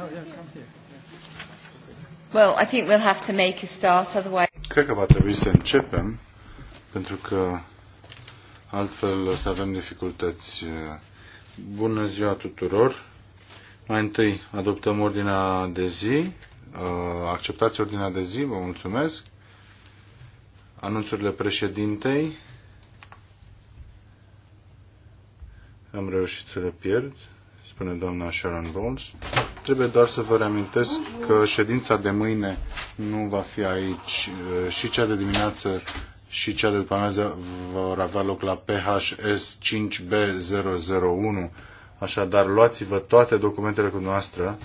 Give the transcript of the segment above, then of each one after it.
Oh, well, I think we'll have to make a start, otherwise... Cred că va trebui să începem, pentru că altfel o să avem dificultăți. Bună ziua tuturor! Mai întâi adoptăm ordinea de zi. Uh, acceptați ordinea de zi, vă mulțumesc. Anunțurile președintei. Am reușit să le pierd, spune doamna Sharon Bowles. Trebuie doar să vă reamintesc că ședința de mâine nu va fi aici și cea de dimineață și cea de după amiază vor avea loc la PHS 5B001. Așadar, luați-vă toate documentele cu noastră,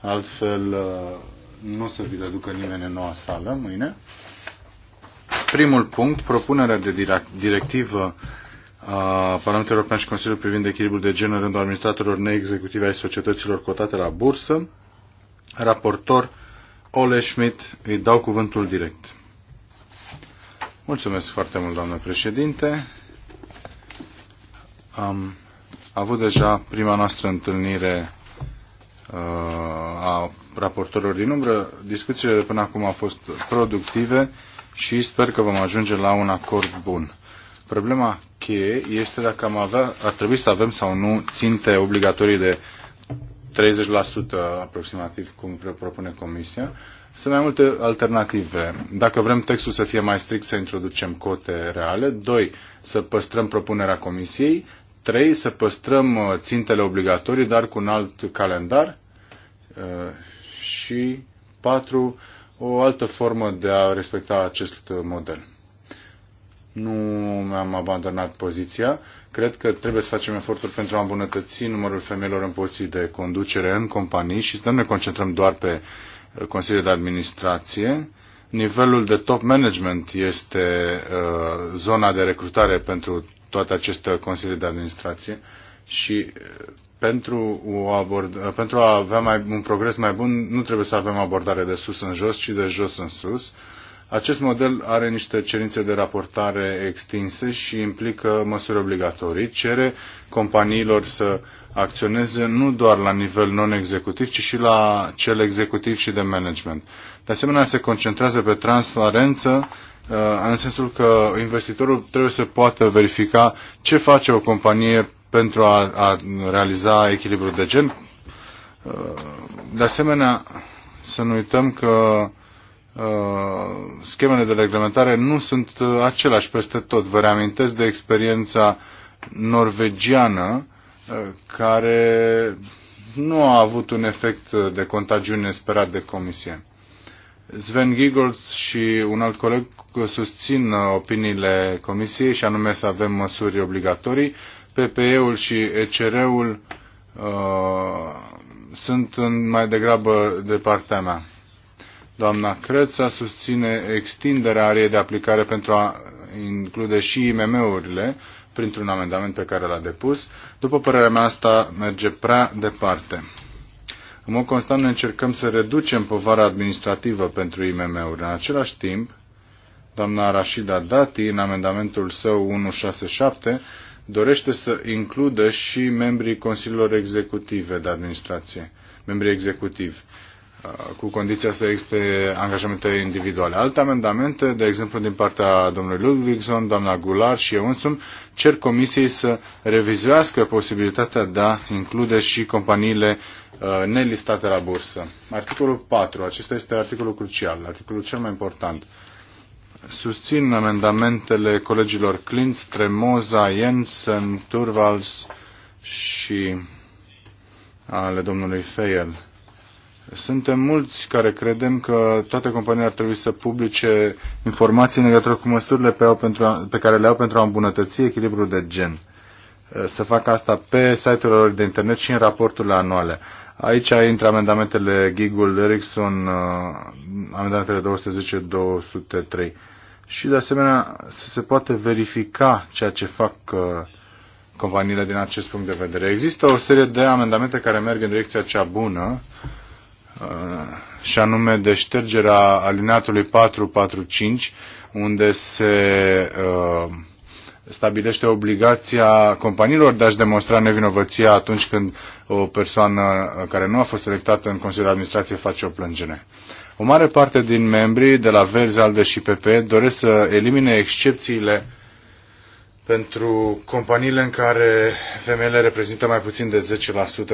altfel nu o să vi le ducă nimeni în noua sală mâine. Primul punct, propunerea de directivă a Parlamentului European și Consiliului privind echilibrul de gen în rândul administratorilor neexecutive ai societăților cotate la bursă. Raportor Ole Schmidt, îi dau cuvântul direct. Mulțumesc foarte mult, doamnă președinte. Am avut deja prima noastră întâlnire uh, a raportorilor din umbră. Discuțiile de până acum au fost productive și sper că vom ajunge la un acord bun. Problema cheie este dacă am avea, ar trebui să avem sau nu ținte obligatorii de 30% aproximativ, cum propune Comisia. Sunt mai multe alternative. Dacă vrem textul să fie mai strict, să introducem cote reale. 2. Să păstrăm propunerea Comisiei. 3. Să păstrăm uh, țintele obligatorii, dar cu un alt calendar. Uh, și 4. O altă formă de a respecta acest model nu am abandonat poziția. Cred că trebuie să facem eforturi pentru a îmbunătăți numărul femeilor în poziții de conducere în companii și să nu ne concentrăm doar pe uh, Consiliul de Administrație. Nivelul de top management este uh, zona de recrutare pentru toate aceste consilii de administrație și uh, pentru, o abord, uh, pentru a avea mai, un progres mai bun nu trebuie să avem abordare de sus în jos, ci de jos în sus. Uh, acest model are niște cerințe de raportare extinse și implică măsuri obligatorii. Cere companiilor să acționeze nu doar la nivel non-executiv, ci și la cel executiv și de management. De asemenea, se concentrează pe transparență, uh, în sensul că investitorul trebuie să poată verifica ce face o companie pentru a, a realiza echilibrul de gen. Uh, de asemenea, să nu uităm că Uh, schemele de reglementare nu sunt uh, aceleași peste tot. Vă reamintesc de experiența norvegiană uh, care nu a avut un efect de contagiune sperat de comisie. Sven Giggles și un alt coleg susțin opiniile comisiei și anume să avem măsuri obligatorii. PPE-ul și ECR-ul uh, sunt mai degrabă de partea mea. Doamna Crăța susține extinderea ariei de aplicare pentru a include și IMM-urile printr-un amendament pe care l-a depus. După părerea mea, asta merge prea departe. În mod constant ne încercăm să reducem povara administrativă pentru IMM-uri. În același timp, doamna Rashida Dati, în amendamentul său 167, dorește să includă și membrii Consiliilor Executive de Administrație, membrii executivi. Uh, cu condiția să existe angajamente individuale. Alte amendamente, de exemplu din partea domnului Ludvigson, doamna Gular și eu însumi, cer comisiei să revizuiască posibilitatea de a include și companiile uh, nelistate la bursă. Articolul 4, acesta este articolul crucial, articolul cel mai important. Susțin amendamentele colegilor Clint, Tremoza, Jensen, Turvals și ale domnului Feyel suntem mulți care credem că toate companiile ar trebui să publice informații în legătură cu măsurile pe, pentru pe care le au pentru a îmbunătăți echilibrul de gen. Eh, să facă asta pe site-urile lor de internet și în raporturile anuale. Aici intră amendamentele Gigul, Ericsson, eh, amendamentele 210-203. Și de asemenea să se poate verifica ceea ce fac eh, companiile din acest punct de vedere. Există o serie de amendamente care merg în direcția cea bună Uh, și anume de ștergerea alineatului 445, unde se uh, stabilește obligația companiilor de a-și demonstra nevinovăția atunci când o persoană care nu a fost selectată în Consiliul de Administrație face o plângere. O mare parte din membrii de la Verzi, Alde și PP doresc să elimine excepțiile pentru companiile în care femeile reprezintă mai puțin de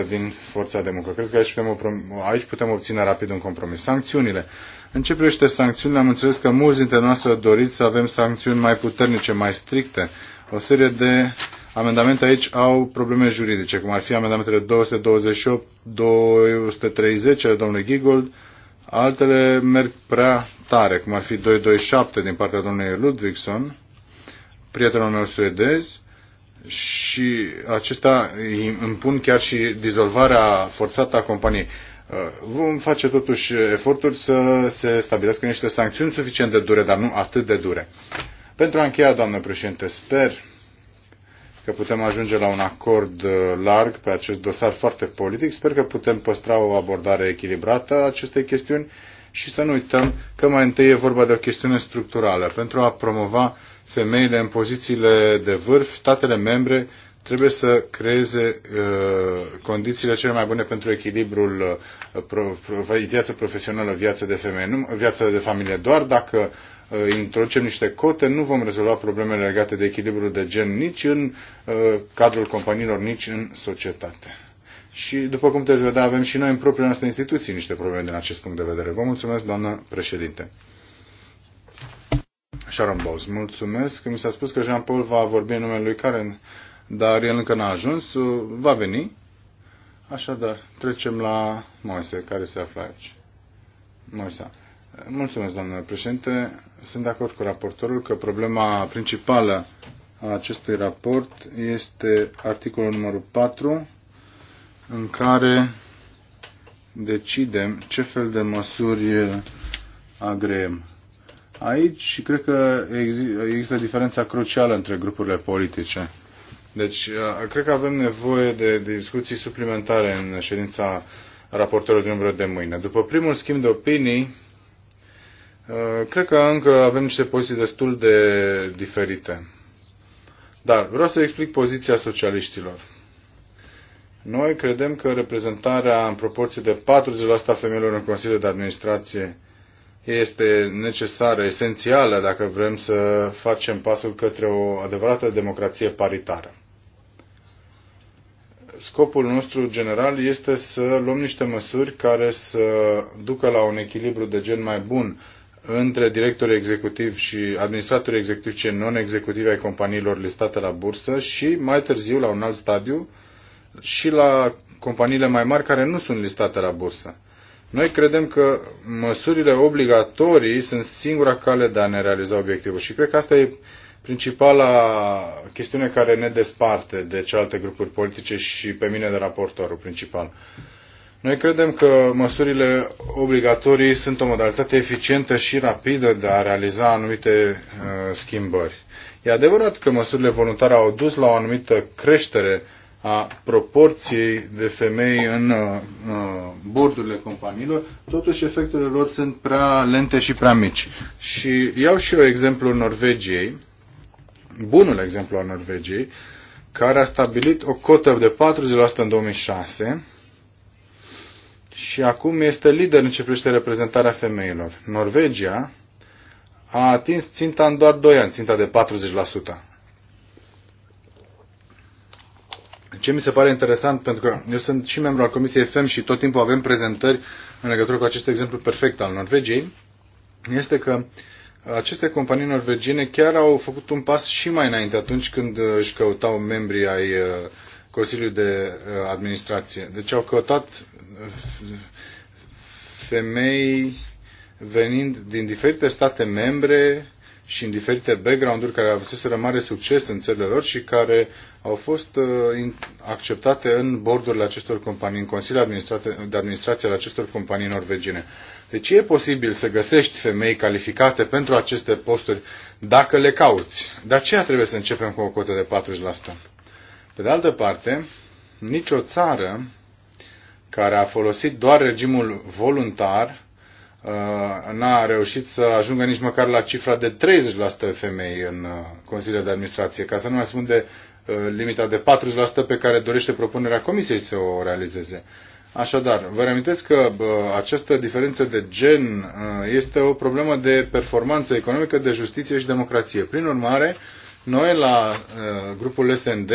10% din forța de muncă. Cred că aici putem, aici putem obține rapid un compromis. Sancțiunile. În ce privește sancțiunile, am înțeles că mulți dintre noastre doriți să avem sancțiuni mai puternice, mai stricte. O serie de amendamente aici au probleme juridice, cum ar fi amendamentele 228, 230 ale domnului Gigold, altele merg prea tare, cum ar fi 227 din partea domnului Ludvigson, prietenul nostru suedez și acesta împun chiar și dizolvarea forțată a companiei. Uh, vom face totuși eforturi să se stabilească niște sancțiuni suficient de dure, dar nu atât de dure. Pentru a încheia, doamnă președinte, sper că putem ajunge la un acord uh, larg pe acest dosar foarte politic. Sper că putem păstra o abordare echilibrată a acestei chestiuni și să nu uităm că mai întâi e vorba de o chestiune structurală pentru a promova femeile în pozițiile de vârf, statele membre trebuie să creeze uh, condițiile cele mai bune pentru echilibrul uh, pro, pro, viață profesională, viață de femeie, nu, viață de familie. Doar dacă uh, introducem niște cote, nu vom rezolva problemele legate de echilibrul de gen nici în uh, cadrul companiilor, nici în societate. Și, după cum puteți vedea, avem și noi în propriile noastre instituții niște probleme din acest punct de vedere. Vă mulțumesc, doamnă președinte. Sharon Bowles. Mulțumesc. Mi s-a spus că Jean-Paul va vorbi în numele lui Karen, dar el încă n-a ajuns. Va veni. Așadar, trecem la Moise, care se află aici. Moise. Mulțumesc, domnule președinte. Sunt de acord cu raportorul că problema principală a acestui raport este articolul numărul 4, în care decidem ce fel de măsuri agreem. Aici cred că există diferența crucială între grupurile politice. Deci, uh, cred că avem nevoie de discuții suplimentare în ședința raportorului din umbră de mâine. După primul schimb de opinii, uh, cred că încă avem niște poziții destul de diferite. Dar vreau să explic poziția socialiștilor. Noi credem că reprezentarea în proporție de 40% a femeilor în Consiliul de Administrație este necesară, esențială, dacă vrem să facem pasul către o adevărată democrație paritară. Scopul nostru general este să luăm niște măsuri care să ducă la un echilibru de gen mai bun între directorii executivi și administratorii executivi și non-executivi ai companiilor listate la bursă și mai târziu, la un alt stadiu, și la companiile mai mari care nu sunt listate la bursă. Noi credem că măsurile obligatorii sunt singura cale de a ne realiza obiectivul și cred că asta e principala chestiune care ne desparte de celelalte grupuri politice și pe mine de raportorul principal. Noi credem că măsurile obligatorii sunt o modalitate eficientă și rapidă de a realiza anumite uh, schimbări. E adevărat că măsurile voluntare au dus la o anumită creștere a proporției de femei în uh, uh, bordurile companiilor, totuși efectele lor sunt prea lente și prea mici. Și iau și eu exemplul Norvegiei, bunul exemplu al Norvegiei, care a stabilit o cotă de 40% în 2006 și acum este lider în ce privește reprezentarea femeilor. Norvegia a atins ținta în doar 2 ani, ținta de 40%. Ce mi se pare interesant, pentru că eu sunt și membru al Comisiei FM și tot timpul avem prezentări în legătură cu acest exemplu perfect al Norvegiei, este că aceste companii norvegiene chiar au făcut un pas și mai înainte atunci când uh, își căutau membrii ai uh, Consiliului de uh, Administrație. Deci au căutat femei venind din diferite state membre și în diferite background-uri care avut mare succes în țările lor și care au fost uh, acceptate în bordurile acestor companii, în Consiliul de Administrație al acestor companii norvegine. Deci e posibil să găsești femei calificate pentru aceste posturi dacă le cauți. De aceea trebuie să începem cu o cotă de 40%. Pe de altă parte, nicio țară care a folosit doar regimul voluntar Uh, n-a reușit să ajungă nici măcar la cifra de 30% femei în uh, Consiliul de Administrație, ca să nu mai spun de uh, limita de 40% pe care dorește propunerea Comisiei să o realizeze. Așadar, vă reamintesc că această diferență de gen este o problemă de performanță economică, de justiție și democrație. Prin urmare, noi la grupul SND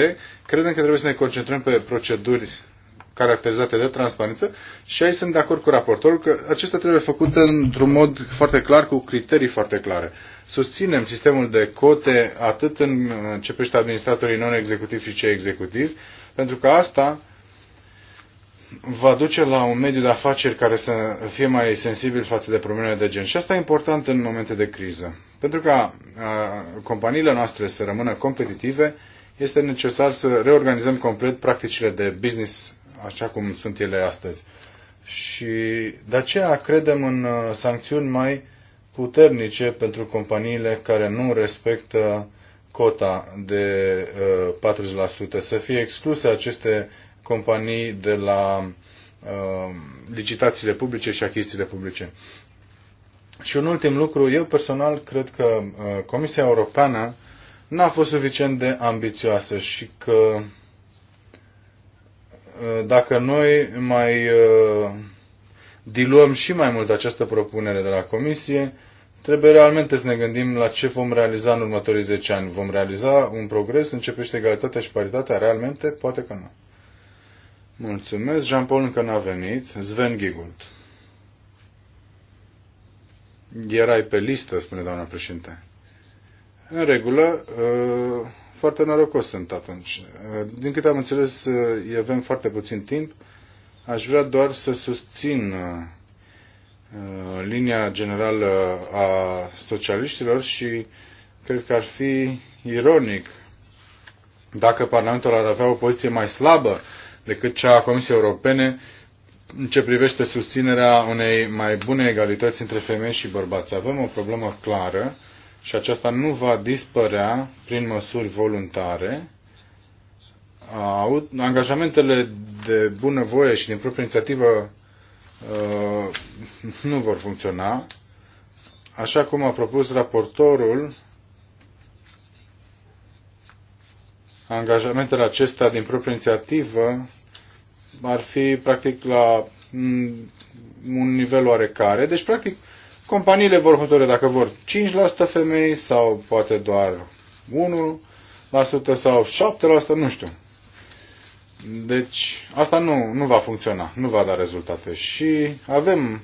credem că trebuie să ne concentrăm pe proceduri caracterizate de transparență și aici sunt de acord cu raportorul că acestea trebuie făcute într-un mod foarte clar, cu criterii foarte clare. Susținem sistemul de cote atât în ce privește administratorii non-executivi și cei executivi, pentru că asta va duce la un mediu de afaceri care să fie mai sensibil față de problemele de gen. Și asta e important în momente de criză. Pentru ca companiile noastre să rămână competitive, este necesar să reorganizăm complet practicile de business așa cum sunt ele astăzi. Și de aceea credem în uh, sancțiuni mai puternice pentru companiile care nu respectă cota de 40%, uh, să fie excluse aceste companii de la uh, licitațiile publice și achizițiile publice. Și un ultim lucru, eu personal cred că Comisia Europeană n-a fost suficient de ambițioasă și că Eh, dacă noi mai eh, diluăm și mai mult această propunere de la Comisie, trebuie realmente să ne gândim la ce vom realiza în următorii 10 ani. Vom realiza un progres, privește egalitatea și paritatea, realmente? Poate că nu. Mulțumesc. Jean-Paul încă n-a venit. Sven Gigult. Erai pe listă, spune doamna președinte. În regulă, eh, foarte norocos sunt atunci. Din câte am înțeles, avem foarte puțin timp. Aș vrea doar să susțin uh, linia generală a socialiștilor și cred că ar fi ironic dacă Parlamentul ar avea o poziție mai slabă decât cea a Comisiei Europene în ce privește susținerea unei mai bune egalități între femei și bărbați. Avem o problemă clară și aceasta nu va dispărea prin măsuri voluntare. Angajamentele de bunăvoie și din proprie inițiativă uh, nu vor funcționa. Așa cum a propus raportorul, angajamentele acestea din proprie inițiativă ar fi practic la un nivel oarecare. Deci, practic, Companiile vor hotărâ dacă vor 5% femei sau poate doar 1% sau 7%, nu știu. Deci asta nu, nu va funcționa, nu va da rezultate. Și avem,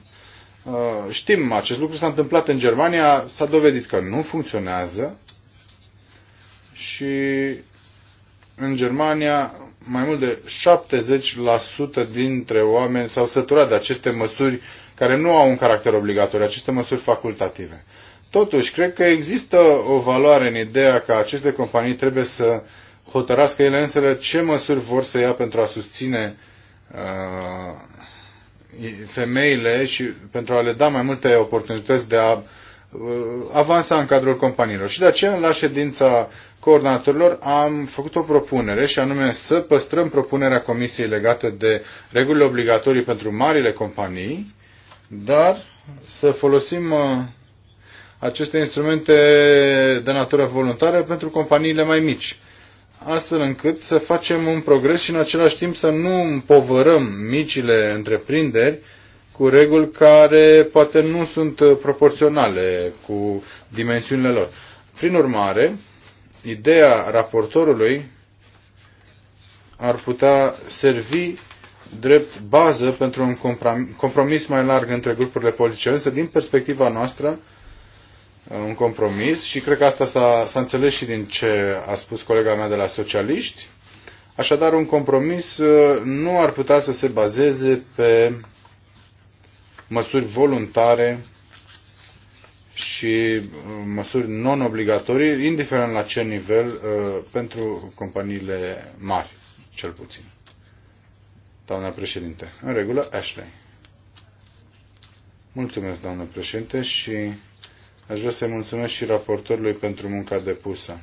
uh, știm, acest lucru s-a întâmplat în Germania, s-a dovedit că nu funcționează și în Germania mai mult de 70% dintre oameni s-au săturat de aceste măsuri care nu au un caracter obligatoriu, aceste măsuri facultative. Totuși, cred că există o valoare în ideea că aceste companii trebuie să hotărască ele însele ce măsuri vor să ia pentru a susține uh, femeile și pentru a le da mai multe oportunități de a uh, avansa în cadrul companiilor. Și de aceea, la ședința coordonatorilor, am făcut o propunere și anume să păstrăm propunerea Comisiei legată de regulile obligatorii pentru marile companii dar să folosim uh, aceste instrumente de natură voluntară pentru companiile mai mici, astfel încât să facem un progres și în același timp să nu împovărăm micile întreprinderi cu reguli care poate nu sunt uh, proporționale cu dimensiunile lor. Prin urmare, ideea raportorului ar putea servi drept bază pentru un compromis mai larg între grupurile politice. Însă, din perspectiva noastră, uh, un compromis și cred că asta s-a, înțeles și din ce a spus colega mea de la socialiști. Așadar, un compromis uh, nu ar putea să se bazeze pe măsuri voluntare și uh, măsuri non-obligatorii, indiferent la ce nivel, pentru companiile mari, cel puțin doamna președinte. În regulă, Ashley. Mulțumesc, doamna președinte, și aș vrea să-i mulțumesc și raportorului pentru munca depusă.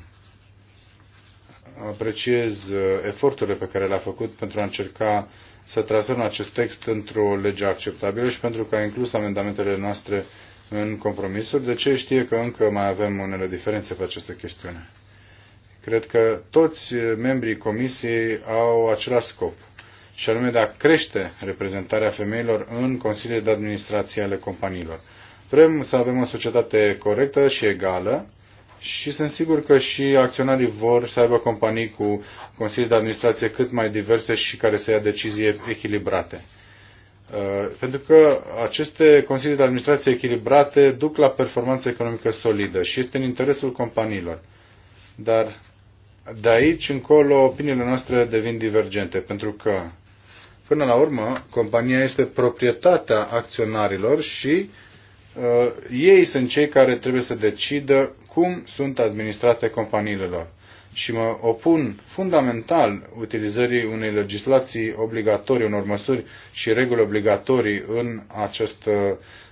Apreciez uh, eforturile pe care le-a făcut pentru a încerca să trasăm acest text într-o lege acceptabilă și pentru că a inclus amendamentele noastre în compromisuri, de ce știe că încă mai avem unele diferențe pe această chestiune. Cred că toți membrii comisiei au același scop – și anume de a crește reprezentarea femeilor în consiliile de administrație ale companiilor. Vrem să avem o societate corectă și egală și sunt sigur că și acționarii vor să aibă companii cu consilii de administrație cât mai diverse și care să ia decizii echilibrate. Uh, pentru că aceste consilii de administrație echilibrate duc la performanță economică solidă și este în interesul companiilor. Dar de aici încolo opiniile noastre devin divergente, pentru că Până la urmă, compania este proprietatea acționarilor și uh, ei sunt cei care trebuie să decidă cum sunt administrate companiile lor. Și mă opun fundamental utilizării unei legislații obligatorii, unor măsuri și reguli obligatorii în acest, uh,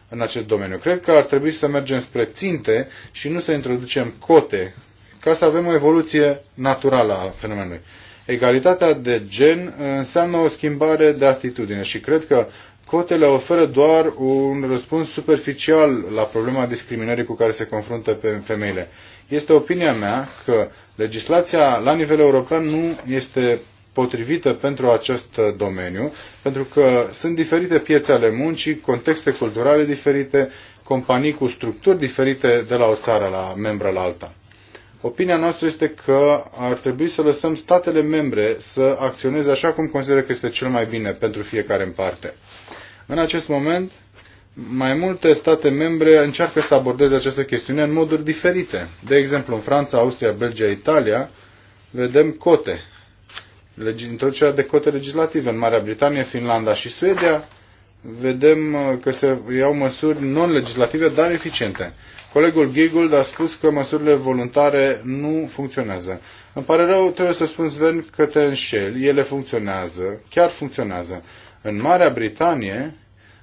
în acest domeniu. Cred că ar trebui să mergem spre ținte și nu să introducem cote ca să avem o evoluție naturală a fenomenului. Egalitatea de gen înseamnă o schimbare de atitudine și cred că cotele oferă doar un răspuns superficial la problema discriminării cu care se confruntă pe femeile. Este opinia mea că legislația la nivel european nu este potrivită pentru acest domeniu, pentru că sunt diferite piețe ale muncii, contexte culturale diferite, companii cu structuri diferite de la o țară la membră la alta. Opinia noastră este că ar trebui să lăsăm statele membre să acționeze așa cum consideră că este cel mai bine pentru fiecare în parte. În acest moment, mai multe state membre încearcă să abordeze această chestiune în moduri diferite. De exemplu, în Franța, Austria, Belgia, Italia, vedem cote. Introducerea de cote legislative în Marea Britanie, Finlanda și Suedia, vedem uh, că se iau măsuri non-legislative, dar eficiente. Colegul Giggold a spus că măsurile voluntare nu funcționează. Îmi pare rău, trebuie să spun, Sven, că te înșeli. Ele funcționează, chiar funcționează. În Marea Britanie,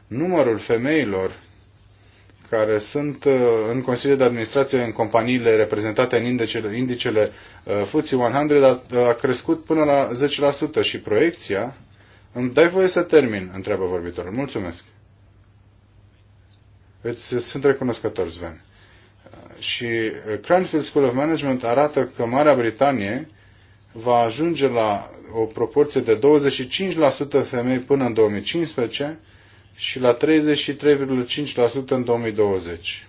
numărul femeilor care sunt uh, în Consiliul de Administrație în companiile reprezentate în indicele, indicele uh, FTSE 100 a, a crescut până la 10% și proiecția... Îmi dai voie să termin, întreabă vorbitorul. Mulțumesc. Îți sunt recunoscător, Sven. Și uh, Cranfield School of Management arată că Marea Britanie va ajunge la o proporție de 25% femei până în 2015 și la 33,5% în 2020.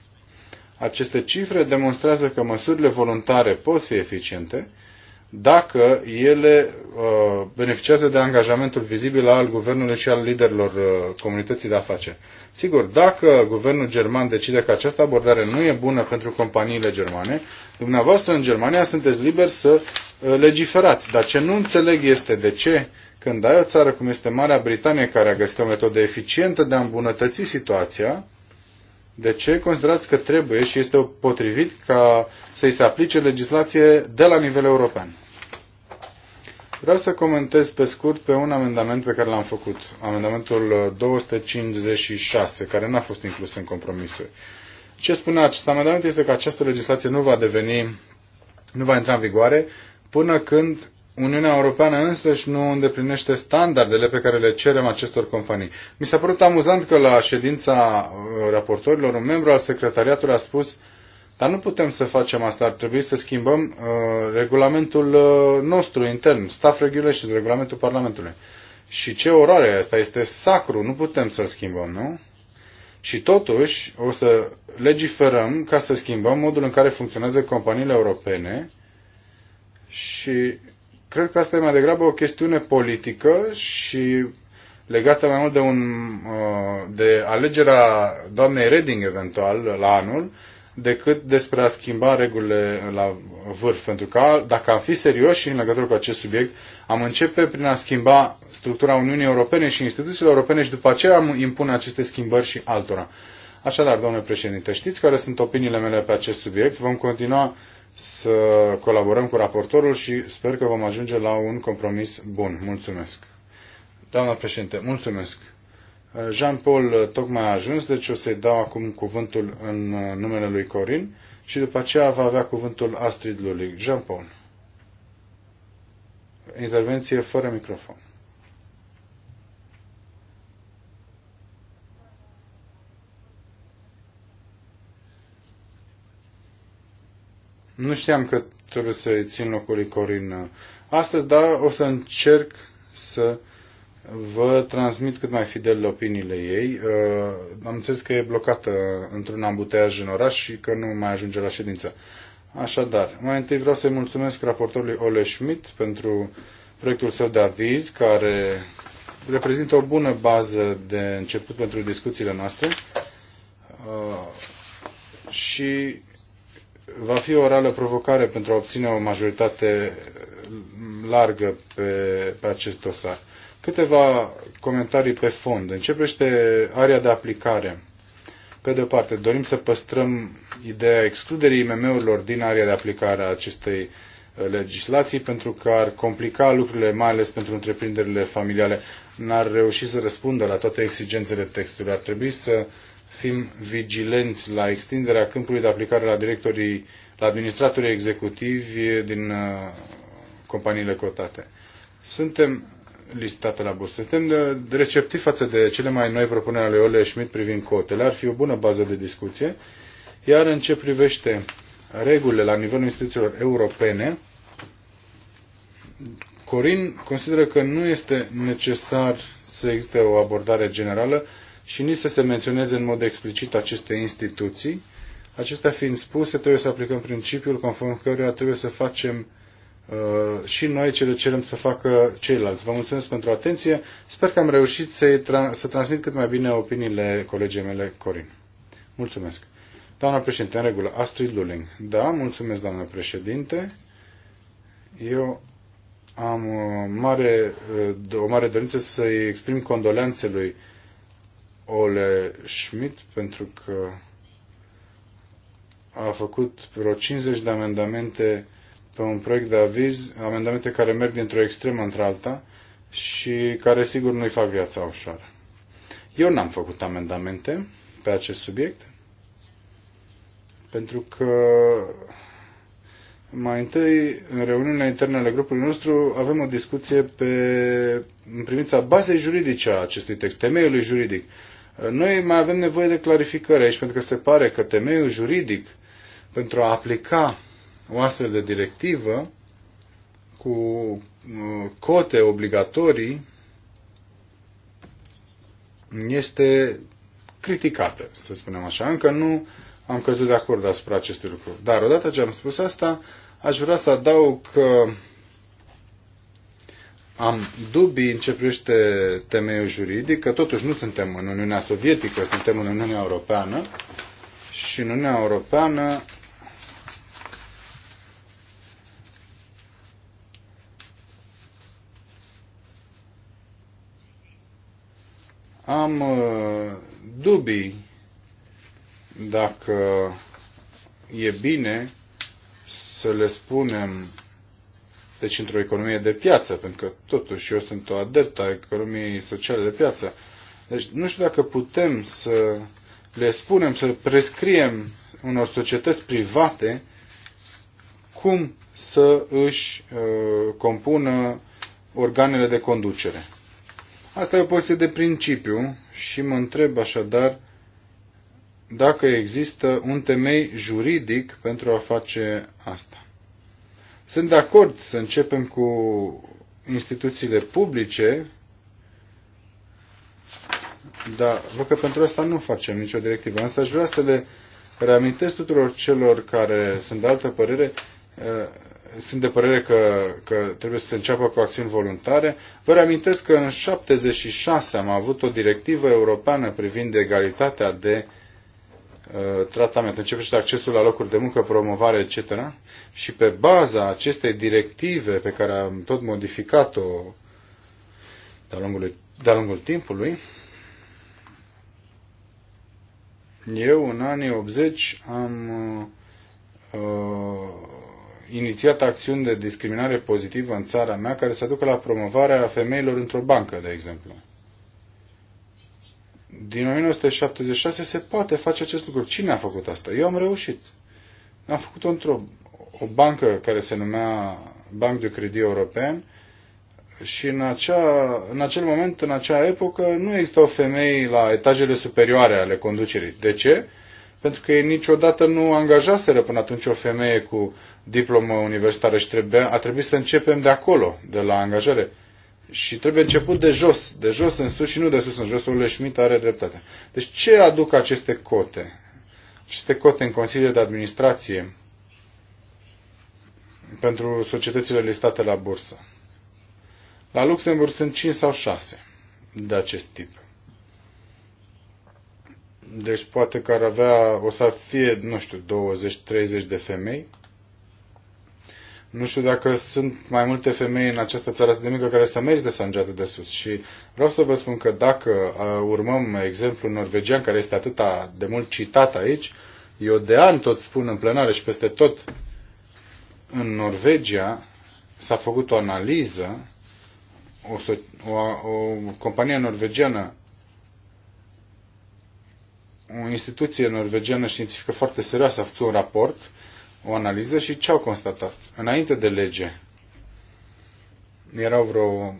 Aceste cifre demonstrează că măsurile voluntare pot fi eficiente dacă ele uh, beneficiază de angajamentul vizibil al guvernului și al liderilor uh, comunității de afaceri. Sigur, dacă guvernul german decide că această abordare nu e bună pentru companiile germane, dumneavoastră în Germania sunteți liberi să uh, legiferați. Dar ce nu înțeleg este de ce când ai o țară cum este Marea Britanie care a găsit o metodă eficientă de a îmbunătăți situația, de ce considerați că trebuie și este potrivit ca să-i se aplice legislație de la nivel european? Vreau să comentez pe scurt pe un amendament pe care l-am făcut, amendamentul 256, care n-a fost inclus în compromisuri. Ce spune acest amendament este că această legislație nu va deveni, nu va intra în vigoare până când Uniunea Europeană însăși nu îndeplinește standardele pe care le cerem acestor companii. Mi s-a părut amuzant că la ședința uh, raportorilor un membru al secretariatului a spus dar nu putem să facem asta, ar trebui să schimbăm uh, regulamentul uh, nostru intern, staff și regulamentul Parlamentului. Și ce oroare asta, este sacru, nu putem să-l schimbăm, nu? Și totuși o să legiferăm ca să schimbăm modul în care funcționează companiile europene și Cred că asta e mai degrabă o chestiune politică și legată mai mult de, un, uh, de alegerea doamnei Reding eventual la anul, decât despre a schimba regulile la vârf. Pentru că dacă am fi serioși în legătură cu acest subiect, am începe prin a schimba structura Uniunii Europene și instituțiile europene și după aceea am impune aceste schimbări și altora. Așadar, domnule președinte, știți care sunt opiniile mele pe acest subiect. Vom continua să colaborăm cu raportorul și sper că vom ajunge la un compromis bun. Mulțumesc. Doamna președinte, mulțumesc. Jean-Paul tocmai a ajuns, deci o să-i dau acum cuvântul în numele lui Corin și după aceea va avea cuvântul Astrid Lulic. Jean-Paul. Intervenție fără microfon. Nu știam că trebuie să țin locul lui Corin uh, astăzi, dar o să încerc să vă transmit cât mai fidel opiniile ei. Uh, am înțeles că e blocată într-un ambuteaj în oraș și că nu mai ajunge la ședință. Așadar, mai întâi vreau să-i mulțumesc raportorului Ole Schmidt pentru proiectul său de aviz, care reprezintă o bună bază de început pentru discuțiile noastre uh, și va fi o reală provocare pentru a obține o majoritate largă pe, pe acest dosar. Câteva comentarii pe fond. Începește area de aplicare. Pe de o parte, dorim să păstrăm ideea excluderii IMM-urilor din area de aplicare a acestei uh, legislații pentru că ar complica lucrurile, mai ales pentru întreprinderile familiale. N-ar reuși să răspundă la toate exigențele textului. Ar trebui să fim vigilenți la extinderea câmpului de aplicare la directorii, la administratorii executivi din uh, companiile cotate. Suntem listate la bursă. Suntem uh, receptivi față de cele mai noi propuneri ale Ole Schmidt privind cotele. Ar fi o bună bază de discuție. Iar în ce privește regulile la nivelul instituțiilor europene, Corin consideră că nu este necesar să existe o abordare generală, și nici să se menționeze în mod explicit aceste instituții. Acestea fiind spuse, trebuie să aplicăm principiul conform căruia trebuie să facem uh, și noi ce le cerem să facă ceilalți. Vă mulțumesc pentru atenție. Sper că am reușit să, tra- să transmit cât mai bine opiniile colegii mele, Corin. Mulțumesc. Doamna președinte, în regulă, Astrid Luling. Da, mulțumesc, doamna președinte. Eu am o uh, mare, uh, o mare dorință să-i exprim condolențe lui Ole Schmidt pentru că a făcut vreo 50 de amendamente pe un proiect de aviz, amendamente care merg dintr-o extremă într-alta și care sigur nu-i fac viața ușoară. Eu n-am făcut amendamente pe acest subiect pentru că mai întâi, în reuniunile interne ale grupului nostru, avem o discuție pe, în privința bazei juridice a acestui text, temeiului juridic. Noi mai avem nevoie de clarificări aici, pentru că se pare că temeiul juridic pentru a aplica o astfel de directivă cu uh, cote obligatorii este criticată, să spunem așa. Încă nu am căzut de acord asupra acestui lucru. Dar odată ce am spus asta, aș vrea să adaug că am dubii în ce privește temeiul juridic, că totuși nu suntem în Uniunea Sovietică, suntem în Uniunea Europeană și în Uniunea Europeană am uh, dubii dacă e bine să le spunem deci într-o economie de piață, pentru că totuși eu sunt o adeptă a economiei sociale de piață. Deci nu știu dacă putem să le spunem, să prescriem unor societăți private cum să își uh, compună organele de conducere. Asta e o poziție de principiu și mă întreb așadar dacă există un temei juridic pentru a face asta. Sunt de acord să începem cu instituțiile publice, dar văd că pentru asta nu facem nicio directivă. Însă aș vrea să le reamintesc tuturor celor care sunt de altă părere, eh, sunt de părere că, că trebuie să se înceapă cu acțiuni voluntare. Vă reamintesc că în 76 am avut o directivă europeană privind egalitatea de uh, Uh, tratament, începește accesul la locuri de muncă, promovare, etc. Și pe baza acestei directive pe care am tot modificat-o de-a lungul, de lungul timpului, eu în anii 80 am uh, inițiat acțiuni de discriminare pozitivă în țara mea care se ducă la promovarea femeilor într-o bancă, de exemplu din 1976 se poate face acest lucru. Cine a făcut asta? Eu am reușit. Am făcut-o într-o o bancă care se numea Banc de Credit European și în, acea, în acel moment, în acea epocă, nu existau femei la etajele superioare ale conducerii. De ce? Pentru că ei niciodată nu angajaseră până atunci o femeie cu diplomă universitară și trebuia, a trebuit să începem de acolo, de la angajare. Și trebuie început de jos, de jos în sus și nu de sus în jos. Ole Schmidt are dreptate. Deci ce aduc aceste cote? Aceste cote în Consiliul de Administrație pentru societățile listate la bursă. La Luxemburg sunt 5 sau 6 de acest tip. Deci poate că ar avea, o să fie, nu știu, 20-30 de femei nu știu dacă sunt mai multe femei în această țară atât de mică care să merită să îngeată de sus. Și vreau să vă spun că dacă uh, urmăm exemplul norvegian, care este atât de mult citat aici, eu de ani tot spun în plenare și peste tot în Norvegia s-a făcut o analiză, o, o, o companie norvegiană, o instituție norvegiană științifică foarte serioasă a făcut un raport o analiză și ce au constatat. Înainte de lege erau vreo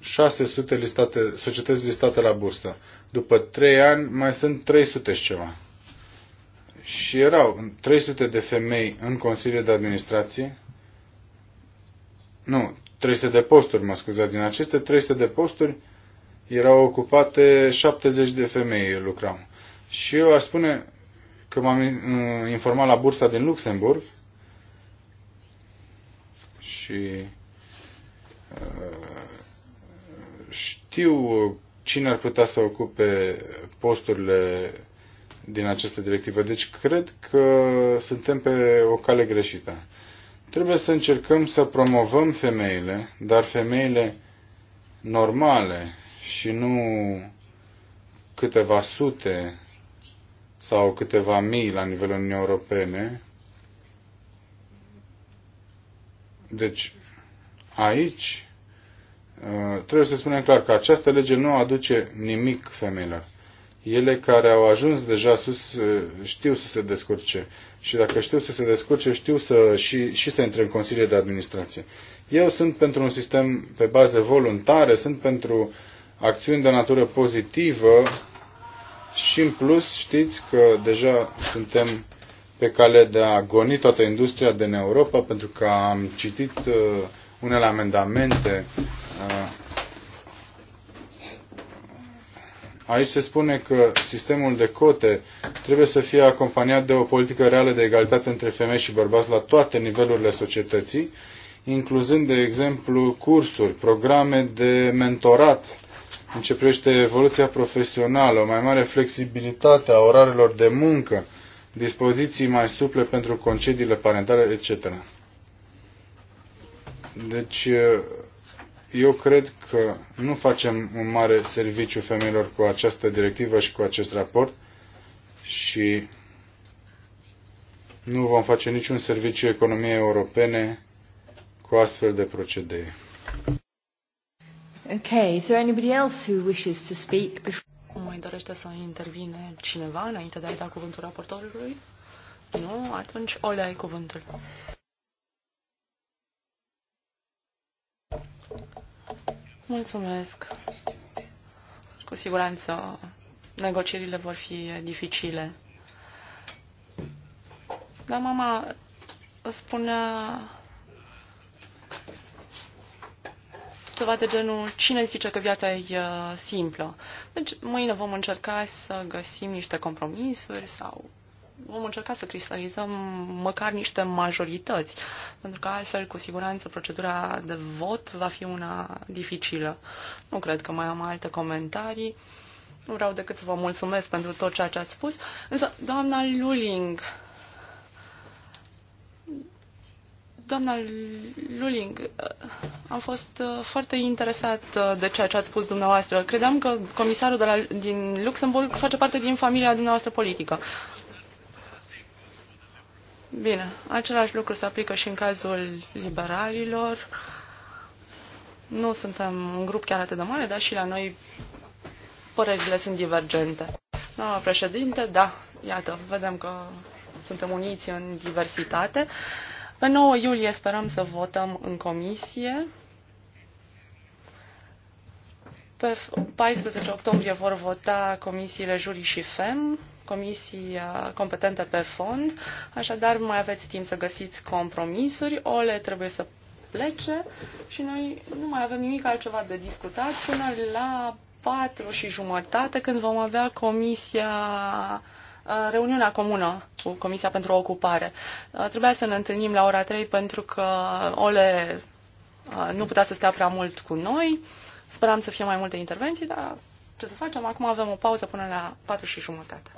600 listate, societăți listate la bursă. După 3 ani mai sunt 300 și ceva. Și erau 300 de femei în Consiliul de Administrație. Nu, 300 de posturi, mă scuzați. Din aceste 300 de posturi erau ocupate 70 de femei lucrau. Și eu aș spune, că m-am informat la bursa din Luxemburg și uh, știu cine ar putea să ocupe posturile din această directivă. Deci cred că suntem pe o cale greșită. Trebuie să încercăm să promovăm femeile, dar femeile normale și nu câteva sute sau câteva mii la nivelul Uniunii Europene. Deci, aici uh, trebuie să spunem clar că această lege nu aduce nimic femeilor. Ele care au ajuns deja sus uh, știu să se descurce. Și dacă știu să se descurce, știu să, și, și să intre în Consiliul de Administrație. Eu sunt pentru un sistem pe bază voluntare, sunt pentru acțiuni de natură pozitivă și în plus știți că deja suntem pe cale de a goni toată industria din Europa pentru că am citit uh, unele amendamente. Uh, aici se spune că sistemul de cote trebuie să fie acompaniat de o politică reală de egalitate între femei și bărbați la toate nivelurile societății, incluzând, de exemplu, cursuri, programe de mentorat începește evoluția profesională, o mai mare flexibilitate a orarelor de muncă, dispoziții mai suple pentru concediile parentale, etc. Deci, eh, eu cred că nu facem un mare serviciu femeilor cu această directivă și cu acest raport și nu vom face niciun serviciu economiei europene cu astfel de procedee. Okay, is there anybody else who wishes to speak before... Cum Mai dorește să intervine cineva înainte de a-i da cuvântul raportorului? Nu? Atunci o ai cuvântul. Mulțumesc. Cu siguranță negocierile vor fi dificile. Dar mama spunea ceva de genul cine zice că viața e uh, simplă. Deci mâine vom încerca să găsim niște compromisuri sau vom încerca să cristalizăm măcar niște majorități, pentru că altfel, cu siguranță, procedura de vot va fi una dificilă. Nu cred că mai am alte comentarii. Nu vreau decât să vă mulțumesc pentru tot ceea ce ați spus, însă, doamna Luling, Doamna Luling, uh, am fost uh, foarte interesat uh, de ceea ce ați spus dumneavoastră. Credeam că comisarul de la, din Luxemburg face parte din familia dumneavoastră politică. Bine, același lucru se aplică și în cazul liberalilor. Nu suntem un grup chiar atât de mare, dar și la noi părerile sunt divergente. Doamna președinte, da, iată, vedem că suntem uniți în diversitate. Uh, pe 9 iulie sperăm să votăm în comisie. Pe 14 octombrie vor vota comisiile Juri și FEM, comisii competente pe fond, așadar mai aveți timp să găsiți compromisuri. Ole trebuie să plece și noi nu mai avem nimic altceva de discutat până la patru și jumătate când vom avea comisia Uh, reuniunea comună cu Comisia pentru Ocupare. Uh, trebuia să ne întâlnim la ora 3 pentru că Ole uh, nu putea să stea prea mult cu noi. Speram să fie mai multe intervenții, dar ce să facem? Acum avem o pauză până la 4 și jumătate.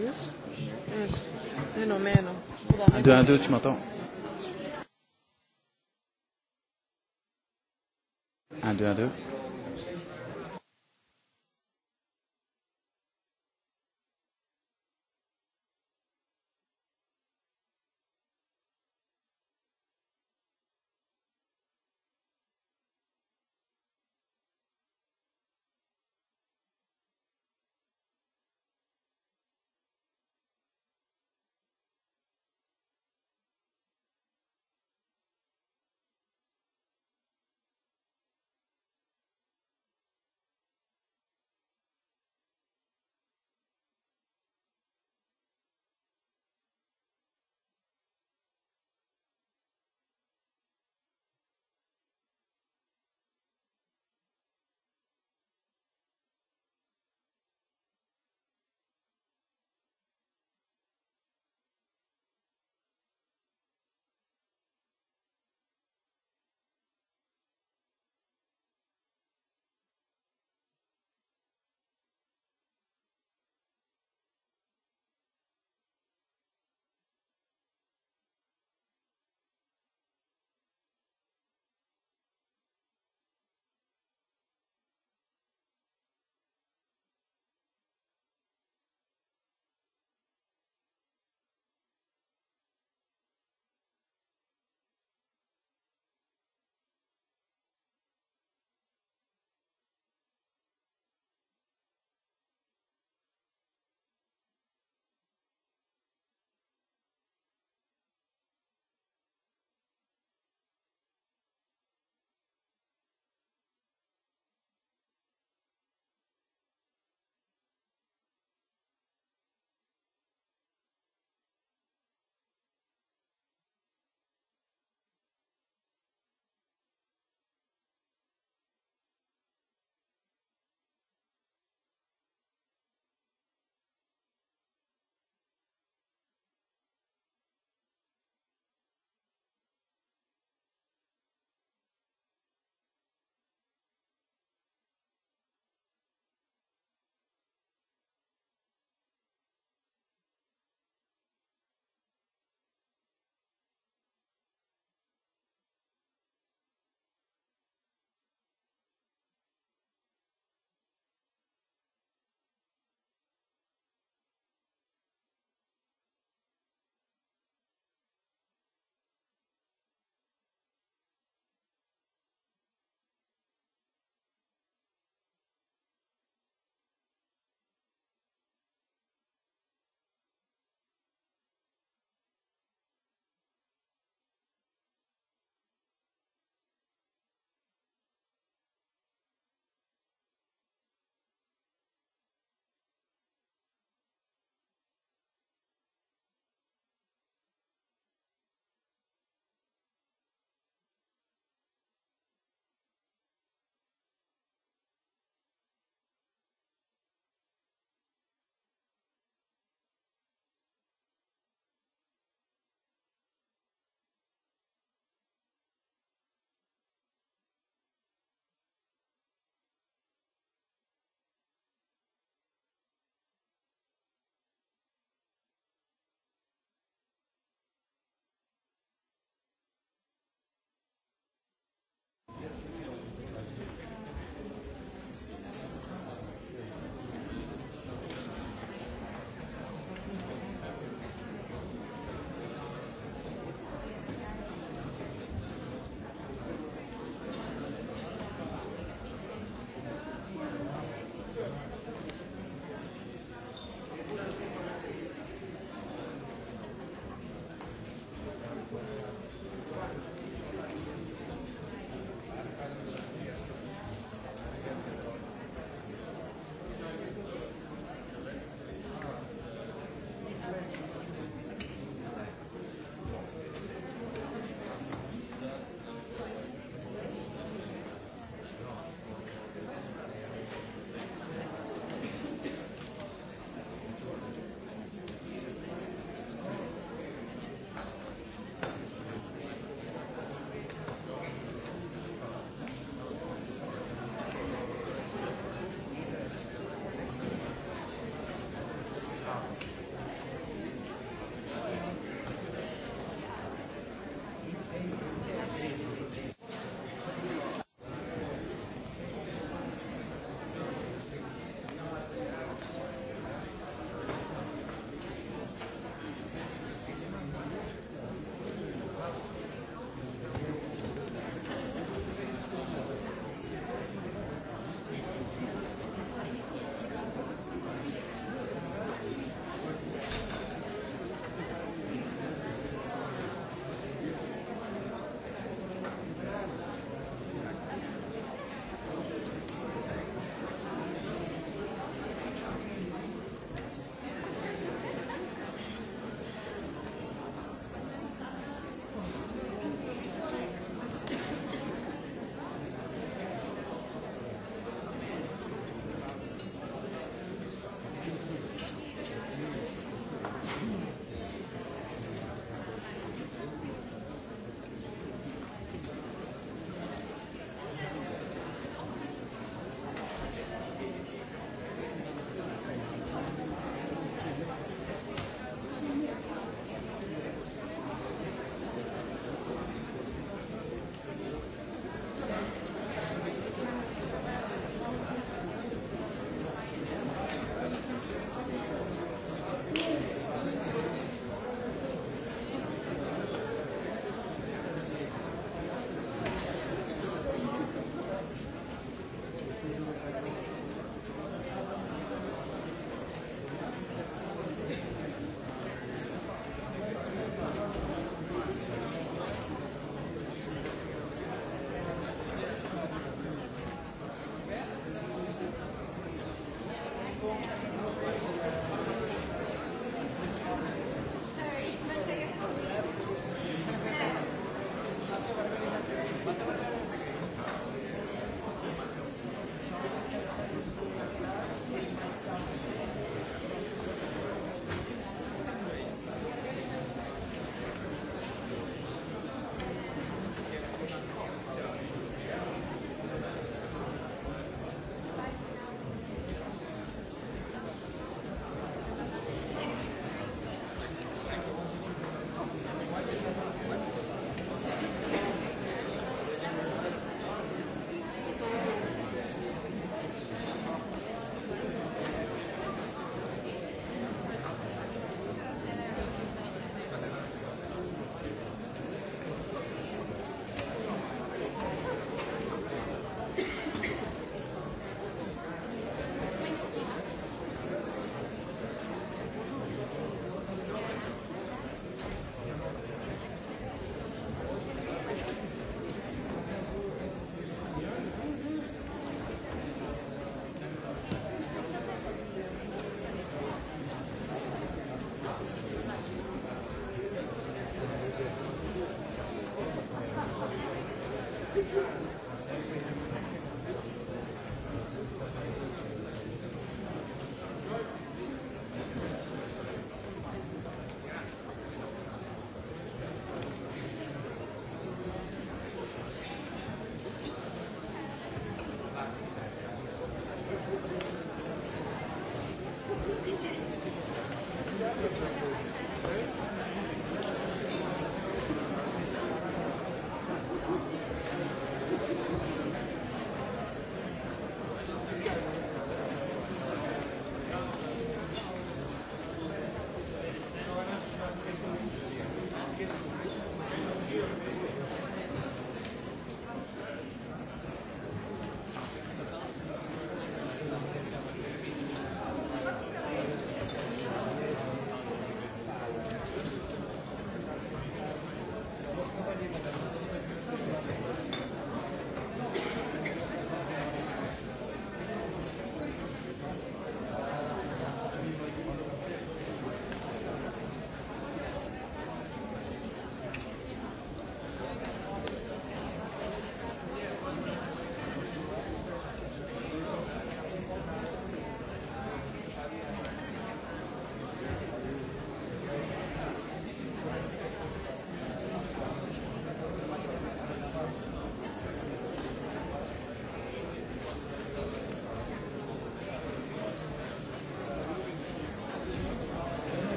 Yes? Meno, meno. Deux, un, deux, tu m'entends Un, deux, un, deux.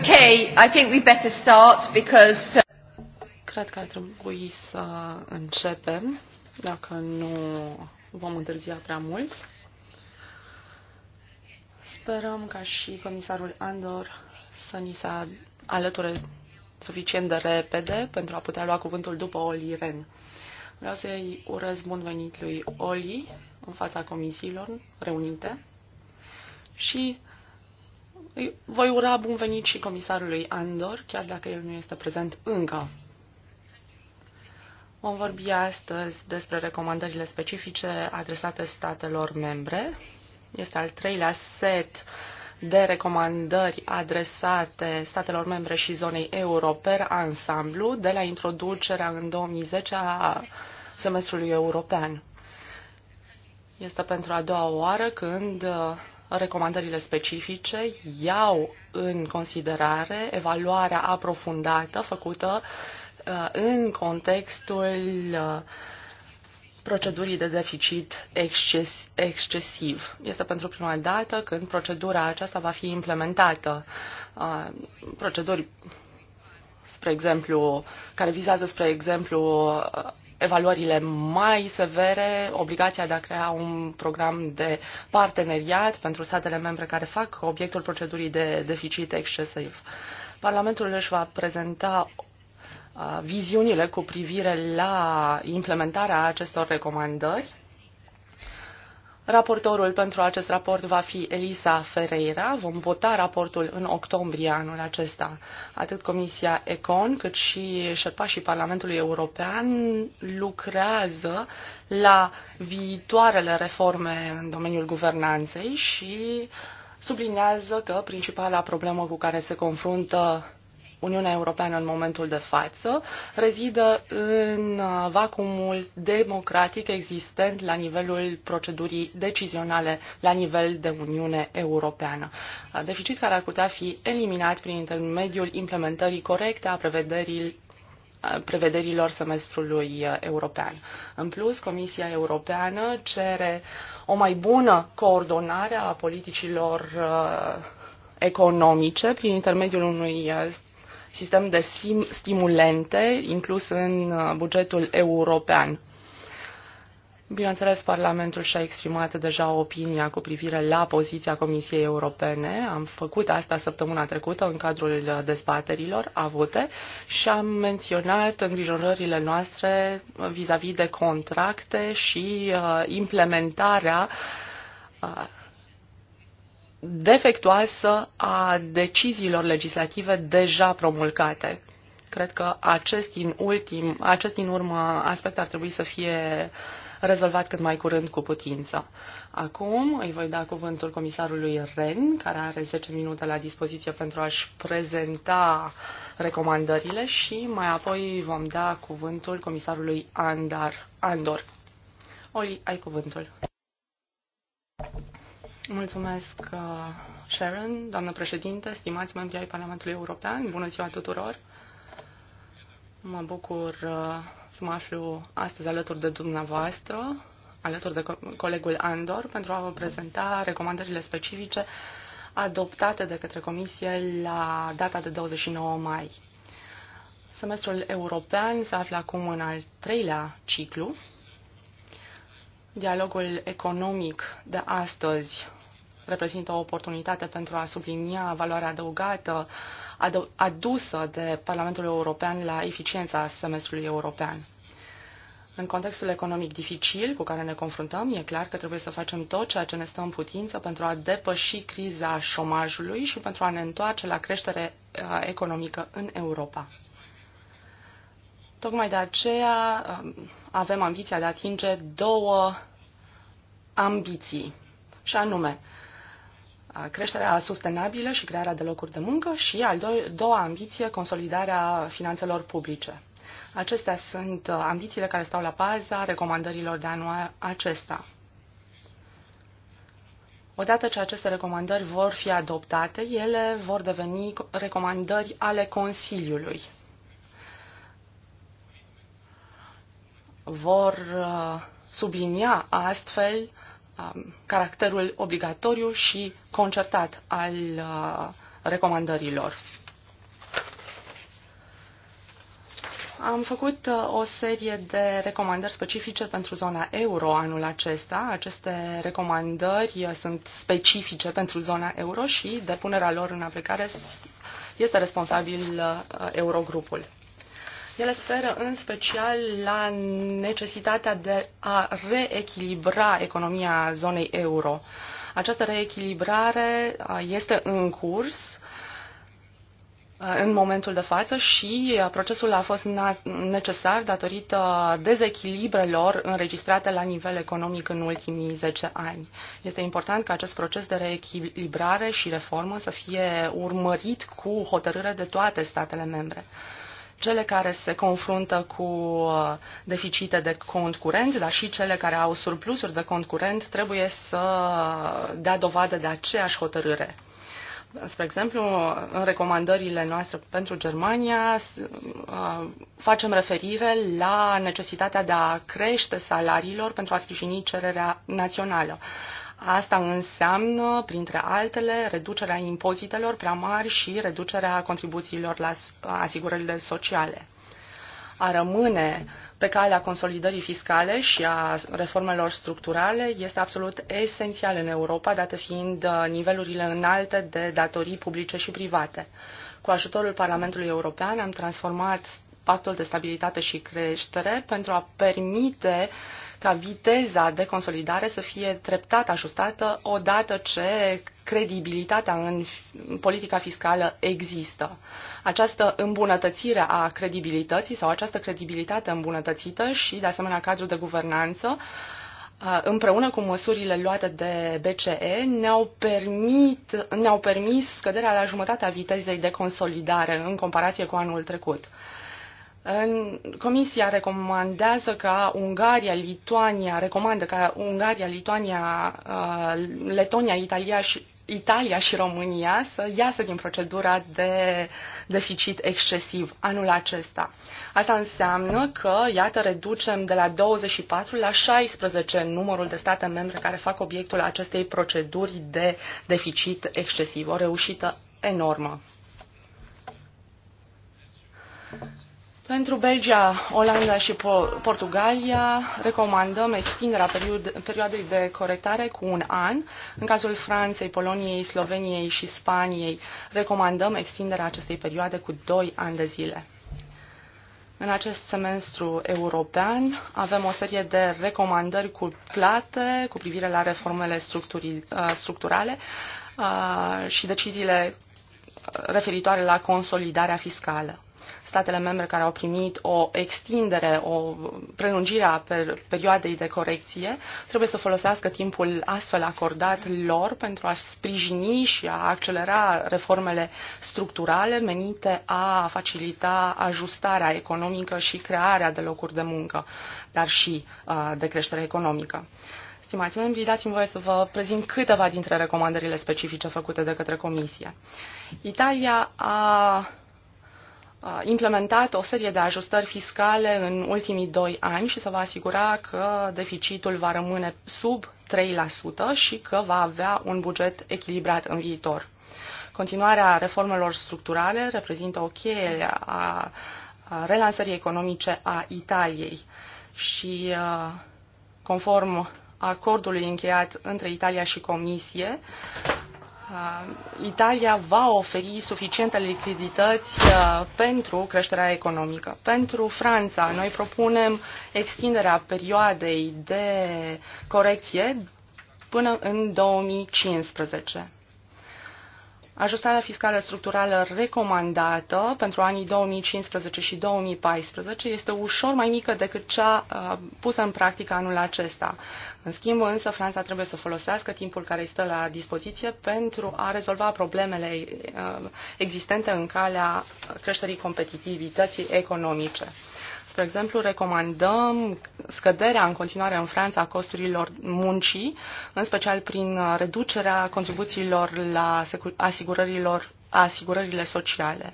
Okay, I think we better start because uh, cred că ar trebui să începem, dacă nu vom întârzia prea mult. Sperăm ca și comisarul Andor să ni se alăture suficient de repede pentru a putea lua cuvântul după Oli Ren. Vreau să-i urez bun venit lui Oli în fața comisiilor reunite și voi ura bun venit și comisarului Andor, chiar dacă el nu este prezent încă. Vom vorbi astăzi despre recomandările specifice adresate statelor membre. Este al treilea set de recomandări adresate statelor membre și zonei euro per ansamblu de la introducerea în 2010 a semestrului european. Este pentru a doua oară când uh, recomandările specifice iau în considerare evaluarea aprofundată făcută uh, în contextul uh, procedurii de deficit exces excesiv. Este pentru prima dată când procedura aceasta va fi implementată. Uh, proceduri, spre exemplu, care vizează, spre exemplu, evaluările mai severe, obligația de a crea un program de parteneriat pentru statele membre care fac obiectul procedurii de deficit excesiv. Parlamentul își va prezenta viziunile cu privire la implementarea acestor recomandări Raportorul pentru acest raport va fi Elisa Ferreira. Vom vota raportul în octombrie anul acesta. Atât Comisia Econ cât și șerpașii Parlamentului European lucrează la viitoarele reforme în domeniul guvernanței și sublinează că principala problemă cu care se confruntă Uniunea Europeană în momentul de față rezidă în uh, vacumul democratic existent la nivelul procedurii decizionale la nivel de Uniune Europeană. Uh, deficit care ar putea fi eliminat prin intermediul implementării corecte a prevederii uh, prevederilor semestrului european. În plus, Comisia Europeană cere o mai bună coordonare a politicilor economice prin intermediul unui sistem de stimulente inclus în uh, bugetul european. Bineînțeles, Parlamentul și-a exprimat deja opinia cu privire la poziția Comisiei Europene. Am făcut asta săptămâna trecută în cadrul uh, dezbaterilor avute și am menționat îngrijorările noastre vis-a-vis -vis de contracte și uh, implementarea defectuoasă a deciziilor legislative deja promulgate. Cred că acest din, ultim, acest din urmă aspect ar trebui să fie rezolvat cât mai curând cu putință. Acum îi voi da cuvântul comisarului Ren, care are 10 minute la dispoziție pentru a-și prezenta recomandările și mai apoi vom da cuvântul comisarului Andar, Andor. Oli, ai cuvântul. Mulțumesc, uh, Sharon, doamnă președinte, stimați membri ai Parlamentului European, bună ziua tuturor! Mă bucur uh, să mă aflu astăzi alături de dumneavoastră, alături de colegul Andor, pentru a vă prezenta recomandările specifice adoptate de către Comisie la data de 29 mai. Semestrul european se află acum în al treilea ciclu. Dialogul economic de astăzi reprezintă o oportunitate pentru a sublinia valoarea adăugată adusă de Parlamentul European la eficiența semestrului european. În contextul economic dificil cu care ne confruntăm, e clar că trebuie să facem tot ceea ce ne stă în putință pentru a depăși criza șomajului și pentru a ne întoarce la creștere uh, economică în Europa. Tocmai de aceea uh, avem ambiția de a atinge două ambiții, și anume creșterea sustenabilă și crearea de locuri de muncă și al doua ambiție, consolidarea finanțelor publice. Acestea sunt ambițiile care stau la baza recomandărilor de anul acesta. Odată ce aceste recomandări vor fi adoptate, ele vor deveni recomandări ale Consiliului. Vor sublinia astfel Um, caracterul obligatoriu și concertat al uh, recomandărilor. Am făcut uh, o serie de recomandări specifice pentru zona euro anul acesta. Aceste recomandări uh, sunt specifice pentru zona euro și depunerea lor în aplicare este responsabil Eurogrupul. Ele speră în special la necesitatea de a reechilibra economia zonei euro. Această reechilibrare este în curs în momentul de față și procesul a fost necesar datorită dezechilibrelor înregistrate la nivel economic în ultimii 10 ani. Este important ca acest proces de reechilibrare și reformă să fie urmărit cu hotărâre de toate statele membre cele care se confruntă cu uh, deficite de cont curent, dar și cele care au surplusuri de cont curent, trebuie să dea dovadă de aceeași hotărâre. Spre exemplu, în recomandările noastre pentru Germania uh, facem referire la necesitatea de a crește salariilor pentru a sprijini cererea națională. Asta înseamnă, printre altele, reducerea impozitelor prea mari și reducerea contribuțiilor la asigurările sociale. A rămâne pe calea consolidării fiscale și a reformelor structurale este absolut esențial în Europa, date fiind uh, nivelurile înalte de datorii publice și private. Cu ajutorul Parlamentului European am transformat pactul de stabilitate și creștere pentru a permite ca viteza de consolidare să fie treptat ajustată odată ce credibilitatea în politica fiscală există. Această îmbunătățire a credibilității sau această credibilitate îmbunătățită și, de asemenea, cadrul de guvernanță uh, împreună cu măsurile luate de BCE, ne-au, permit, ne-au permis scăderea la jumătatea vitezei de consolidare în comparație cu anul trecut. Comisia recomandează ca Ungaria, Lituania, recomandă ca Ungaria, Lituania, uh, Letonia, Italia și, Italia și România să iasă din procedura de deficit excesiv anul acesta. Asta înseamnă că, iată, reducem de la 24 la 16 numărul de state membre care fac obiectul acestei proceduri de deficit excesiv. O reușită enormă. Pentru Belgia, Olanda și Portugalia recomandăm extinderea perioadei de corectare cu un an. În cazul Franței, Poloniei, Sloveniei și Spaniei recomandăm extinderea acestei perioade cu doi ani de zile. În acest semestru european avem o serie de recomandări cu plate cu privire la reformele uh, structurale uh, și deciziile referitoare la consolidarea fiscală statele membre care au primit o extindere, o prelungire a perioadei de corecție, trebuie să folosească timpul astfel acordat lor pentru a sprijini și a accelera reformele structurale menite a facilita ajustarea economică și crearea de locuri de muncă, dar și uh, de creștere economică. Stimați membri, dați-mi voie să vă prezint câteva dintre recomandările specifice făcute de către Comisie. Italia a implementat o serie de ajustări fiscale în ultimii doi ani și să vă asigura că deficitul va rămâne sub 3% și că va avea un buget echilibrat în viitor. Continuarea reformelor structurale reprezintă o cheie a relansării economice a Italiei și conform acordului încheiat între Italia și Comisie, Uh, Italia va oferi suficiente lichidități uh, pentru creșterea economică. Pentru Franța, noi propunem extinderea perioadei de corecție până în 2015. Ajustarea fiscală structurală recomandată pentru anii 2015 și 2014 este ușor mai mică decât cea uh, pusă în practică anul acesta. În schimb, însă, Franța trebuie să folosească timpul care îi stă la dispoziție pentru a rezolva problemele uh, existente în calea creșterii competitivității economice. Spre exemplu, recomandăm scăderea în continuare în Franța a costurilor muncii, în special prin reducerea contribuțiilor la asigurărilor, asigurările sociale.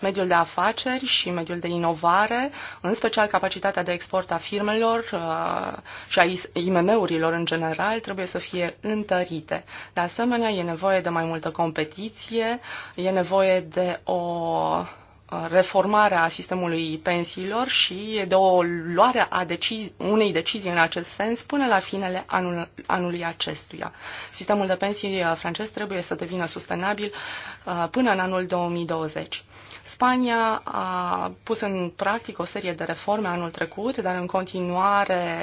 Mediul de afaceri și mediul de inovare, în special capacitatea de export a firmelor uh, și a IMM-urilor în general, trebuie să fie întărite. De asemenea, e nevoie de mai multă competiție, e nevoie de o reformarea sistemului pensiilor și de o luare a decizi, unei decizii în acest sens până la finele anul, anului acestuia. Sistemul de pensii uh, francez trebuie să devină sustenabil uh, până în anul 2020. Spania a pus în practică o serie de reforme anul trecut, dar în continuare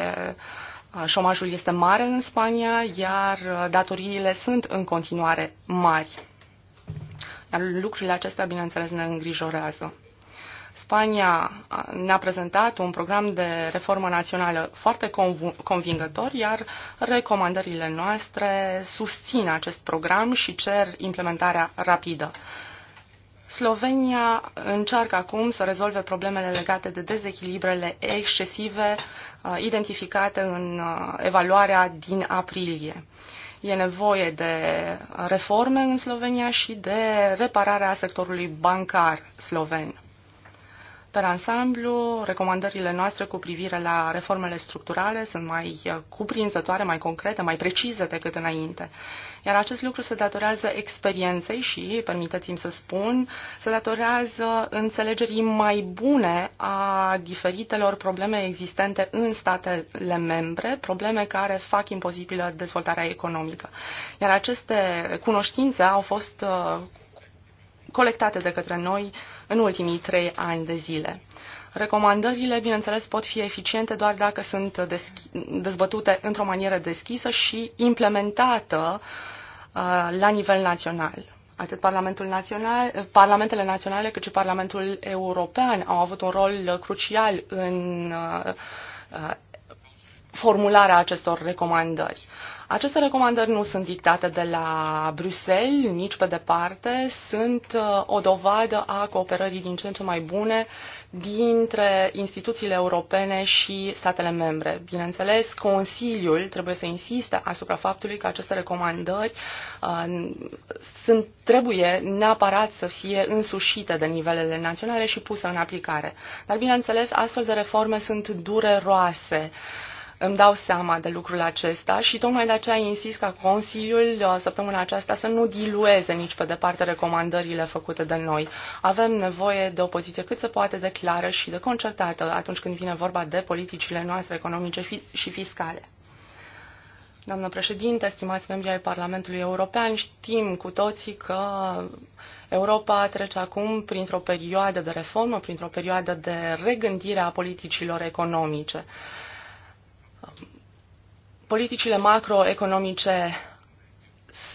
uh, șomajul este mare în Spania, iar datoriile sunt în continuare mari. Dar lucrurile acestea, bineînțeles, ne îngrijorează. Spania ne-a prezentat un program de reformă națională foarte convingător, iar recomandările noastre susțin acest program și cer implementarea rapidă. Slovenia încearcă acum să rezolve problemele legate de dezechilibrele excesive uh, identificate în uh, evaluarea din aprilie. E nevoie de reforme în Slovenia și de repararea sectorului bancar sloven. Per ansamblu, recomandările noastre cu privire la reformele structurale sunt mai uh, cuprinzătoare, mai concrete, mai precise decât înainte. Iar acest lucru se datorează experienței și, permiteți-mi să spun, se datorează înțelegerii mai bune a diferitelor probleme existente în statele membre, probleme care fac imposibilă dezvoltarea economică. Iar aceste cunoștințe au fost uh, colectate de către noi uh, în ultimii trei ani de zile. Recomandările, bineînțeles, pot fi eficiente doar dacă sunt dezbătute într-o manieră deschisă și implementată uh, la nivel național. Atât Parlamentul Național, Parlamentele Naționale cât și Parlamentul European au avut un rol crucial în uh, uh formularea acestor recomandări. Aceste recomandări nu sunt dictate de la Bruxelles, nici pe departe, sunt uh, o dovadă a cooperării din ce în ce mai bune dintre instituțiile europene și statele membre. Bineînțeles, Consiliul trebuie să insiste asupra faptului că aceste recomandări uh, sunt, trebuie neapărat să fie însușite de nivelele naționale și puse în aplicare. Dar, bineînțeles, astfel de reforme sunt dureroase. Uh, îmi dau seama de lucrul acesta și tocmai de aceea insist ca Consiliul uh, săptămâna aceasta să nu dilueze nici pe departe recomandările făcute de noi. Avem nevoie de o poziție cât se poate de clară și de concertată atunci când vine vorba de politicile noastre economice și fiscale. Doamnă președinte, stimați membri ai Parlamentului European, știm cu toții că Europa trece acum printr-o perioadă de reformă, printr-o perioadă de regândire a politicilor economice politicile macroeconomice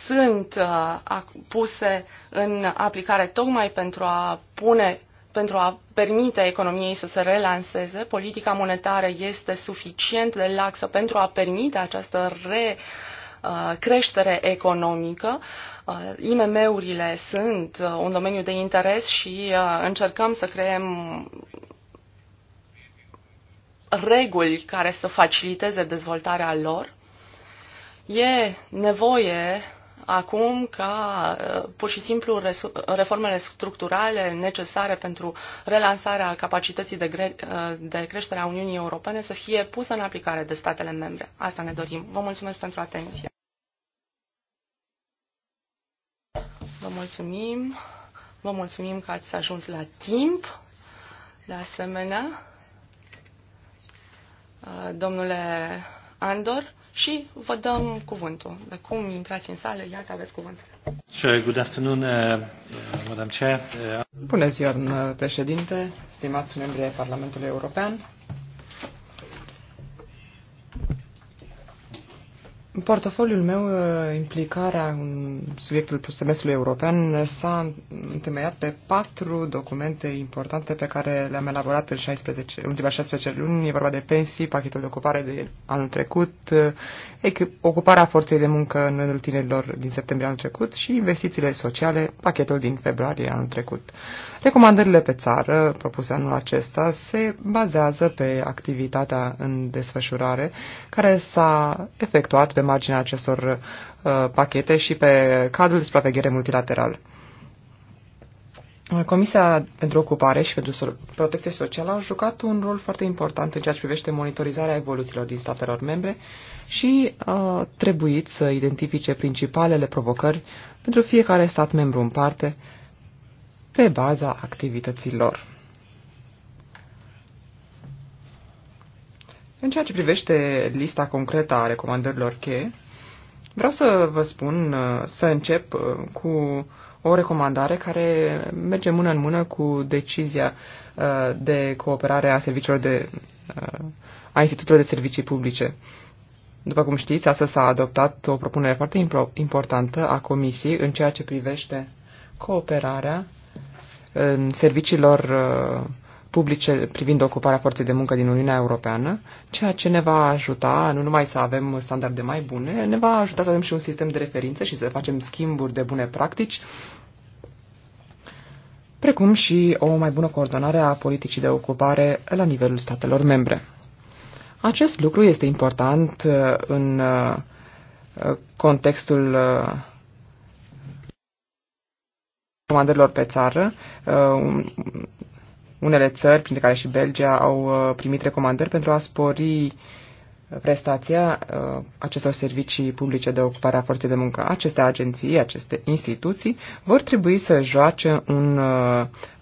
sunt uh, puse în aplicare tocmai pentru a pune pentru a permite economiei să se relanseze, politica monetară este suficient de laxă pentru a permite această uh, creștere economică. Uh, IMM-urile sunt uh, un domeniu de interes și uh, încercăm să creăm reguli care să faciliteze dezvoltarea lor. E nevoie acum ca uh, pur și simplu reformele structurale necesare pentru relansarea capacității de, gre- uh, de creștere a Uniunii Europene să fie pusă în aplicare de statele membre. Asta ne dorim. Vă mulțumesc pentru atenție. Vă mulțumim. Vă mulțumim că ați ajuns la timp. De asemenea, Uh, domnule Andor, și vă dăm cuvântul. De cum intrați în sală, iată, aveți cuvântul. Good afternoon, uh, uh, Madam Chair. Bună ziua, președinte, stimați membri ai Parlamentului European. În portofoliul meu, uh, implicarea în subiectul semestrului european s-a întemeiat pe patru documente importante pe care le-am elaborat în 16, în ultima 16 luni. E vorba de pensii, pachetul de ocupare de anul trecut, uh, ocuparea forței de muncă în rândul tinerilor din septembrie anul trecut și investițiile sociale, pachetul din februarie anul trecut. Recomandările pe țară propuse anul acesta se bazează pe activitatea în desfășurare care s-a efectuat pe pe marginea acestor uh, pachete și pe cadrul de supraveghere multilateral. Comisia pentru Ocupare și pentru Protecție Socială a jucat un rol foarte important în ceea ce privește monitorizarea evoluțiilor din statelor membre și a uh, trebuit să identifice principalele provocări pentru fiecare stat membru în parte pe baza activităților. În ceea ce privește lista concretă a recomandărilor cheie, vreau să vă spun, uh, să încep uh, cu o recomandare care merge mână în mână cu decizia uh, de cooperare a serviciilor de, a instituțiilor de servicii publice. După cum știți, astăzi s-a adoptat o propunere foarte importantă a Comisiei în ceea ce privește cooperarea în serviciilor publice privind ocuparea forței de muncă din Uniunea Europeană, ceea ce ne va ajuta nu numai să avem standarde mai bune, ne va ajuta să avem și un sistem de referință și să facem schimburi de bune practici, precum și o mai bună coordonare a politicii de ocupare la nivelul statelor membre. Acest lucru este important uh, în uh, contextul uh, comandărilor pe țară, unele țări, printre care și Belgia, au uh, primit recomandări pentru a spori uh, prestația uh, acestor servicii publice de ocupare a forței de muncă. Aceste agenții, aceste instituții vor trebui să joace un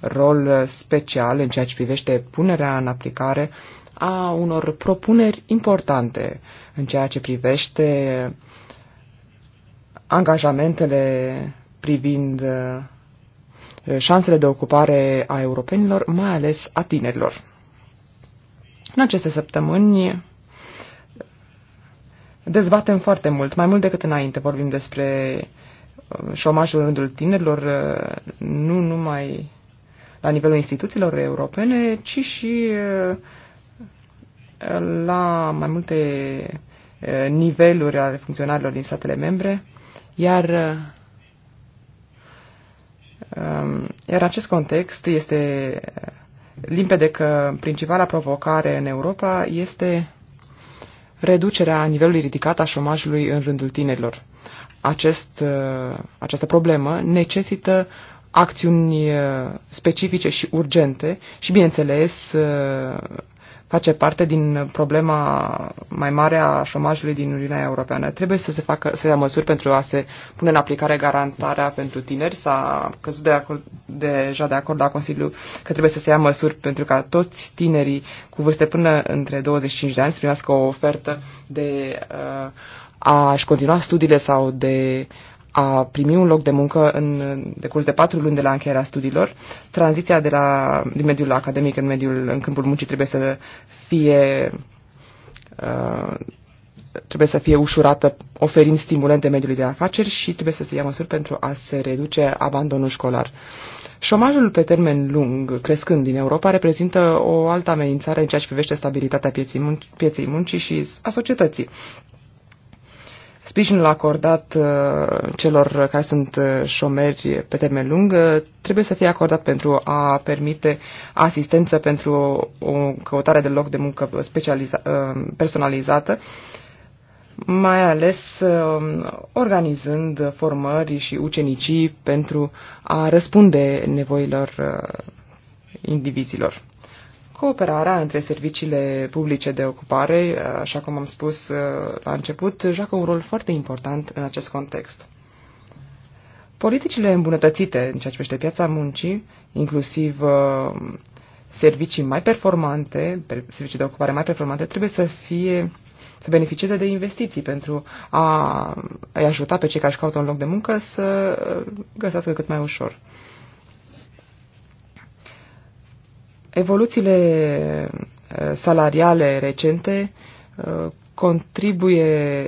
rol special în ceea ce privește punerea în aplicare a unor propuneri importante în ceea ce privește angajamentele privind Eh, șansele de ocupare a europenilor, mai ales a tinerilor. În aceste săptămâni eh, dezbatem foarte mult, mai mult decât înainte. Vorbim despre eh, șomajul în rândul tinerilor, nu numai la nivelul instituțiilor europene, ci și la mai multe niveluri ale funcționarilor din statele membre, iar Um, iar acest context este uh, limpede că principala provocare în Europa este reducerea nivelului ridicat a șomajului în rândul tinerilor. Acest, uh, această problemă necesită acțiuni uh, specifice și urgente și, bineînțeles, face parte din problema mai mare a șomajului din Uniunea Europeană. Trebuie să se facă să ia măsuri pentru a se pune în aplicare garantarea pentru tineri. S-a căzut de acord, deja de acord la Consiliu că trebuie să se ia măsuri pentru ca toți tinerii cu vârste până între 25 de ani să primească o ofertă de uh, a-și continua studiile sau de a primi un loc de muncă în decurs de patru luni de la încheierea studiilor. Tranziția de la, din mediul academic în, mediul, în câmpul muncii trebuie să fie uh, trebuie să fie ușurată, oferind stimulente mediului de afaceri și trebuie să se ia măsuri pentru a se reduce abandonul școlar. Șomajul pe termen lung, crescând din Europa, reprezintă o altă amenințare în ceea ce privește stabilitatea pieței, mun- pieței muncii și a societății. Sprijinul acordat uh, celor care sunt uh, șomeri pe termen lung uh, trebuie să fie acordat pentru a permite asistență pentru o căutare de loc de muncă personalizată, mai ales um, organizând formări și ucenicii pentru a răspunde nevoilor indivizilor. Cooperarea între serviciile publice de ocupare, așa cum am spus uh, la început, joacă un rol foarte important în acest context. Politicile îmbunătățite în ceea ce privește piața muncii, inclusiv uh, servicii mai performante, servicii de ocupare mai performante, trebuie să fie să beneficieze de investiții pentru a, i ajuta pe cei care își caută un loc de muncă să uh, găsească cât mai ușor. Evoluțiile eh, salariale recente eh, contribuie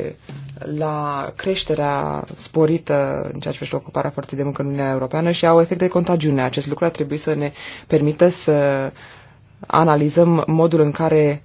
la creșterea sporită în ceea ce privește ocuparea forței de muncă în Uniunea Europeană și au efect de contagiune. Acest lucru ar trebui să ne permită să analizăm modul în care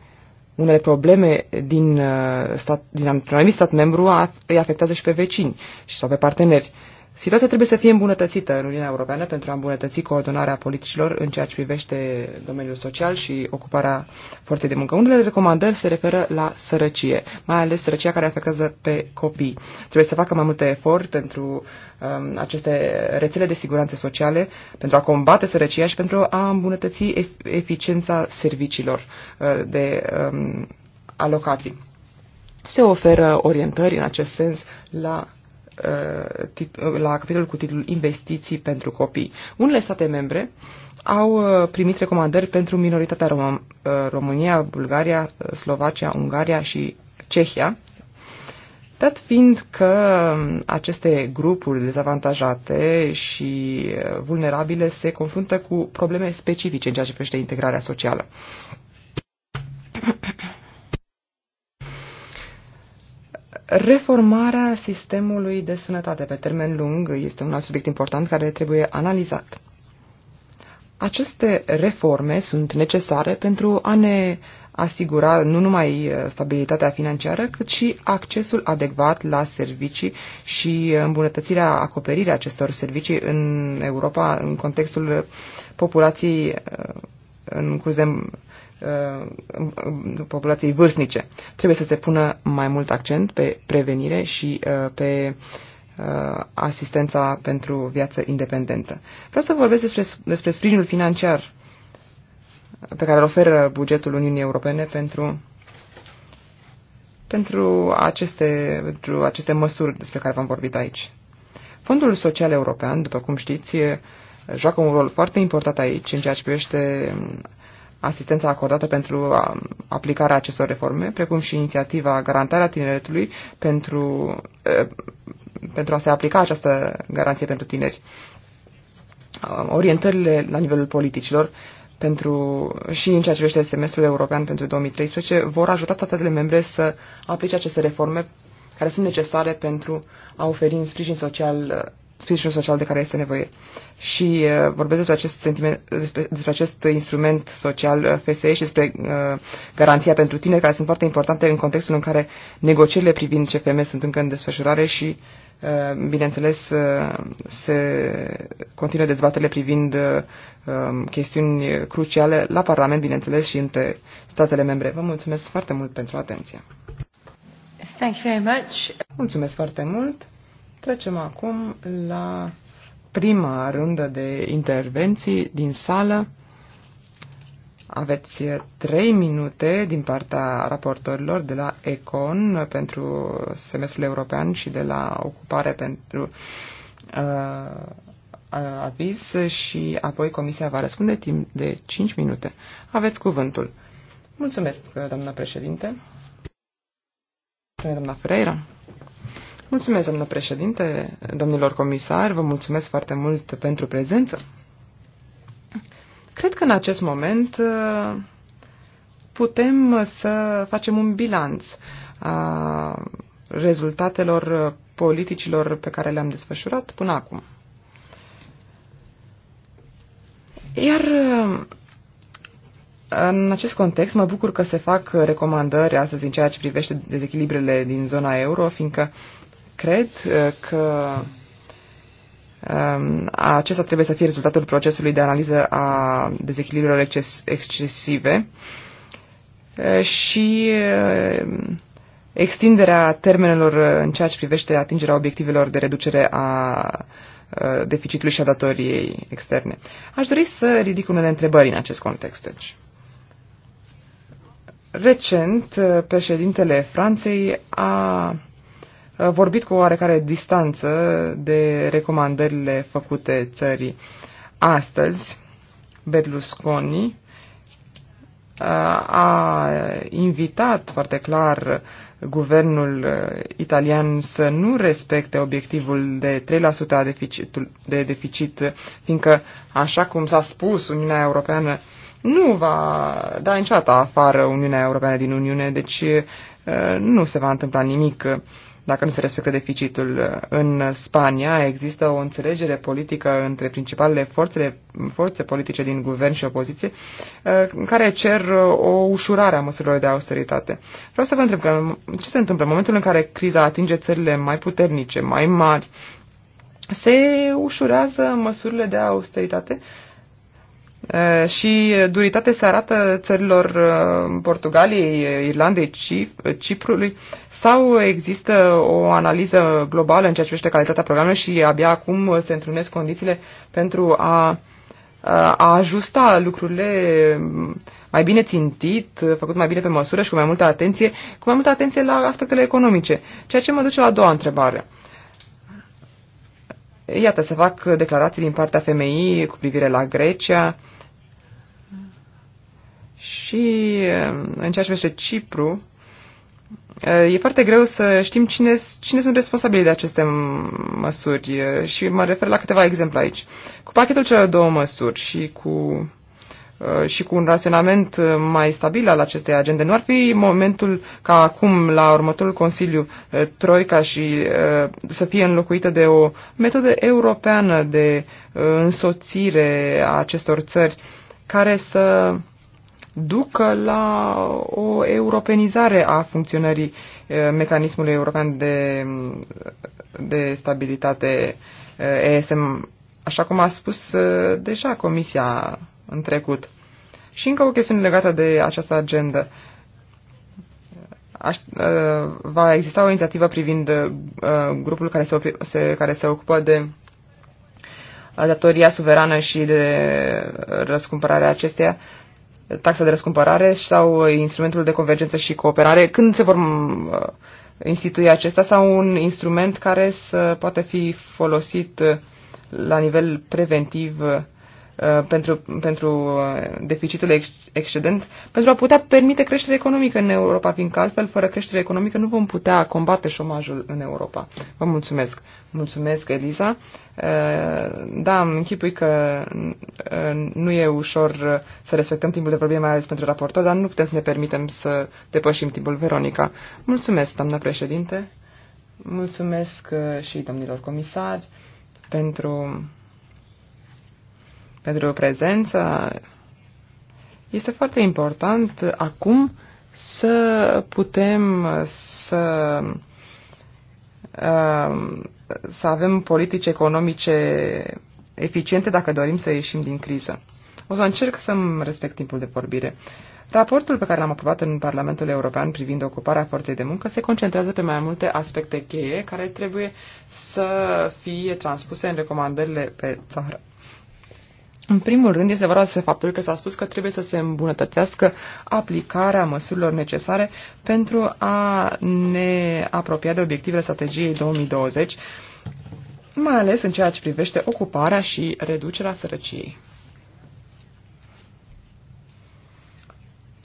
unele probleme din, eh, stat, din un anumit stat membru îi afectează și pe vecini și sau pe parteneri. Uh, Situația trebuie să fie îmbunătățită în Uniunea Europeană pentru a îmbunătăți coordonarea politicilor în ceea ce privește domeniul social și ocuparea forței de muncă. Unele recomandări se referă la sărăcie, mai ales sărăcia care afectează pe copii. Trebuie să facă mai multe efort pentru um, aceste rețele de siguranță sociale, pentru a combate sărăcia și pentru a îmbunătăți eficiența serviciilor uh, de um, alocații. Se oferă orientări în acest sens la Uh, uh, la capitolul cu titlul Investiții pentru copii. Unele state membre au uh, primit recomandări pentru minoritatea Rom- România, Bulgaria, Slovacia, Ungaria și Cehia, dat fiind că um, aceste grupuri dezavantajate și vulnerabile se confruntă cu probleme specifice în ceea ce privește integrarea socială. Reformarea sistemului de sănătate pe termen lung este un alt subiect important care trebuie analizat. Aceste reforme sunt necesare pentru a ne asigura nu numai uh, stabilitatea financiară, cât și accesul adecvat la servicii și îmbunătățirea acoperirii acestor servicii în Europa în contextul populației uh, în curs de Uh, populației vârstnice. Trebuie să se pună mai mult accent pe prevenire și uh, pe uh, asistența pentru viață independentă. Vreau să vorbesc despre, despre sprijinul financiar pe care îl oferă bugetul Uniunii Europene pentru, pentru, aceste, pentru aceste măsuri despre care v-am vorbit aici. Fondul Social European, după cum știți, joacă un rol foarte important aici în ceea ce privește asistența acordată pentru um, aplicarea acestor reforme, precum și inițiativa Garantarea Tineretului pentru, uh, pentru a se aplica această garanție pentru tineri. Um, orientările la nivelul politicilor pentru, și în ceea ce privește semestrul european pentru 2013 vor ajuta statele membre să aplice aceste reforme care sunt necesare pentru a oferi un sprijin social uh, sprijinul social de care este nevoie. Și uh, vorbesc despre acest, sentiment, despre, despre acest instrument social uh, FSE și despre uh, garanția pentru tineri, care sunt foarte importante în contextul în care negocierile privind CFM sunt încă în desfășurare și, uh, bineînțeles, uh, se continuă dezbaterile privind uh, um, chestiuni cruciale la Parlament, bineînțeles, și între statele membre. Vă mulțumesc foarte mult pentru atenție. Thank you very much. Mulțumesc foarte mult. Trecem acum la prima rândă de intervenții din sală. Aveți trei minute din partea raportorilor de la ECON pentru semestrul european și de la ocupare pentru uh, aviz și apoi comisia va răspunde timp de 5 minute. Aveți cuvântul. Mulțumesc, doamna președinte. Doamna Ferreira. Mulțumesc, doamnă președinte, domnilor comisari, vă mulțumesc foarte mult pentru prezență. Cred că în acest moment uh, putem să facem un bilanț a rezultatelor politicilor pe care le-am desfășurat până acum. Iar uh, în acest context mă bucur că se fac recomandări astăzi în ceea ce privește dezechilibrele din zona euro, fiindcă uh, Cred uh, că um, acesta trebuie să fie rezultatul procesului de analiză a dezechilibrelor excesive uh, și uh, extinderea termenelor în ceea ce privește atingerea obiectivelor de reducere a deficitului și a datoriei externe. Aș dori să ridic unele întrebări în acest context. Deci. Recent, președintele Franței a vorbit cu oarecare distanță de recomandările făcute țării. Astăzi, Berlusconi a invitat foarte clar guvernul italian să nu respecte obiectivul de 3% a de deficit, fiindcă, așa cum s-a spus, Uniunea Europeană nu va da niciodată afară Uniunea Europeană din Uniune, deci nu se va întâmpla nimic dacă nu se respectă deficitul. Uh, în Spania există o înțelegere politică între principalele forțele, forțe politice din guvern și opoziție uh, care cer uh, o ușurare a măsurilor de austeritate. Vreau să vă întreb că um, ce se întâmplă în momentul în care criza atinge țările mai puternice, mai mari, se ușurează măsurile de austeritate și duritate se arată țărilor Portugaliei, Irlandei, Ciprului sau există o analiză globală în ceea ce privește calitatea programelor și abia acum se întrunesc condițiile pentru a, a ajusta lucrurile mai bine țintit, făcut mai bine pe măsură și cu mai multă atenție, cu mai multă atenție la aspectele economice. Ceea ce mă duce la a doua întrebare. Iată, se fac declarații din partea femeii cu privire la Grecia și în ceea ce privește Cipru, E foarte greu să știm cine, cine sunt responsabili de aceste măsuri și mă refer la câteva exemple aici. Cu pachetul celor două măsuri și cu, și cu un raționament mai stabil al acestei agende, nu ar fi momentul ca acum, la următorul Consiliu, Troica și să fie înlocuită de o metodă europeană de însoțire a acestor țări care să ducă la o europenizare a funcționării eh, mecanismului european de, de stabilitate ESM, eh, așa cum a spus eh, deja Comisia în trecut. Și încă o chestiune legată de această agendă. Aș, va exista o inițiativă privind grupul care se, se, care se ocupă de datoria suverană și de răscumpărarea acesteia taxa de răscumpărare sau uh, instrumentul de convergență și cooperare, când se vor uh, institui acesta sau un instrument care să poată fi folosit uh, la nivel preventiv Uh, pentru, pentru uh, deficitul ex, excedent, pentru a putea permite creștere economică în Europa, fiindcă altfel, fără creștere economică, nu vom putea combate șomajul în Europa. Vă mulțumesc. Mulțumesc, Eliza. Uh, da, îmi închipui că nu e ușor să respectăm timpul de vorbire, mai ales pentru raportor, dar nu putem să ne permitem să depășim timpul Veronica. Mulțumesc, doamna președinte. Mulțumesc și domnilor comisari pentru pentru prezență. Este foarte important acum să putem să uh, să avem politici economice eficiente dacă dorim să ieșim din criză. O să încerc să-mi respect timpul de vorbire. Raportul pe care l-am aprobat în Parlamentul European privind ocuparea forței de muncă se concentrează pe mai multe aspecte cheie care trebuie să fie transpuse în recomandările pe țară în primul rând este vorba despre faptul că s-a spus că trebuie să se îmbunătățească aplicarea măsurilor necesare pentru a ne apropia de obiectivele strategiei 2020, mai ales în ceea ce privește ocuparea și reducerea sărăciei.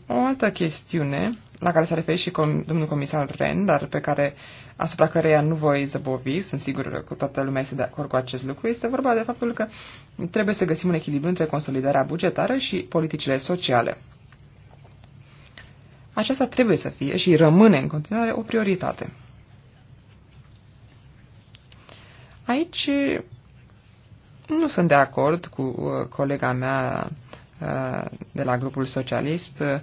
O altă chestiune la care s-a referit și com domnul comisar Ren, dar pe care, asupra căreia nu voi zăbovi, sunt sigur că toată lumea este de acord cu acest lucru, este vorba de faptul că trebuie să găsim un echilibru între consolidarea bugetară și politicile sociale. Aceasta trebuie să fie și rămâne în continuare o prioritate. Aici nu sunt de acord cu uh, colega mea uh, de la grupul socialist, uh,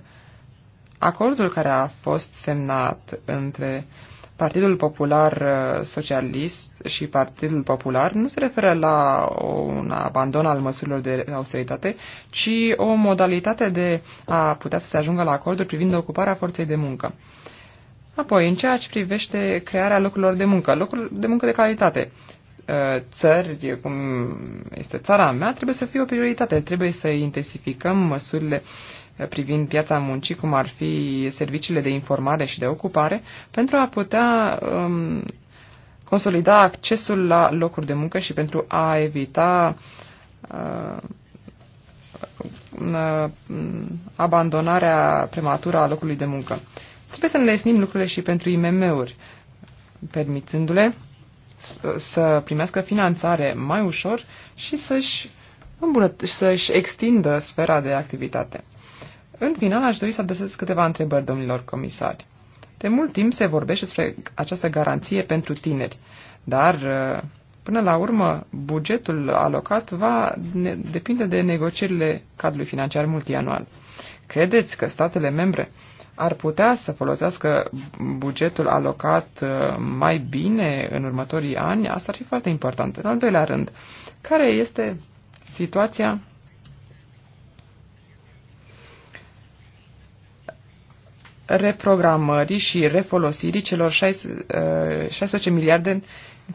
Acordul care a fost semnat între Partidul Popular uh, Socialist și Partidul Popular nu se referă la un abandon al măsurilor de austeritate, ci o modalitate de a putea să se ajungă la acorduri privind ocuparea forței de muncă. Apoi, în ceea ce privește crearea locurilor de muncă, locuri de muncă de calitate, uh, țări, cum este țara mea, trebuie să fie o prioritate. Trebuie să intensificăm măsurile privind piața muncii, cum ar fi serviciile de informare și de ocupare, pentru a putea um, consolida accesul la locuri de muncă și pentru a evita uh, uh abandonarea prematură a locului de muncă. Trebuie să ne lesnim lucrurile și pentru IMM-uri, permițându-le să primească finanțare mai ușor și să-și, să, -și, să -și extindă sfera de activitate. În final, aș dori să adresez câteva întrebări, domnilor comisari. De mult timp se vorbește despre această garanție pentru tineri, dar uh, până la urmă bugetul alocat va ne, depinde de negocierile cadrului financiar multianual. Credeți că statele membre ar putea să folosească bugetul alocat uh, mai bine în următorii ani? Asta ar fi foarte important. În al doilea rând, care este situația reprogramării și refolosirii celor 16 uh, miliarde în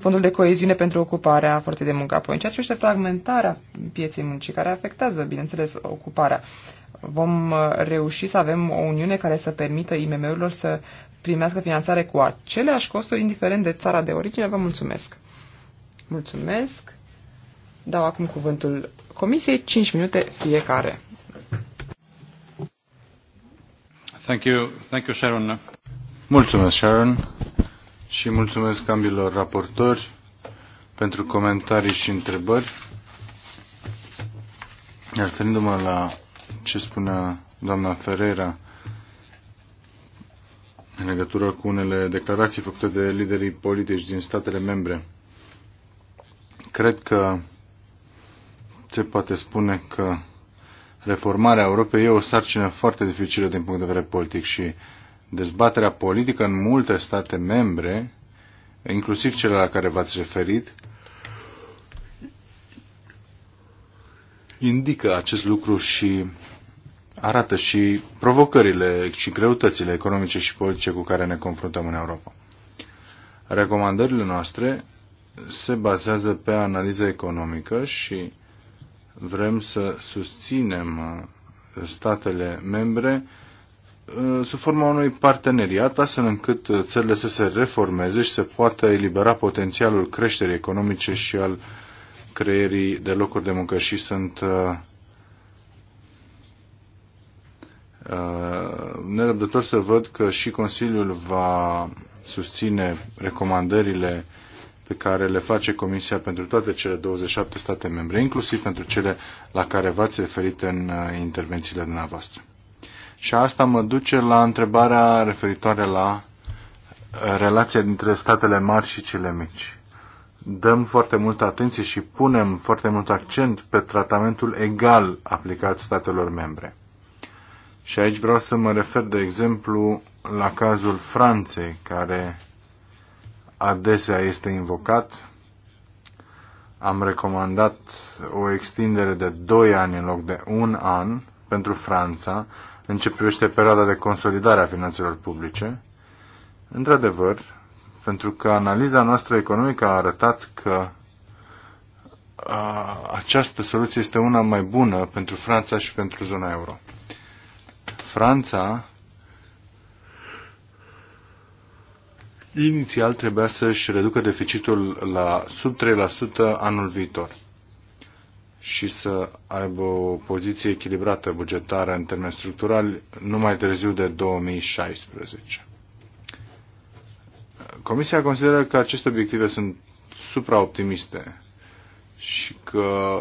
fondul de coeziune pentru ocuparea forței de muncă. Apoi, în ceea ce este fragmentarea pieței muncii, care afectează, bineînțeles, ocuparea, vom uh, reuși să avem o uniune care să permită IMM-urilor să primească finanțare cu aceleași costuri, indiferent de țara de origine. Vă mulțumesc! Mulțumesc! Dau acum cuvântul Comisiei, 5 minute fiecare. Thank you. Sharon. Mulțumesc, Sharon, și mulțumesc ambilor raportori pentru comentarii și întrebări. Referindu-mă la ce spunea doamna Ferreira în legătură cu unele declarații făcute de liderii politici din statele membre, cred că se poate spune că reformarea Europei e o sarcină foarte dificilă din punct de vedere politic și dezbaterea politică în multe state membre, inclusiv cele la care v-ați referit, indică acest lucru și arată și provocările și greutățile economice și politice cu care ne confruntăm în Europa. Recomandările noastre se bazează pe analiză economică și Vrem să susținem uh, statele membre uh, sub forma unui parteneriat, astfel încât uh, țările să se reformeze și să poată elibera potențialul creșterii economice și al creierii de locuri de muncă. Și sunt nerăbdător să văd că și Consiliul va susține recomandările pe care le face Comisia pentru toate cele 27 state membre, inclusiv pentru cele la care v-ați referit în uh, intervențiile dumneavoastră. Și asta mă duce la întrebarea referitoare la uh, relația dintre statele mari și cele mici. Dăm foarte multă atenție și punem foarte mult accent pe tratamentul egal aplicat statelor membre. Și aici vreau să mă refer, de exemplu, la cazul Franței, care adesea este invocat. Am recomandat o extindere de 2 ani în loc de 1 an pentru Franța în ce privește perioada de consolidare a finanțelor publice. Într-adevăr, pentru că analiza noastră economică a arătat că a, această soluție este una mai bună pentru Franța și pentru zona euro. Franța inițial trebuia să-și reducă deficitul la sub 3% anul viitor și să aibă o poziție echilibrată bugetară în termeni structurali nu mai târziu de 2016. Comisia consideră că aceste obiective sunt supraoptimiste și că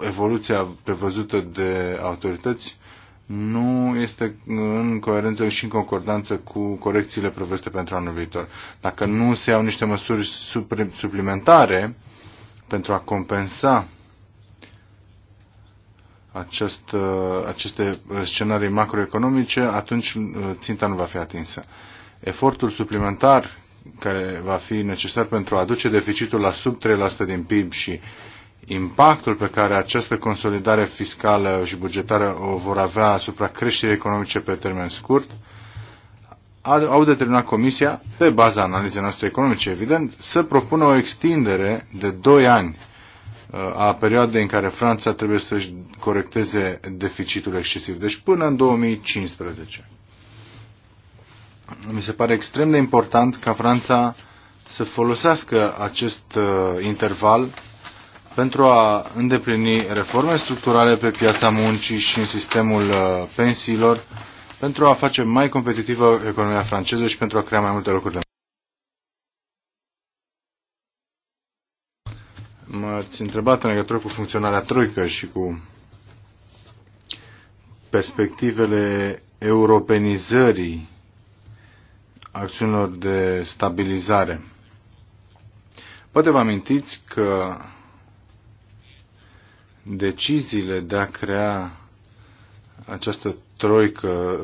evoluția prevăzută de autorități nu este în coerență și în concordanță cu corecțiile prevăzute pentru anul viitor. Dacă nu se iau niște măsuri suplimentare pentru a compensa acest, uh, aceste scenarii macroeconomice, atunci uh, ținta nu va fi atinsă. Efortul suplimentar care va fi necesar pentru a aduce deficitul la sub 3% din PIB și impactul pe care această consolidare fiscală și bugetară o vor avea asupra creșterii economice pe termen scurt, au determinat Comisia, pe baza analizei noastre economice, evident, să propună o extindere de 2 ani uh, a perioadei în care Franța trebuie să-și corecteze deficitul excesiv, deci până în 2015. Mi se pare extrem de important ca Franța să folosească acest uh, interval pentru a îndeplini reforme structurale pe piața muncii și în sistemul uh, pensiilor, pentru a face mai competitivă economia franceză și pentru a crea mai multe locuri de muncă. M-ați întrebat în legătură cu funcționarea troică și cu perspectivele europenizării acțiunilor de stabilizare. Poate vă amintiți că deciziile de a crea această troică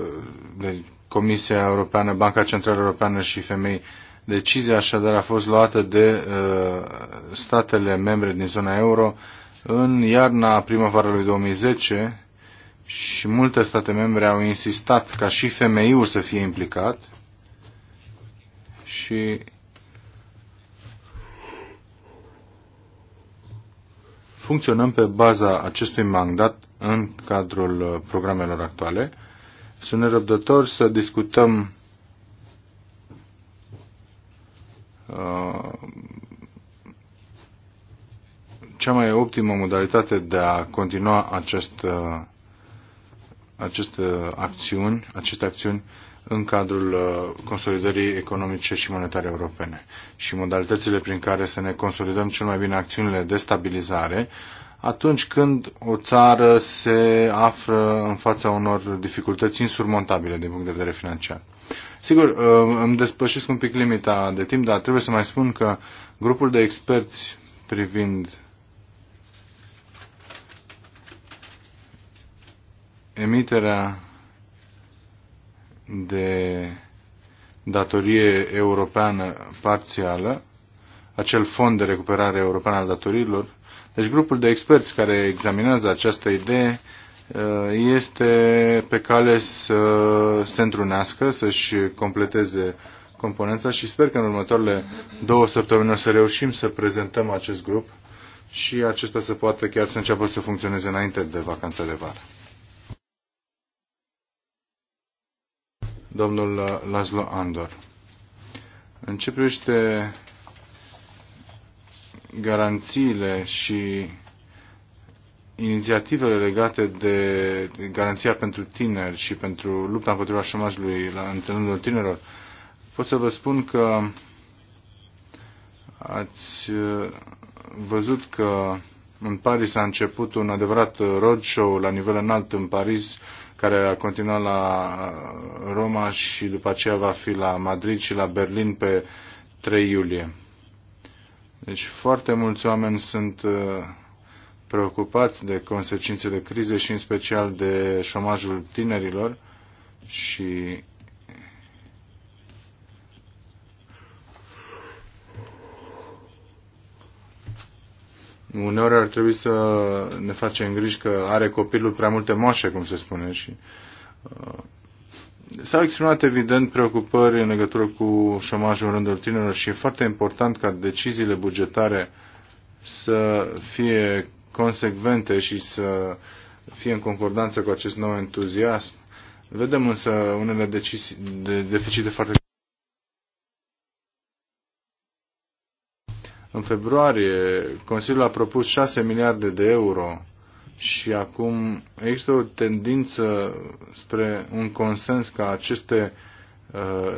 de Comisia Europeană, Banca Centrală Europeană și Femei. Decizia așadar a fost luată de uh, statele membre din zona euro în iarna primăvara lui 2010 și multe state membre au insistat ca și femeiul să fie implicat și funcționăm pe baza acestui mandat în cadrul uh, programelor actuale. Sunt nerăbdător să discutăm uh, cea mai optimă modalitate de a continua acest, uh, aceste acțiuni, aceste acțiuni în cadrul uh, consolidării economice și monetare europene și modalitățile prin care să ne consolidăm cel mai bine acțiunile de stabilizare atunci când o țară se află în fața unor dificultăți insurmontabile din punct de vedere financiar. Sigur, uh, îmi despășesc un pic limita de timp, dar trebuie să mai spun că grupul de experți privind emiterea de datorie europeană parțială, acel fond de recuperare europeană al datoriilor. Deci grupul de experți care examinează această idee uh, este pe cale să se întrunească, să-și completeze componența și sper că în următoarele două săptămâni o să reușim să prezentăm acest grup și acesta să poată chiar să înceapă să funcționeze înainte de vacanța de vară. domnul Laszlo Andor. În ce privește garanțiile și inițiativele legate de garanția pentru tineri și pentru lupta împotriva șomajului la întâlnirea tinerilor, pot să vă spun că ați uh, văzut că în Paris a început un adevărat roadshow la nivel înalt în Paris care a continuat la Roma și după aceea va fi la Madrid și la Berlin pe 3 iulie. Deci foarte mulți oameni sunt uh, preocupați de consecințele crizei și în special de șomajul tinerilor și Uneori ar trebui să ne facem griji că are copilul prea multe moașe, cum se spune. Și, uh, S-au exprimat evident preocupări în legătură cu șomajul în rândul tinerilor și e foarte important ca deciziile bugetare să fie consecvente și să fie în concordanță cu acest nou entuziasm. Vedem însă unele decizii de deficite foarte În februarie, Consiliul a propus 6 miliarde de euro și acum există o tendință spre un consens ca aceste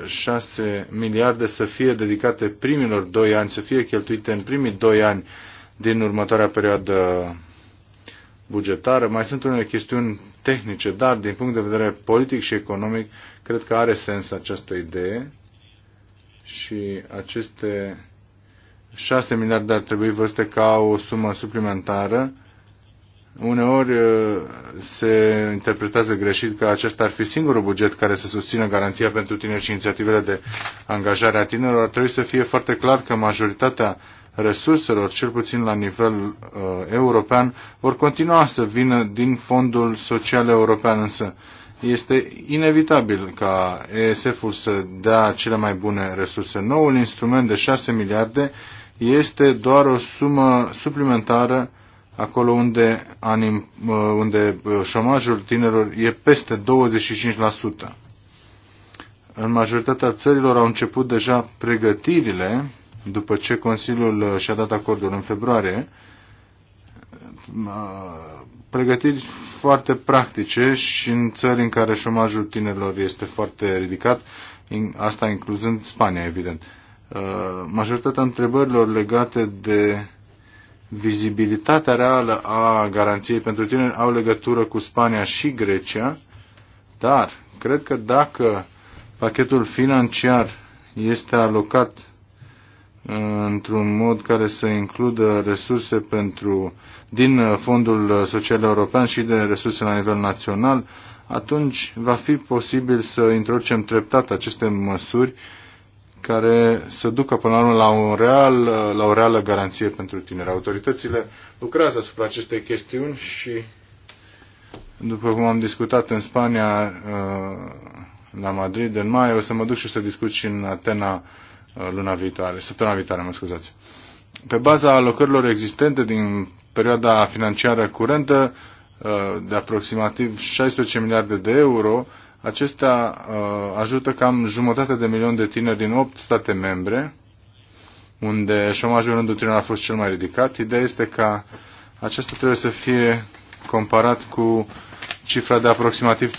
6 uh, miliarde să fie dedicate primilor 2 ani, să fie cheltuite în primii 2 ani din următoarea perioadă bugetară. Mai sunt unele chestiuni tehnice, dar din punct de vedere politic și economic, cred că are sens această idee și aceste 6 miliarde ar trebui văzute ca o sumă suplimentară. Uneori uh, se interpretează greșit că acesta ar fi singurul buget care să susțină garanția pentru tineri și inițiativele de angajare a tinerilor. Ar trebui să fie foarte clar că majoritatea resurselor, cel puțin la nivel uh, european, vor continua să vină din Fondul Social European, însă este inevitabil ca ESF-ul să dea cele mai bune resurse. Noul instrument de 6 miliarde este doar o sumă suplimentară acolo unde, anim, uh, unde uh, șomajul tinerilor e peste 25%. În majoritatea țărilor au început deja pregătirile după ce Consiliul uh, și-a dat acordul în februarie, pregătiri foarte practice și în țări în care șomajul tinerilor este foarte ridicat, asta incluzând Spania, evident. Uh, majoritatea întrebărilor legate de vizibilitatea reală a garanției pentru tineri au legătură cu Spania și Grecia, dar cred că dacă pachetul financiar este alocat într-un mod care să includă resurse pentru, din Fondul Social European și de resurse la nivel național, atunci va fi posibil să introducem treptat aceste măsuri care să ducă până la urmă la, un real, la o reală garanție pentru tineri. Autoritățile lucrează asupra acestei chestiuni și, după cum am discutat în Spania, uh, la Madrid în mai, o să mă duc și să discut și în Atena uh, luna viitoare, săptămâna viitoare, mă scuzați. Pe baza alocărilor existente din perioada financiară curentă, uh, de aproximativ 16 miliarde de euro, acesta uh, ajută cam jumătate de milion de tineri din 8 state membre, unde șomajul în rândul tinerilor a fost cel mai ridicat. Ideea este că acesta trebuie să fie comparat cu cifra de aproximativ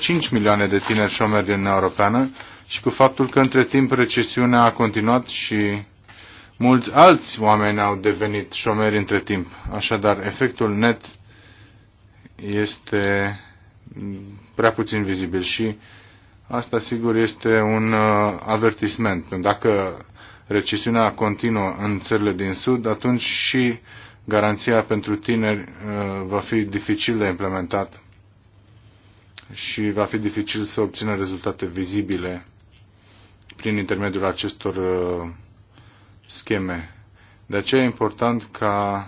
5,5 milioane de tineri șomeri din Uniunea Europeană și cu faptul că între timp recesiunea a continuat și mulți alți oameni au devenit șomeri între timp. Așadar, efectul net este prea puțin vizibil și asta sigur este un uh, avertisment. Dacă recesiunea continuă în țările din Sud, atunci și garanția pentru tineri uh, va fi dificil de implementat și va fi dificil să obțină rezultate vizibile prin intermediul acestor uh, scheme. De aceea e important ca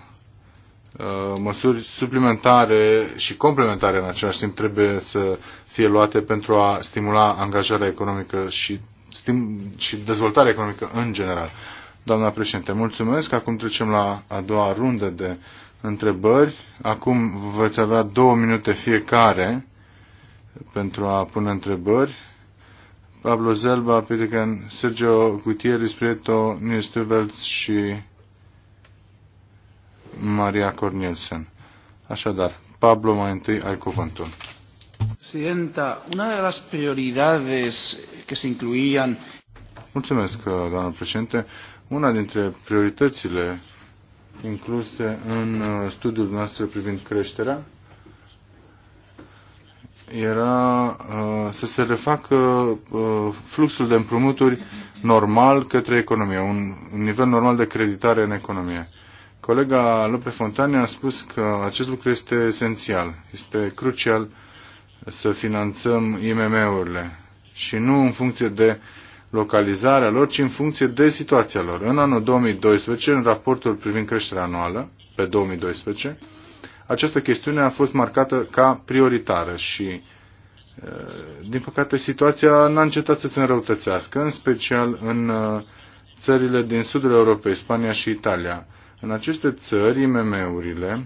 Uh, măsuri suplimentare și complementare în același timp trebuie să fie luate pentru a stimula angajarea economică și, stim- și dezvoltarea economică în general. Doamna președinte, mulțumesc. Acum trecem la a doua rundă de întrebări. Acum veți avea două minute fiecare pentru a pune întrebări. Pablo Zelba, Pitican, Sergio Gutierrez Prieto, Nils și Maria Cornelsen. Așadar, Pablo, mai întâi ai cuvântul. Presidenta, una de las prioridades que se incluían... Mulțumesc, uh, doamnă președinte. Una dintre prioritățile incluse în uh, studiul nostru privind creșterea era uh, să se refacă uh, fluxul de împrumuturi normal către economie, un, un nivel normal de creditare în economie. Colega Lope Fontane a spus că acest lucru este esențial, este crucial să finanțăm IMM-urile și nu în funcție de localizarea lor, ci în funcție de situația lor. În anul 2012, în raportul privind creșterea anuală, pe 2012, această chestiune a fost marcată ca prioritară și, din păcate, situația n-a încetat să se înrăutățească, în special în țările din sudul Europei, Spania și Italia în aceste țări, IMM-urile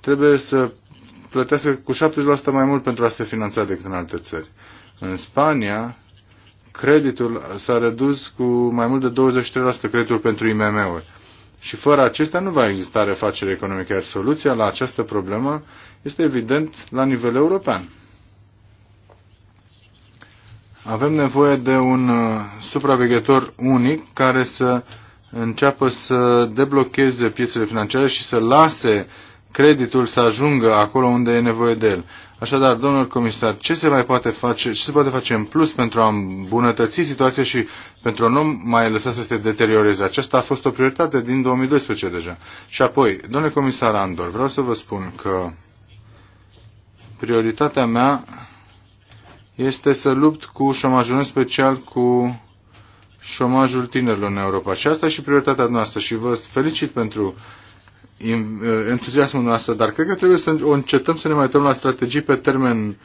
trebuie să plătească cu 70% mai mult pentru a se finanța decât în alte țări. În Spania, creditul s-a redus cu mai mult de 23% creditul pentru IMM-uri. Și fără acestea nu va exista refacere economică, iar soluția la această problemă este evident la nivel european. Avem nevoie de un uh, supraveghetor unic care să înceapă să deblocheze piețele financiare și să lase creditul să ajungă acolo unde e nevoie de el. Așadar, domnul comisar, ce se mai poate face, ce se poate face în plus pentru a îmbunătăți situația și pentru a nu mai lăsa să se deterioreze? Aceasta a fost o prioritate din 2012 deja. Și apoi, domnule comisar Andor, vreau să vă spun că prioritatea mea este să lupt cu șomajul special cu șomajul tinerilor în Europa. Și asta și prioritatea noastră și vă felicit pentru entuziasmul noastră, dar cred că trebuie să încetăm să ne mai uităm la strategii pe termen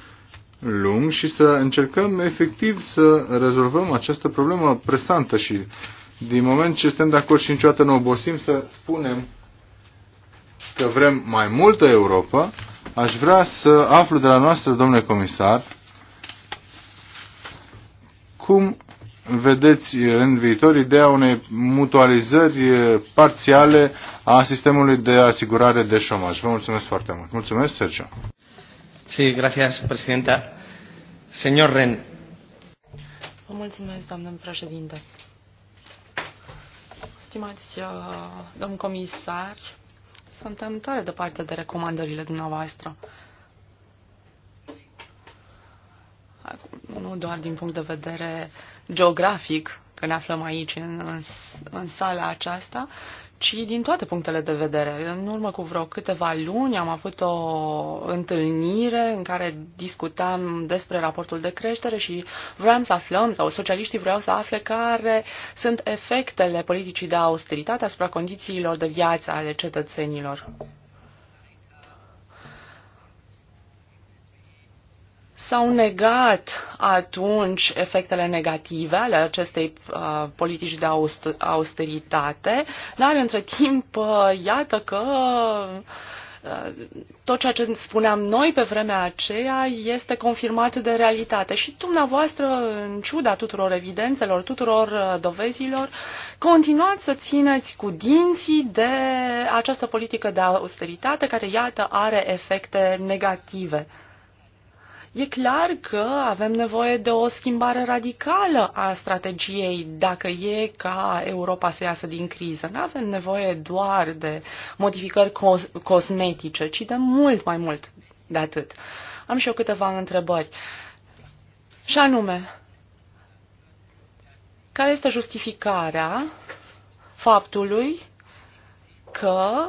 lung și să încercăm efectiv să rezolvăm această problemă presantă și din moment ce suntem de acord și niciodată nu obosim să spunem că vrem mai multă Europa, aș vrea să aflu de la noastră, domnule comisar, cum vedeți în viitor ideea unei mutualizări parțiale a sistemului de asigurare de șomaj. Vă mulțumesc foarte mult. Mulțumesc, Sergio. Sí, gracias, presidenta. Señor Ren. Vă mulțumesc, doamnă președinte. Stimați uh, domn comisar, suntem tare parte de recomandările dumneavoastră. Nu doar din punct de vedere uh, geografic că ne aflăm aici în, în, în sala aceasta, ci din toate punctele de vedere. În urmă cu vreo câteva luni am avut o întâlnire în care discutam despre raportul de creștere și vreau să aflăm, sau socialiștii vreau să afle care sunt efectele politicii de austeritate asupra condițiilor de viață ale cetățenilor. S-au negat atunci efectele negative ale acestei uh, politici de austeritate, dar între timp, uh, iată că uh, tot ceea ce spuneam noi pe vremea aceea este confirmat de realitate și dumneavoastră, în ciuda tuturor evidențelor, tuturor uh, dovezilor, continuați să țineți cu dinții de această politică de austeritate care, iată, are efecte negative. E clar că avem nevoie de o schimbare radicală a strategiei dacă e ca Europa să iasă din criză. Nu avem nevoie doar de modificări cos- cosmetice, ci de mult mai mult de atât. Am și eu câteva întrebări. Și anume, care este justificarea faptului că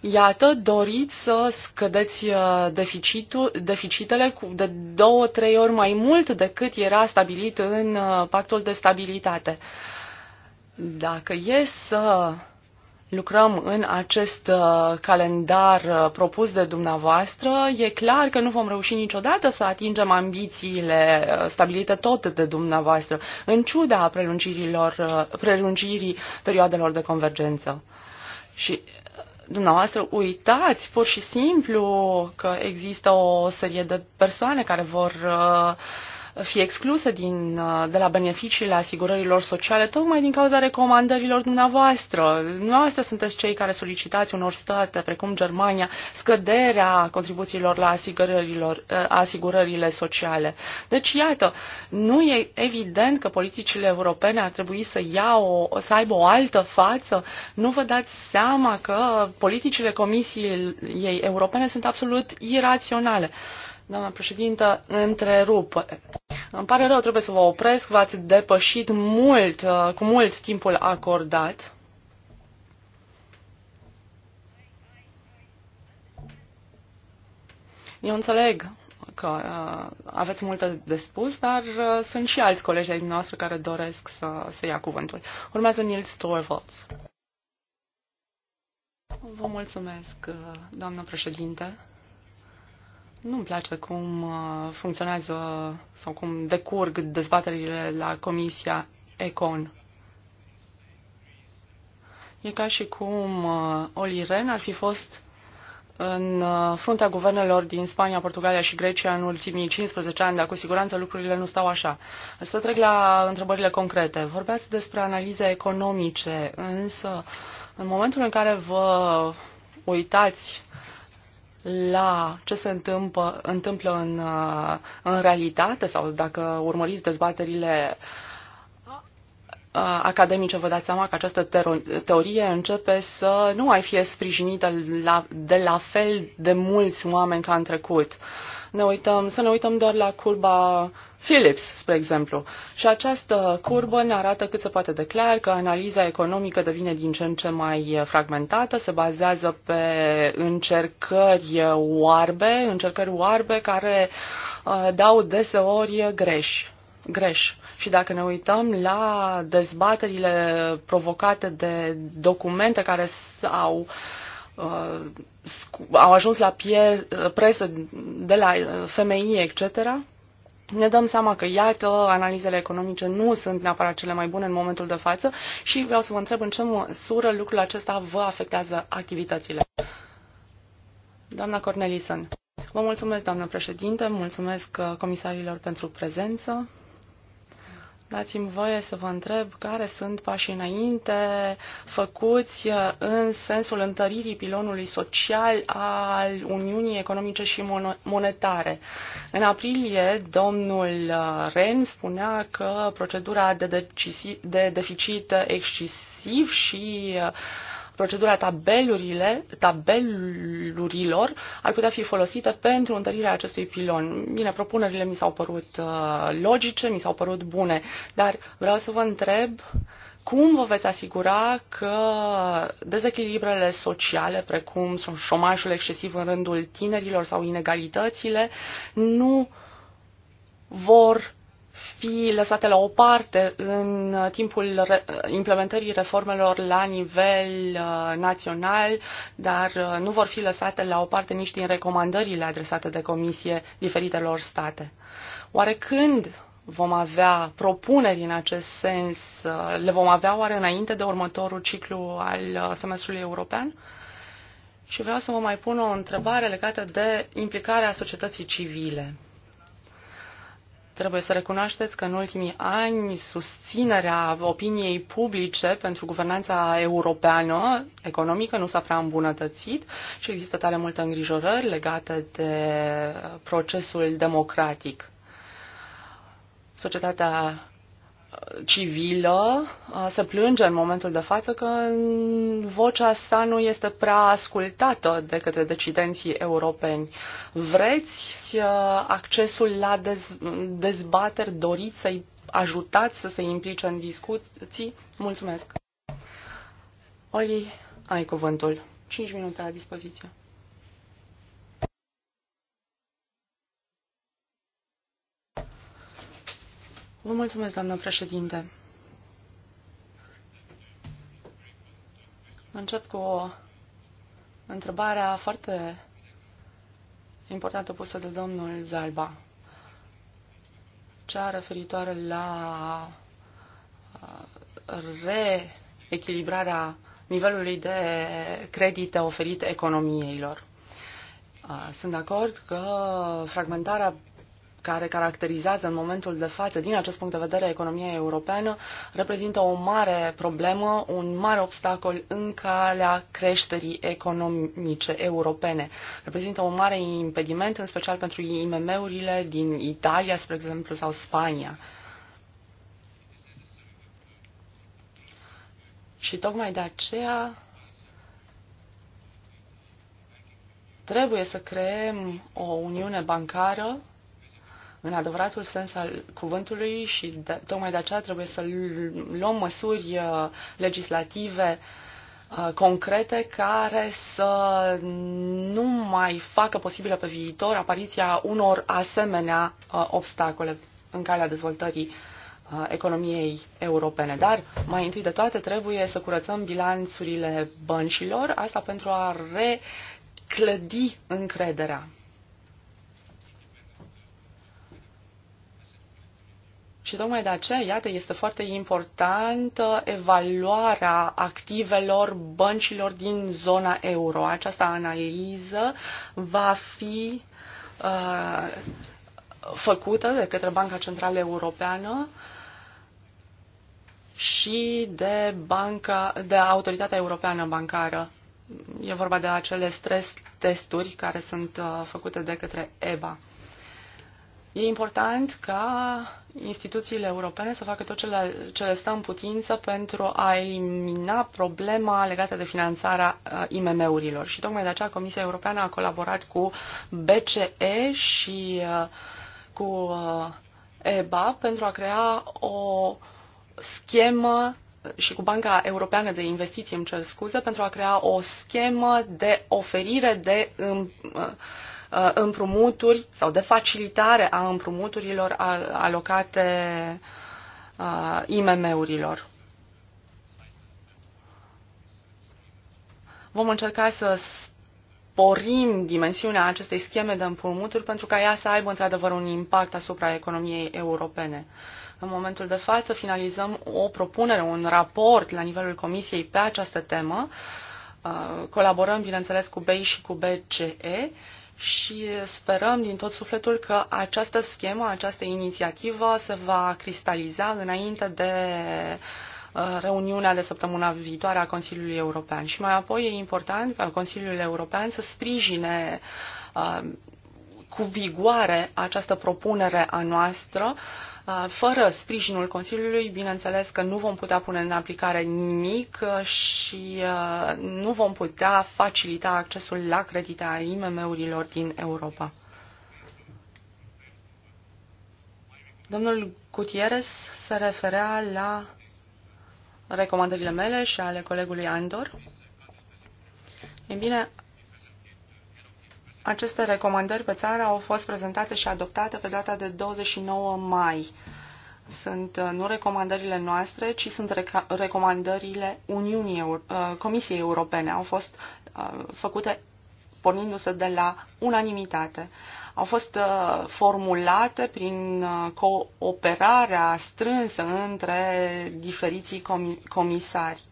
Iată, doriți să scădeți uh, deficitul, deficitele cu de două, trei ori mai mult decât era stabilit în uh, pactul de stabilitate. Dacă e să lucrăm în acest uh, calendar propus de dumneavoastră, e clar că nu vom reuși niciodată să atingem ambițiile stabilite tot de dumneavoastră, în ciuda prelungirilor, prelungirii perioadelor de convergență. Și dumneavoastră uitați pur și simplu că există o serie de persoane care vor uh, fi excluse din, uh, de la beneficiile asigurărilor sociale tocmai din cauza recomandărilor dumneavoastră. Dumneavoastră sunteți cei care solicitați unor state, precum Germania, scăderea contribuțiilor la asigurărilor, uh, asigurările sociale. Deci, iată, nu e evident că politicile europene ar trebui să, ia o, să aibă o altă față. Nu vă dați seama că politicile Comisiei Europene sunt absolut iraționale. Doamna președintă, întrerup. Îmi pare rău, trebuie să vă opresc. V-ați depășit mult, uh, cu mult timpul acordat. Eu înțeleg că uh, aveți multe de spus, dar uh, sunt și alți colegi ai noastre care doresc să, să ia cuvântul. Urmează Nils Torvalds. Vă mulțumesc, uh, doamnă președinte. Nu-mi place cum uh, funcționează sau cum decurg dezbaterile la Comisia Econ. E ca și cum uh, Oli Ren ar fi fost în uh, fruntea guvernelor din Spania, Portugalia și Grecia în ultimii 15 ani, dar cu siguranță lucrurile nu stau așa. Să trec la întrebările concrete. Vorbeați despre analize economice, însă în momentul în care vă uitați la ce se întâmplă, întâmplă în, uh, în realitate sau dacă urmăriți dezbaterile uh, academice, vă dați seama că această teorie începe să nu mai fie sprijinită la, de la fel de mulți oameni ca în trecut. Uh, ne uităm, să ne uităm doar la curba Philips, spre exemplu. Și această curbă ne arată cât se poate de clar că analiza economică devine din ce în ce mai fragmentată, se bazează pe încercări oarbe, încercări oarbe care uh, dau deseori greși. Greș. Și dacă ne uităm la dezbaterile provocate de documente care s-au uh, Uh, au ajuns la pie, uh, presă de la uh, femei, etc., ne dăm seama că, iată, analizele economice nu sunt neapărat cele mai bune în momentul de față și vreau să vă întreb în ce măsură lucrul acesta vă afectează activitățile. Doamna Cornelison. Vă mulțumesc, doamnă președinte, mulțumesc comisarilor pentru prezență. Dați-mi voie să vă întreb care sunt pașii înainte făcuți în sensul întăririi pilonului social al Uniunii Economice și Monetare. În aprilie, domnul uh, Ren spunea că procedura de, de deficit excesiv și uh, procedura tabelurile, tabelurilor ar putea fi folosită pentru întărirea acestui pilon. Bine, propunerile mi s-au părut uh, logice, mi s-au părut bune, dar vreau să vă întreb cum vă veți asigura că dezechilibrele sociale, precum șomajul excesiv în rândul tinerilor sau inegalitățile, nu vor fi lăsate la o parte în timpul implementării reformelor la nivel uh, național, dar uh, nu vor fi lăsate la o parte nici din recomandările adresate de comisie diferitelor state. Oare când vom avea propuneri în acest sens? Uh, le vom avea oare înainte de următorul ciclu al semestrului european? Și vreau să vă mai pun o întrebare legată de implicarea societății civile. Trebuie să recunoașteți că în ultimii ani susținerea opiniei publice pentru guvernanța europeană economică nu s-a prea îmbunătățit și există tale multe îngrijorări legate de procesul democratic. Societatea civilă se plânge în momentul de față că vocea sa nu este prea ascultată de către decidenții europeni. Vreți accesul la dez- dezbateri, doriți să-i ajutați să se implice în discuții? Mulțumesc! Oli, ai cuvântul. 5 minute la dispoziție. Vă mulțumesc, doamnă președinte. Încep cu o întrebare foarte importantă pusă de domnul Zalba, cea referitoare la uh, reechilibrarea nivelului de credite oferite economiilor. Uh, sunt de acord că fragmentarea care caracterizează în momentul de față, din acest punct de vedere, economia europeană, reprezintă o mare problemă, un mare obstacol în calea creșterii economice europene. Reprezintă un mare impediment, în special pentru IMM-urile din Italia, spre exemplu, sau Spania. Și tocmai de aceea trebuie să creăm o uniune bancară în adevăratul sens al cuvântului și de, tocmai de aceea trebuie să luăm măsuri uh, legislative uh, concrete care să nu mai facă posibilă pe viitor apariția unor asemenea uh, obstacole în calea dezvoltării economiei europene. Dar, mai întâi de toate, trebuie să curățăm bilanțurile băncilor, asta pentru a reclădi încrederea. Și tocmai de aceea, iată, este foarte importantă evaluarea activelor băncilor din zona euro. Această analiză va fi uh, făcută de către Banca Centrală Europeană și de, banca, de Autoritatea Europeană Bancară. E vorba de acele stres testuri care sunt uh, făcute de către EBA. E important ca instituțiile europene să facă tot ce le, ce le stă în putință pentru a elimina problema legată de finanțarea uh, IMM-urilor. Și tocmai de aceea Comisia Europeană a colaborat cu BCE și uh, cu uh, EBA pentru a crea o schemă și cu Banca Europeană de Investiții, îmi cer scuze, pentru a crea o schemă de oferire de Uh, împrumuturi sau de facilitare a împrumuturilor alocate uh, IMM-urilor. Vom încerca să sporim dimensiunea acestei scheme de împrumuturi pentru ca ea să aibă într-adevăr un impact asupra economiei europene. În momentul de față finalizăm o propunere, un raport la nivelul Comisiei pe această temă. Uh, colaborăm, bineînțeles, cu BEI și cu BCE și sperăm din tot sufletul că această schemă, această inițiativă se va cristaliza înainte de uh, reuniunea de săptămâna viitoare a Consiliului European. Și mai apoi e important ca Consiliul European să sprijine uh, cu vigoare această propunere a noastră uh, fără sprijinul Consiliului, bineînțeles că nu vom putea pune în aplicare nimic și nu vom putea facilita accesul la credite a IMM-urilor din Europa. Domnul Gutierrez se referea la recomandările mele și ale colegului Andor. E bine, aceste recomandări pe țară au fost prezentate și adoptate pe data de 29 mai. Sunt uh, nu recomandările noastre, ci sunt recomandările Uniunii uh, Comisiei Europene. Au fost uh, făcute pornindu-se de la unanimitate. Au fost formulate prin cooperarea strânsă între diferiții comisari.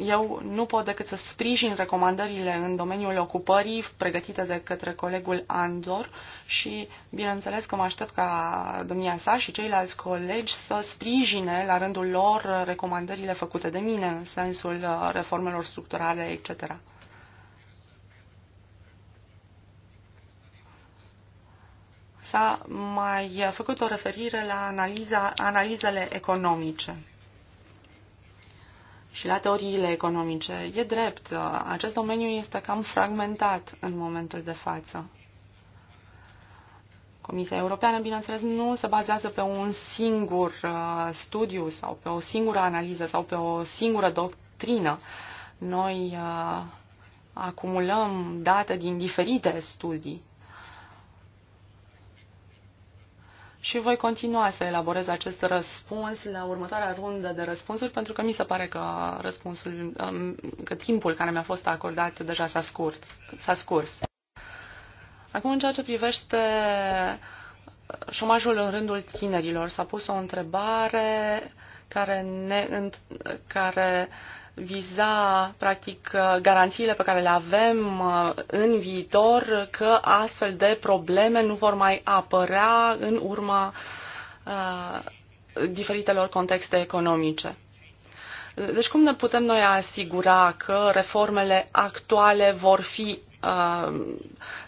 Eu nu pot decât să sprijin recomandările în domeniul ocupării pregătite de către colegul Andor și bineînțeles că mă aștept ca domnia sa și ceilalți colegi să sprijine la rândul lor recomandările făcute de mine în sensul uh, reformelor structurale, etc. S-a mai făcut o referire la analiza, analizele economice și la teoriile economice. E drept, acest domeniu este cam fragmentat în momentul de față. Comisia Europeană, bineînțeles, nu se bazează pe un singur uh, studiu sau pe o singură analiză sau pe o singură doctrină. Noi uh, acumulăm date din diferite studii. și voi continua să elaborez acest răspuns la următoarea rundă de răspunsuri, pentru că mi se pare că răspunsul, um, că timpul care mi-a fost acordat deja s-a, scurt, s-a scurs. Acum, în ceea ce privește șomajul în rândul tinerilor, s-a pus o întrebare care, ne, care uh, viza, practic, garanțiile pe care le avem uh, în viitor că astfel de probleme nu vor mai apărea în urma uh, diferitelor contexte economice. Deci cum ne putem noi asigura că reformele actuale vor fi uh,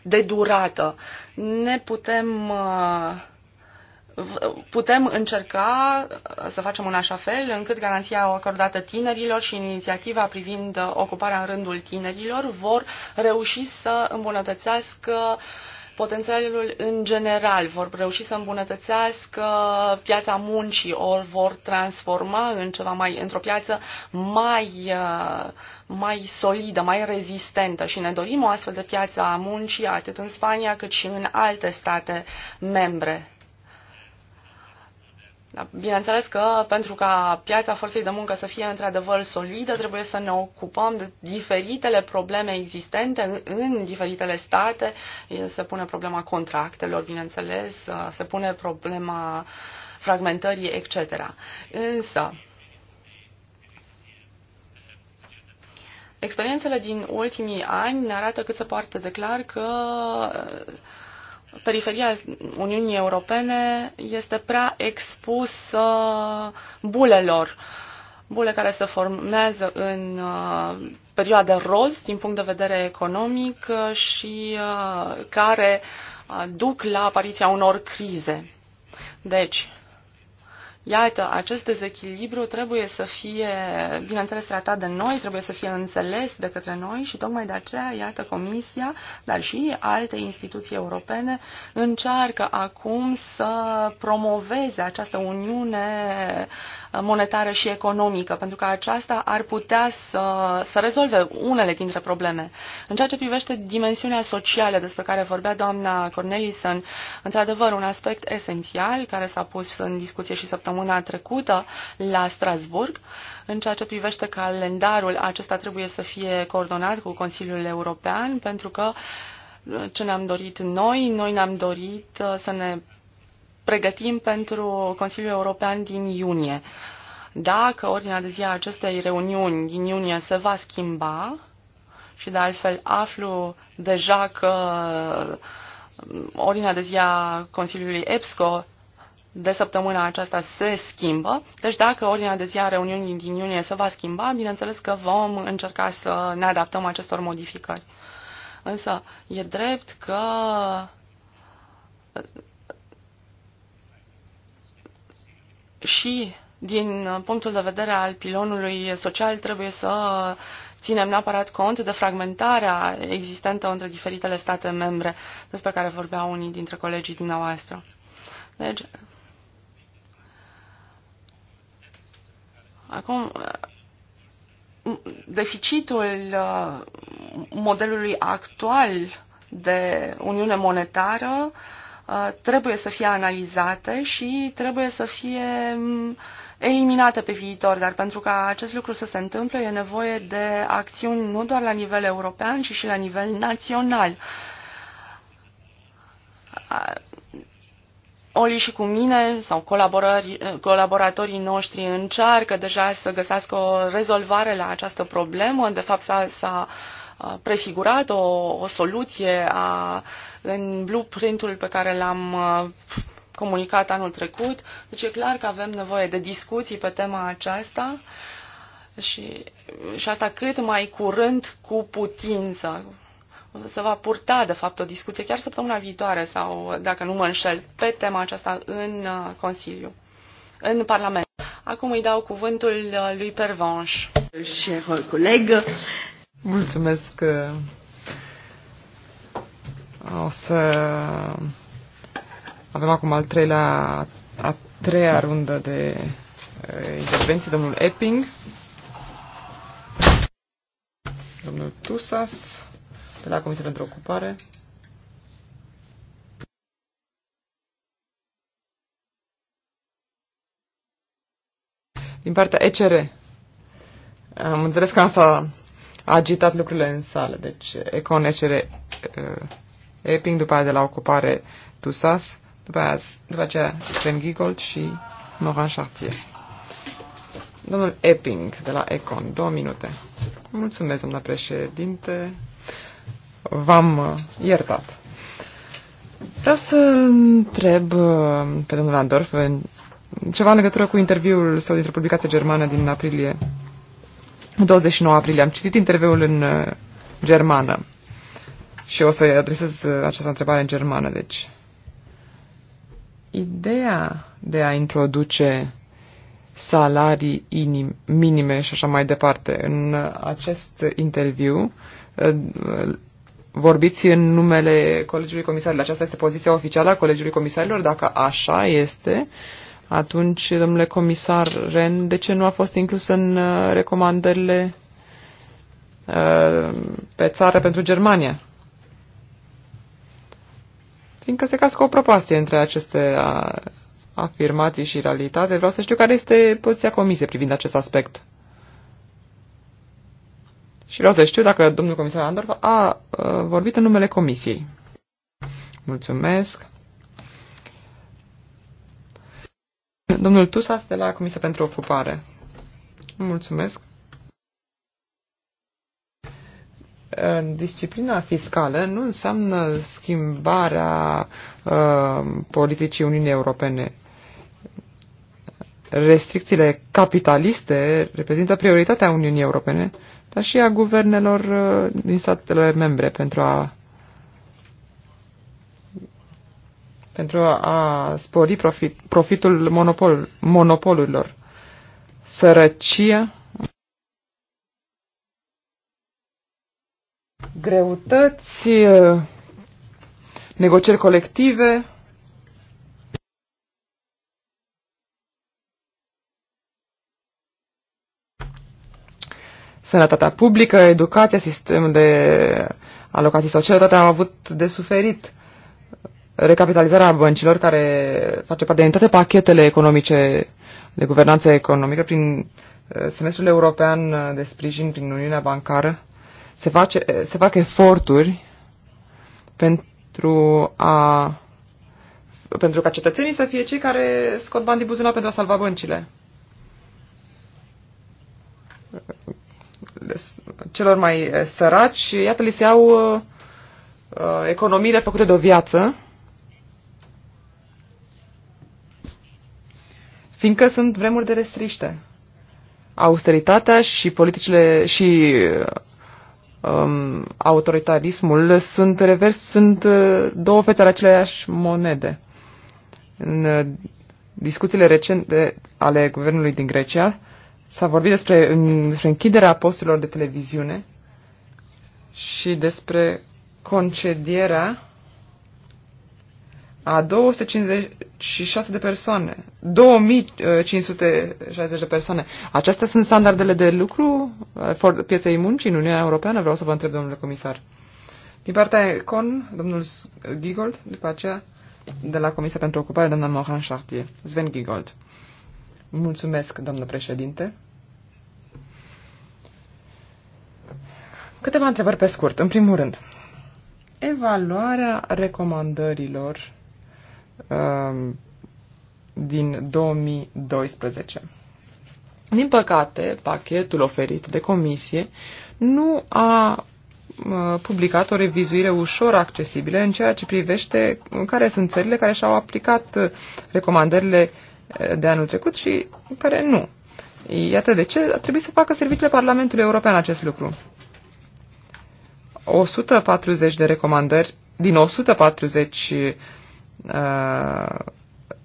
de durată? Ne putem putem încerca uh, să facem în așa fel încât garanția acordată tinerilor și inițiativa privind uh, ocuparea în rândul tinerilor vor reuși să îmbunătățească potențialul în general, vor reuși să îmbunătățească piața muncii, ori vor transforma în ceva mai, într-o piață mai, uh, mai solidă, mai rezistentă și ne dorim o astfel de piață a muncii atât în Spania cât și în alte state membre. Da, bineînțeles că pentru ca piața forței de muncă să fie într-adevăr solidă, trebuie să ne ocupăm de diferitele probleme existente în diferitele state. Se pune problema contractelor, bineînțeles, se pune problema fragmentării, etc. Însă, experiențele din ultimii ani ne arată cât se poate de clar că periferia Uniunii Europene este prea expusă bulelor. Bule care se formează în uh, perioada roz din punct de vedere economic uh, și uh, care duc la apariția unor crize. Deci, Iată, acest dezechilibru trebuie să fie, bineînțeles, tratat de noi, trebuie să fie înțeles de către noi și tocmai de aceea, iată, Comisia, dar și alte instituții europene încearcă acum să promoveze această uniune monetară și economică, pentru că aceasta ar putea să, să rezolve unele dintre probleme. În ceea ce privește dimensiunea socială despre care vorbea doamna Cornelison, într-adevăr un aspect esențial care s-a pus în discuție și săptămâna trecută la Strasburg, în ceea ce privește calendarul, acesta trebuie să fie coordonat cu Consiliul European, pentru că ce ne-am dorit noi, noi ne-am dorit să ne pregătim pentru Consiliul European din iunie. Dacă ordinea de zi a acestei reuniuni din iunie se va schimba, și de altfel aflu deja că um, ordinea de zi a Consiliului EPSCO de săptămâna aceasta se schimbă. Deci dacă ordinea de zi a reuniunii din iunie se va schimba, bineînțeles că vom încerca să ne adaptăm acestor modificări. Însă e drept că și din punctul de vedere al pilonului social trebuie să ținem neapărat cont de fragmentarea existentă între diferitele state membre despre care vorbeau unii dintre colegii dumneavoastră. Deci, acum, deficitul uh, modelului actual de Uniune Monetară uh, Uh, trebuie să fie analizate și trebuie să fie um, eliminate pe viitor, dar pentru ca acest lucru să se întâmple e nevoie de acțiuni nu doar la nivel european, ci și la nivel național. Uh, Oli și cu mine sau uh, colaboratorii noștri încearcă deja să găsească o rezolvare la această problemă. De fapt, s-a, s-a uh, prefigurat o, o soluție a, în blueprintul pe care l-am comunicat anul trecut. Deci e clar că avem nevoie de discuții pe tema aceasta și, și asta cât mai curând cu putință. Se va purta, de fapt, o discuție chiar săptămâna viitoare sau, dacă nu mă înșel, pe tema aceasta în Consiliu, în Parlament. Acum îi dau cuvântul lui Pervanș. Cher coleg, Mulțumesc. O să avem acum al treilea, a treia rundă de eh, intervenții, domnul Epping, domnul Tusas, de la Comisia pentru Ocupare. Din partea ECR. Am înțeles că asta agitat lucrurile în sală. Deci Econ, uh, Epping, după aia de la ocupare Tusas, după, aia, după aceea Sven Giegold și Moran Chartier. Domnul Epping de la Econ, două minute. Mulțumesc, domnule președinte. V-am uh, iertat. Vreau să întreb uh, pe domnul Andorf ceva în legătură cu interviul său dintr-o publicație germană din aprilie 29 aprilie. Am citit interviul în uh, germană și o să-i adresez uh, această întrebare în germană, deci. Ideea de a introduce salarii inim, minime și așa mai departe. În uh, acest interviu vorbiți în numele Colegiului Comisarilor. Aceasta este poziția oficială a Colegiului Comisarilor. Dacă așa este, uh, atunci, domnule comisar Ren, de ce nu a fost inclus în uh, recomandările uh, pe țară pentru Germania? Fiindcă se cască o propastie între aceste uh, afirmații și realitate, vreau să știu care este poziția comisiei privind acest aspect. Și vreau să știu dacă domnul comisar Andorf a, a vorbit în numele comisiei. Mulțumesc. Domnul Tusas de la Comisia pentru Ocupare. Mulțumesc. Disciplina fiscală nu înseamnă schimbarea uh, politicii Uniunii Europene. Restricțiile capitaliste reprezintă prioritatea Uniunii Europene, dar și a guvernelor uh, din statele membre pentru a pentru a spori profit, profitul monopol, monopolurilor. Sărăcia, greutăți, negocieri colective, sănătatea publică, educația, sistemul de alocații sociale, toate am avut de suferit recapitalizarea băncilor, care face parte din toate pachetele economice de guvernanță economică, prin uh, semestrul european uh, de sprijin, prin Uniunea Bancară, se, face, uh, se fac eforturi pentru a pentru ca cetățenii să fie cei care scot bani din buzunar pentru a salva băncile. Celor mai săraci, iată, li se iau economiile făcute de o viață fiindcă sunt vremuri de restriște. Austeritatea și politicile și um, autoritarismul sunt revers, sunt uh, două fețe ale aceleiași monede. În uh, discuțiile recente ale guvernului din Grecia s-a vorbit despre, în, despre închiderea posturilor de televiziune și despre concedierea a 256 de persoane, 2560 de persoane. Acestea sunt standardele de lucru uh, pieței muncii în Uniunea Europeană? Vreau să vă întreb, domnule comisar. Din partea Econ, domnul Gigold, după aceea de la Comisia pentru Ocupare, doamna Moran Chartier. Sven Gigold. Mulțumesc, domnule președinte. Câteva întrebări pe scurt. În primul rând, evaluarea recomandărilor Um, din 2012. Din păcate, pachetul oferit de comisie nu a uh, publicat o revizuire ușor accesibilă în ceea ce privește care sunt țările care și-au aplicat uh, recomandările uh, de anul trecut și care nu. Iată de ce a trebuit să facă serviciile Parlamentului European acest lucru. 140 de recomandări din 140 Uh,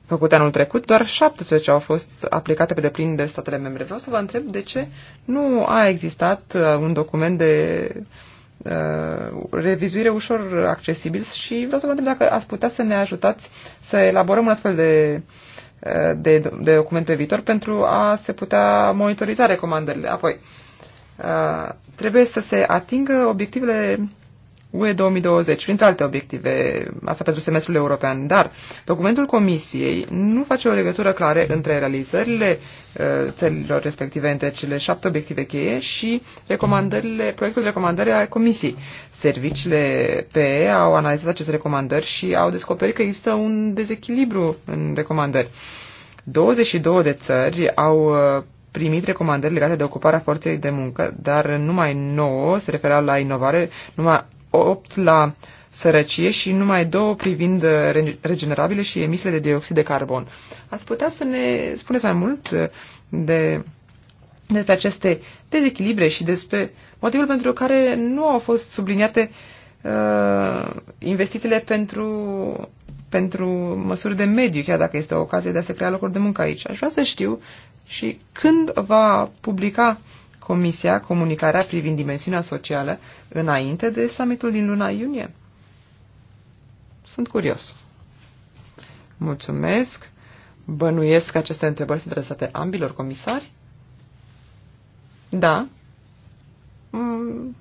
făcute anul trecut, doar 17 au fost aplicate pe deplin de statele membre. Vreau să vă întreb de ce nu a existat uh, un document de uh, revizuire ușor accesibil și vreau să vă întreb dacă ați putea să ne ajutați să elaborăm un astfel de de, de document pe viitor pentru a se putea monitoriza recomandările. Apoi, trebuie să se atingă obiectivele UE 2020, printre alte obiective, asta pentru semestrul european. Dar documentul Comisiei nu face o legătură clară între realizările uh, țărilor respective, între cele șapte obiective cheie și recomandările, proiectul de recomandare a Comisiei. Serviciile PE au analizat aceste recomandări și au descoperit că există un dezechilibru în recomandări. 22 de țări au uh, primit recomandări legate de ocuparea forței de muncă, dar numai 9 se refereau la inovare, numai 8 la sărăcie și numai două privind uh, regenerabile și emisiile de dioxid de carbon. Ați putea să ne spuneți mai mult uh, de, despre aceste dezechilibre și despre motivul pentru care nu au fost subliniate uh, investițiile pentru, pentru măsuri de mediu, chiar dacă este o ocazie de a se crea locuri de muncă aici. Aș vrea să știu și când va publica Comisia comunicarea privind dimensiunea socială înainte de summitul din luna iunie? Sunt curios. Mulțumesc. Bănuiesc că aceste întrebări sunt adresate ambilor comisari? Da. Mm.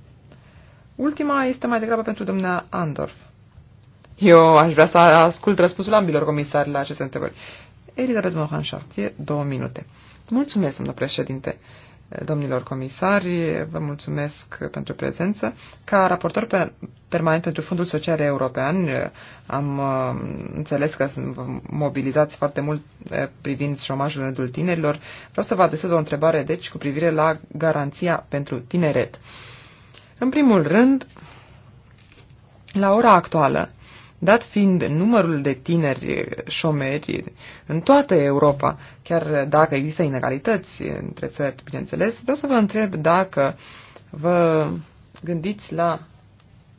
Ultima este mai degrabă pentru domnea Andorf. Eu aș vrea să ascult răspunsul ambilor comisari la aceste întrebări. Elisabeth Mohan Chartier, două minute. Mulțumesc, domnule președinte. Uh, domnilor comisari, vă mulțumesc pentru prezență. Ca raportor pe, permanent pentru Fondul Social European, am uh, înțeles că mobilizați foarte mult eh, privind șomajul în rândul tinerilor. Vreau să vă adresez o întrebare, deci, cu privire la garanția pentru tineret. În primul rând, la ora actuală, Dat fiind numărul de tineri șomeri în toată Europa, chiar dacă există inegalități între țări, bineînțeles, vreau să vă întreb dacă vă gândiți la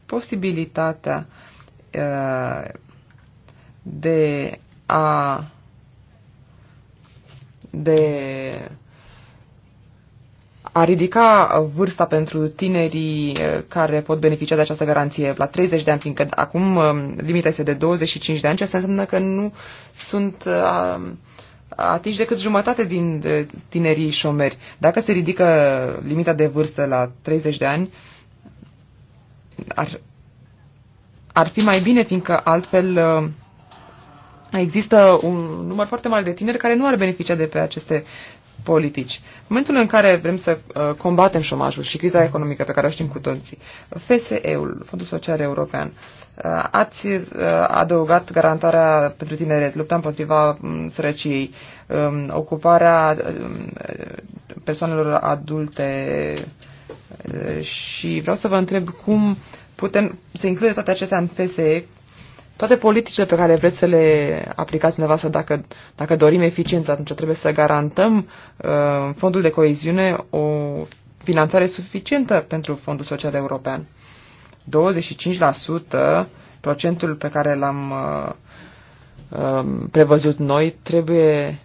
posibilitatea uh, de a de a ridica vârsta pentru tinerii eh, care pot beneficia de această garanție la 30 de ani, fiindcă acum eh, limita este de 25 de ani, ce înseamnă că nu sunt eh, atinși decât jumătate din tinerii șomeri. Dacă se ridică limita de vârstă la 30 de ani, ar, ar fi mai bine, fiindcă altfel există un număr foarte mare de tineri care nu ar beneficia de pe aceste politici. În momentul în care vrem să uh, combatem șomajul și criza economică pe care o știm cu toții, FSE-ul, Fondul Social European, uh, ați uh, adăugat garantarea pentru tineret, lupta împotriva mm, sărăciei, um, ocuparea um, persoanelor adulte și vreau să vă întreb cum putem să include toate acestea în FSE? toate politicile pe care vreți să le aplicați dumneavoastră, dacă, dacă dorim eficiență, atunci trebuie să garantăm uh, în uh, fondul de coeziune o finanțare suficientă pentru Fondul Social European. 25% procentul pe care l-am uh, uh, prevăzut noi trebuie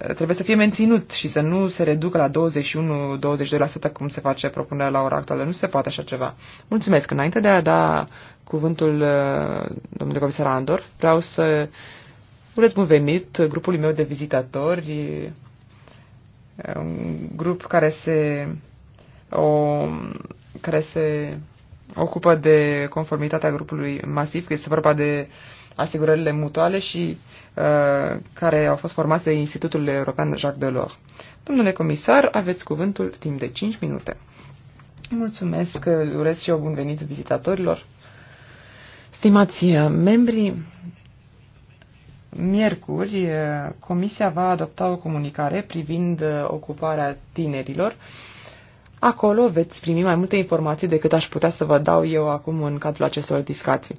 uh, trebuie să fie menținut și să nu se reducă la 21-22% cum se face propunerea la ora actuală. Nu se poate așa ceva. Mulțumesc. Înainte de a da cuvântul uh, domnului comisar Andor. Vreau să urez bun venit grupului meu de vizitatori, uh, un grup care se, o, care se ocupă de conformitatea grupului masiv, că este vorba de asigurările mutuale și uh, care au fost formate de Institutul European Jacques Delors. Domnule comisar, aveți cuvântul timp de 5 minute. Mulțumesc, uh, urez și eu bun venit vizitatorilor. Stimați uh, membri, miercuri uh, Comisia va adopta o comunicare privind uh, ocuparea tinerilor. Acolo veți primi mai multe informații decât aș putea să vă dau eu acum în cadrul acestor discuții.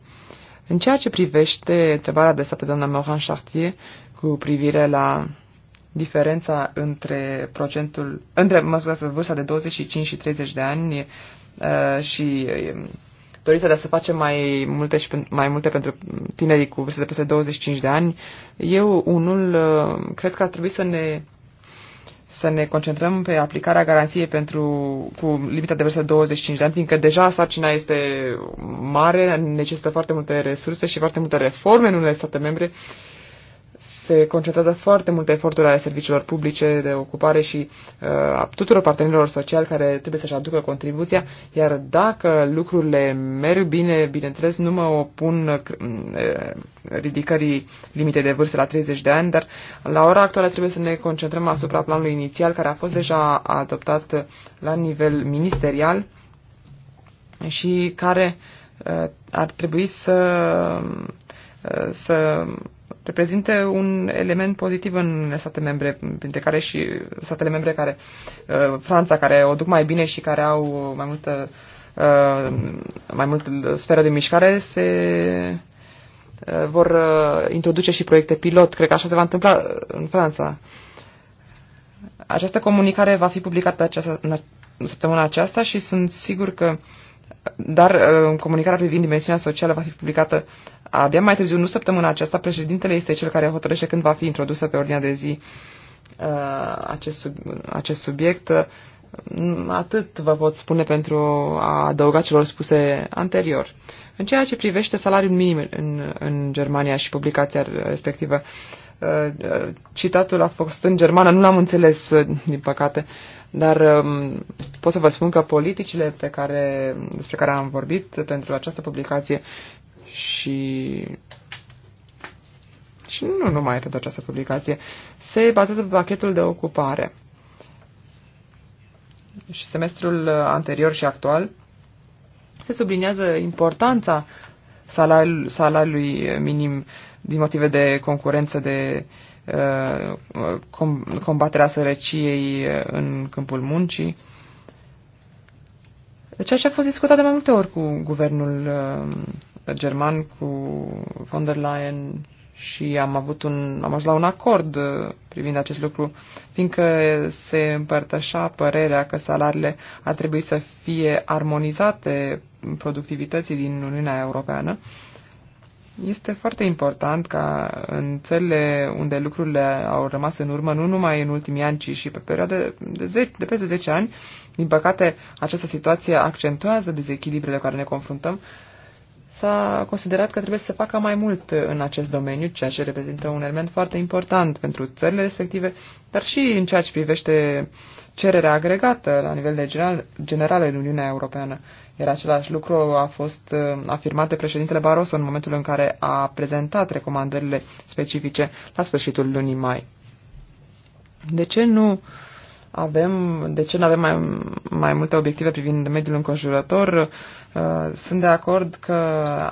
În ceea ce privește întrebarea de adresată doamna Moran Chartier cu privire la diferența între procentul, între, mă scuzați, vârsta de 25 și 30 de ani uh, și uh, dorința de a se face mai multe, și, mai multe pentru tinerii cu vârste de peste 25 de ani, eu unul uh, cred că ar trebui să ne să ne concentrăm pe aplicarea garanției pentru, cu limita de vârstă 25 de ani, fiindcă deja sarcina este mare, necesită foarte multe resurse și foarte multe reforme în unele state membre se concentrează foarte multe eforturi ale serviciilor publice de ocupare și uh, a tuturor partenerilor sociali care trebuie să-și aducă contribuția, iar dacă lucrurile merg bine, bineînțeles, nu mă opun uh, uh ridicării limitei de vârstă la 30 de ani, dar la ora actuală trebuie să ne concentrăm asupra planului inițial care a fost deja adoptat la nivel ministerial și care uh, ar trebui să să reprezinte un element pozitiv în state membre, printre care și statele membre care, uh, Franța, care o duc mai bine și care au mai multă, uh, mai multă sferă de mișcare, se uh, vor introduce și proiecte pilot. Cred că așa se va întâmpla în Franța. Această comunicare va fi publicată această în săptămâna aceasta și sunt sigur că uh, dar uh, comunicarea privind dimensiunea socială va fi publicată abia mai târziu, nu săptămâna aceasta. Președintele este cel care hotărăște când va fi introdusă pe ordinea de zi uh, acest, sub, acest subiect. Mm, atât vă pot spune pentru a adăuga celor spuse anterior. În ceea ce privește salariul minim în, în Germania și publicația respectivă, uh, citatul a fost în germană, nu l-am înțeles, din păcate. Dar um, pot să vă spun că politicile pe care, despre care am vorbit pentru această publicație și și nu numai pentru această publicație, se bazează pe pachetul de ocupare. Și semestrul anterior și actual se subliniază importanța salariului, salariului minim din motive de concurență de uh, combaterea sărăciei uh, în câmpul muncii. Ceea ce a fost discutat de mai multe ori cu guvernul uh, german, cu von der Leyen și am avut un, am ajuns la un acord uh, privind acest lucru, fiindcă se împărtășa părerea că salariile ar trebui să fie armonizate productivității din Uniunea Europeană. Uh, este foarte important ca în țările unde lucrurile au rămas în urmă, nu numai în ultimii ani, ci și pe perioade de, 10, de peste 10 ani, din păcate această situație accentuează dezechilibrele cu care ne confruntăm, s-a considerat că trebuie să se facă mai mult în acest domeniu, ceea ce reprezintă un element foarte important pentru țările respective, dar și în ceea ce privește cererea agregată la nivel de general, general în Uniunea Europeană. Iar același lucru a fost uh, afirmat de președintele Barroso în momentul în care a prezentat recomandările specifice la sfârșitul lunii mai. De ce nu avem, de ce nu avem mai, mai multe obiective privind mediul înconjurător? Uh, sunt de acord că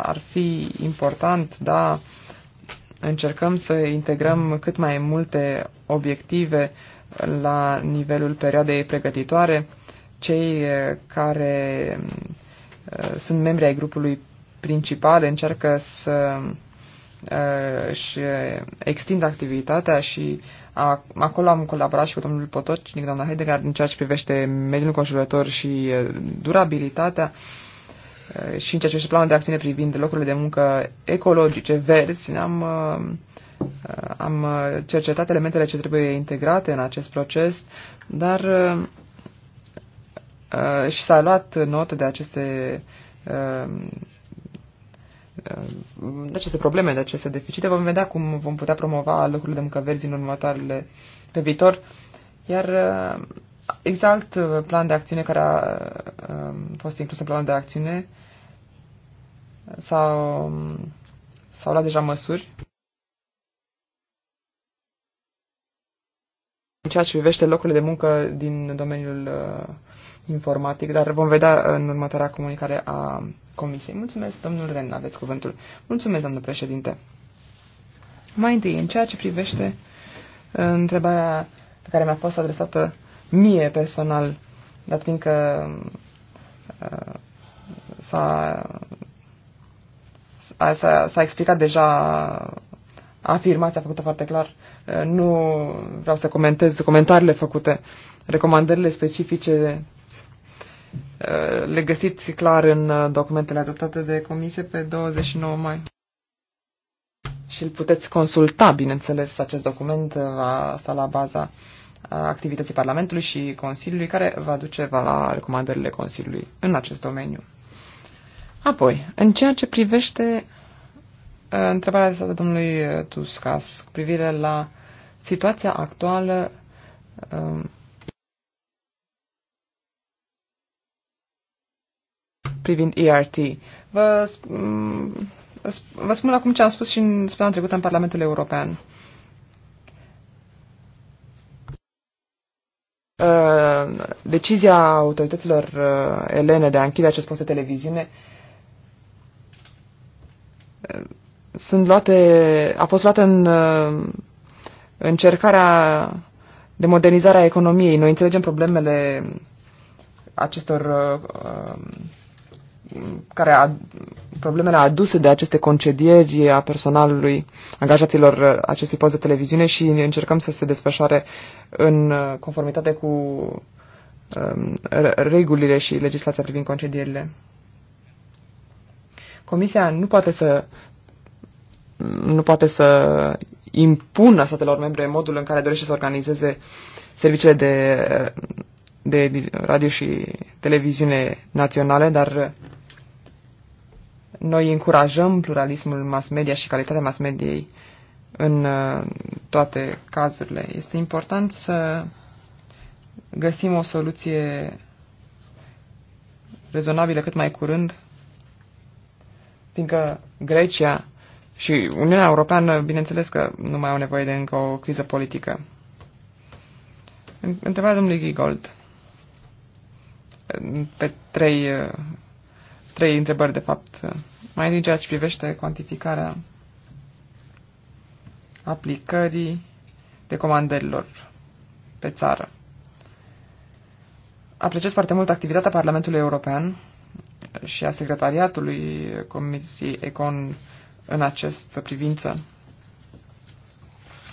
ar fi important, da, încercăm să integrăm cât mai multe obiective la nivelul perioadei pregătitoare cei eh, care eh, sunt membri ai grupului principal încearcă să eh, își extind activitatea și acolo am colaborat și cu domnul Potocnic, doamna Heidegger, în ceea ce privește mediul conjurător și durabilitatea și în ceea ce privește planul de acțiune privind locurile de muncă ecologice, verzi, am, am cercetat elementele ce trebuie integrate în acest proces, dar uh, și s-a luat notă de aceste uh, uh, de aceste probleme, de aceste deficite. Vom vedea cum vom putea promova locurile de muncă verzi în următoarele pe viitor. Iar uh, exact uh, plan de acțiune care a uh, fost inclus în planul de acțiune s-au, s-au luat deja măsuri. În ceea ce privește locurile de muncă din domeniul informatic, dar vom vedea în următoarea comunicare a Comisiei. Mulțumesc, domnul Ren, aveți cuvântul. Mulțumesc, domnul președinte. Mai întâi, în ceea ce privește uh, întrebarea pe care mi-a fost adresată mie personal, dat fiindcă uh, s-a, s-a, s-a explicat deja afirmația făcută foarte clar. Uh, nu vreau să comentez comentariile făcute. Recomandările specifice Eh, le găsiți clar în eh, documentele adoptate de comisie pe 29 mai. Și îl puteți consulta, bineînțeles, acest document va eh, sta la baza activității Parlamentului și Consiliului, care va duce la recomandările Consiliului în acest domeniu. Apoi, în ceea ce privește întrebarea de domnului Tuscas cu privire la situația actuală privind ERT. Vă, mm, vă spun acum ce am spus și în spunea trecută în Parlamentul European. Uh, decizia autorităților uh, elene de a închide acest post de televiziune uh, sunt luate, a fost luată în încercarea de modernizare a economiei. Noi înțelegem problemele acestor uh, care a, problemele aduse de aceste concedieri a personalului angajaților acestui post de televiziune și încercăm să se desfășoare în uh, conformitate cu um, regulile și legislația privind concedierile. Comisia nu poate să nu poate să impună statelor membre modul în care dorește să organizeze serviciile de, de radio și televiziune naționale, dar noi încurajăm pluralismul mass media și calitatea mass mediei în uh, toate cazurile. Este important să găsim o soluție rezonabilă cât mai curând, fiindcă Grecia și Uniunea Europeană, bineînțeles că nu mai au nevoie de încă o criză politică. Întrebarea domnului Gigold pe trei uh, trei întrebări, de fapt. Mai din ceea ce privește cuantificarea aplicării recomandărilor pe țară. Apreciez foarte mult activitatea Parlamentului European și a secretariatului Comisiei Econ în această privință.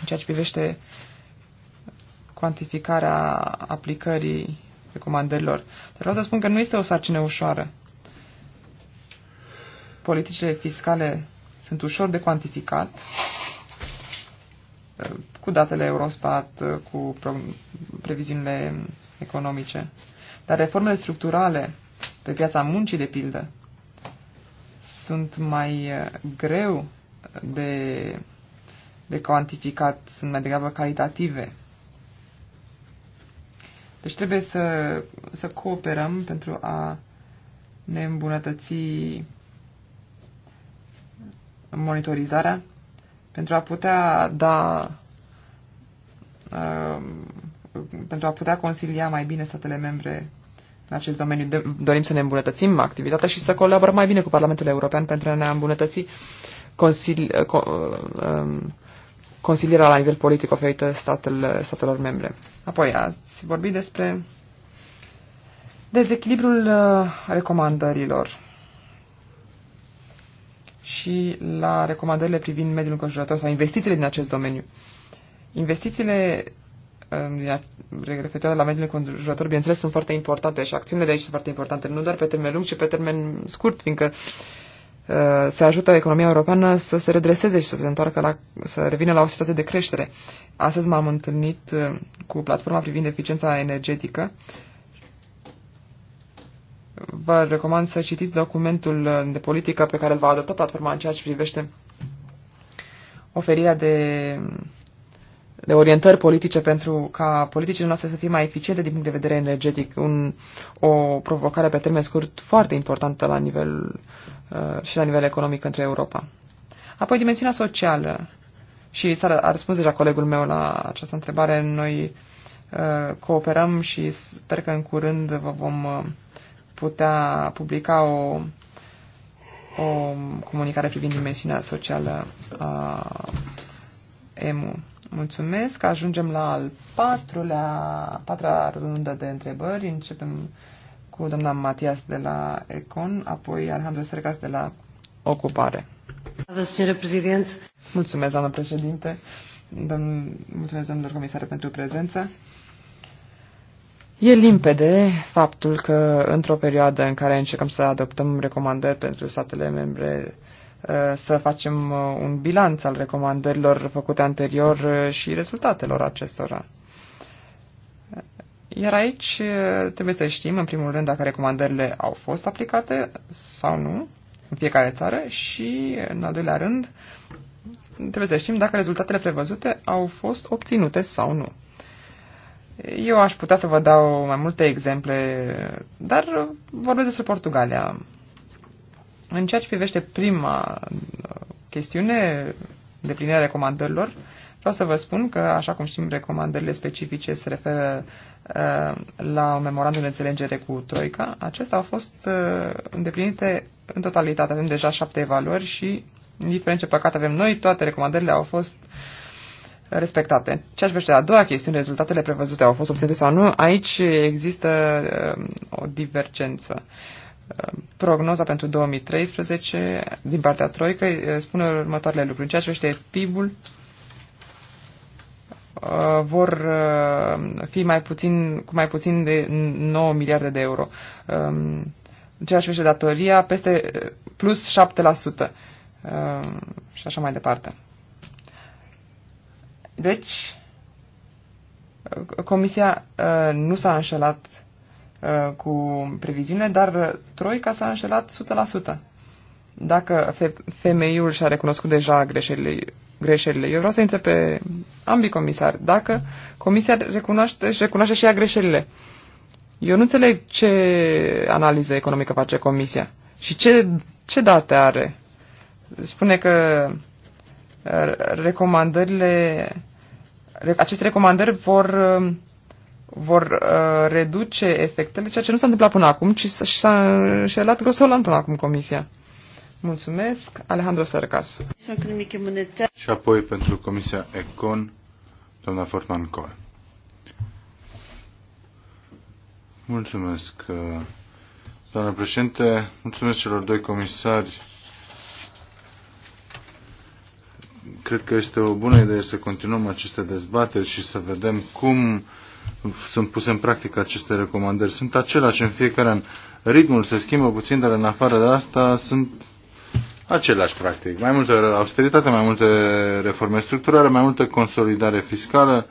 În ceea ce privește cuantificarea aplicării recomandărilor. Dar vreau să spun că nu este o sarcină ușoară politicile fiscale sunt ușor de cuantificat eh, cu datele Eurostat, eh, cu previziunile economice. Dar reformele structurale pe piața muncii, de pildă, sunt mai eh, greu de, de cuantificat, sunt mai degrabă calitative. Deci trebuie să, să cooperăm pentru a ne îmbunătăți monitorizarea pentru a putea da uh, pentru a putea consilia mai bine statele membre în acest domeniu. De, dorim să ne îmbunătățim activitatea și să colaborăm mai bine cu Parlamentul European pentru a ne îmbunătăți uh, consilierea la nivel politic oferită statele, statelor membre. Apoi ați vorbit despre dezechilibrul uh, recomandărilor și la recomandările privind mediul înconjurător sau investițiile din acest domeniu. Investițiile um, referitoare la mediul înconjurător, bineînțeles, sunt foarte importante și acțiunile de aici sunt foarte importante, nu doar pe termen lung, ci pe termen scurt, fiindcă uh, se ajută economia europeană să se redreseze și să se întoarcă la, să revină la o situație de creștere. Astăzi m-am întâlnit uh, cu platforma privind eficiența energetică vă recomand să citiți documentul de politică pe care îl va adopta platforma în ceea ce privește oferirea de, de orientări politice pentru ca politicile noastre să fie mai eficiente din punct de vedere energetic. Un, o provocare pe termen scurt foarte importantă la nivel, uh, și la nivel economic pentru Europa. Apoi dimensiunea socială. Și s-a a răspuns deja colegul meu la această întrebare. Noi uh, cooperăm și sper că în curând vă vom uh, putea publica o, o comunicare privind dimensiunea socială a EMU. Mulțumesc. Ajungem la al patrulea, patra rundă de întrebări. Începem cu doamna Matias de la Econ, apoi Alejandro Sergas de la Ocupare. Mulțumesc, doamnă președinte. Domn, mulțumesc, domnilor comisare, pentru prezență. E limpede faptul că într-o perioadă în care încercăm să adoptăm recomandări pentru statele membre, uh, să facem uh, un bilanț al recomandărilor făcute anterior uh, și rezultatelor acestora. Iar aici trebuie să știm, în primul rând, dacă recomandările au fost aplicate sau nu în fiecare țară și, în al doilea rând, trebuie să știm dacă rezultatele prevăzute au fost obținute sau nu. Eu aș putea să vă dau mai multe exemple, dar vorbesc despre Portugalia. În ceea ce privește prima uh, chestiune, deplinirea recomandărilor, vreau să vă spun că, așa cum știm, recomandările specifice se referă uh, la un memorandum de înțelegere cu Troica. Acestea au fost uh, îndeplinite în totalitate. Avem deja șapte evaluări și, indiferent ce păcat avem noi, toate recomandările au fost uh, respectate. Ce aș vrea a doua chestiune, rezultatele prevăzute au fost obținute sau nu, aici există uh, o divergență. Uh, prognoza pentru 2013 din partea Troică uh, spune următoarele lucruri. În ceea ce vește PIB-ul, uh, vor uh, fi mai puțin, cu mai puțin de 9 miliarde de euro. Um, în ceea ce privește datoria, peste plus 7% și așa mai departe. Deci, Comisia uh, nu s-a înșelat uh, cu previziune, dar Troica s-a înșelat 100%. Dacă femeiul și-a recunoscut deja greșelile, greșelile, eu vreau să intre pe ambii comisari, dacă Comisia recunoaște, și recunoaște și ea greșelile. Eu nu înțeleg ce analiză economică face Comisia și ce, ce date are. Spune că uh, recomandările aceste recomandări vor, uh, vor uh, reduce efectele, ceea ce nu s-a întâmplat până acum, ci s-a înșelat grosolan până acum Comisia. Mulțumesc, Alejandro Sărcas. Și apoi pentru Comisia Econ, doamna Fortman Col. Mulțumesc, uh, doamna președinte, mulțumesc celor doi comisari cred că este o bună idee să continuăm aceste dezbateri și să vedem cum sunt puse în practică aceste recomandări. Sunt același în fiecare an. Ritmul se schimbă puțin, dar în afară de asta sunt același practic. Mai multă austeritate, mai multe reforme structurale, mai multă consolidare fiscală.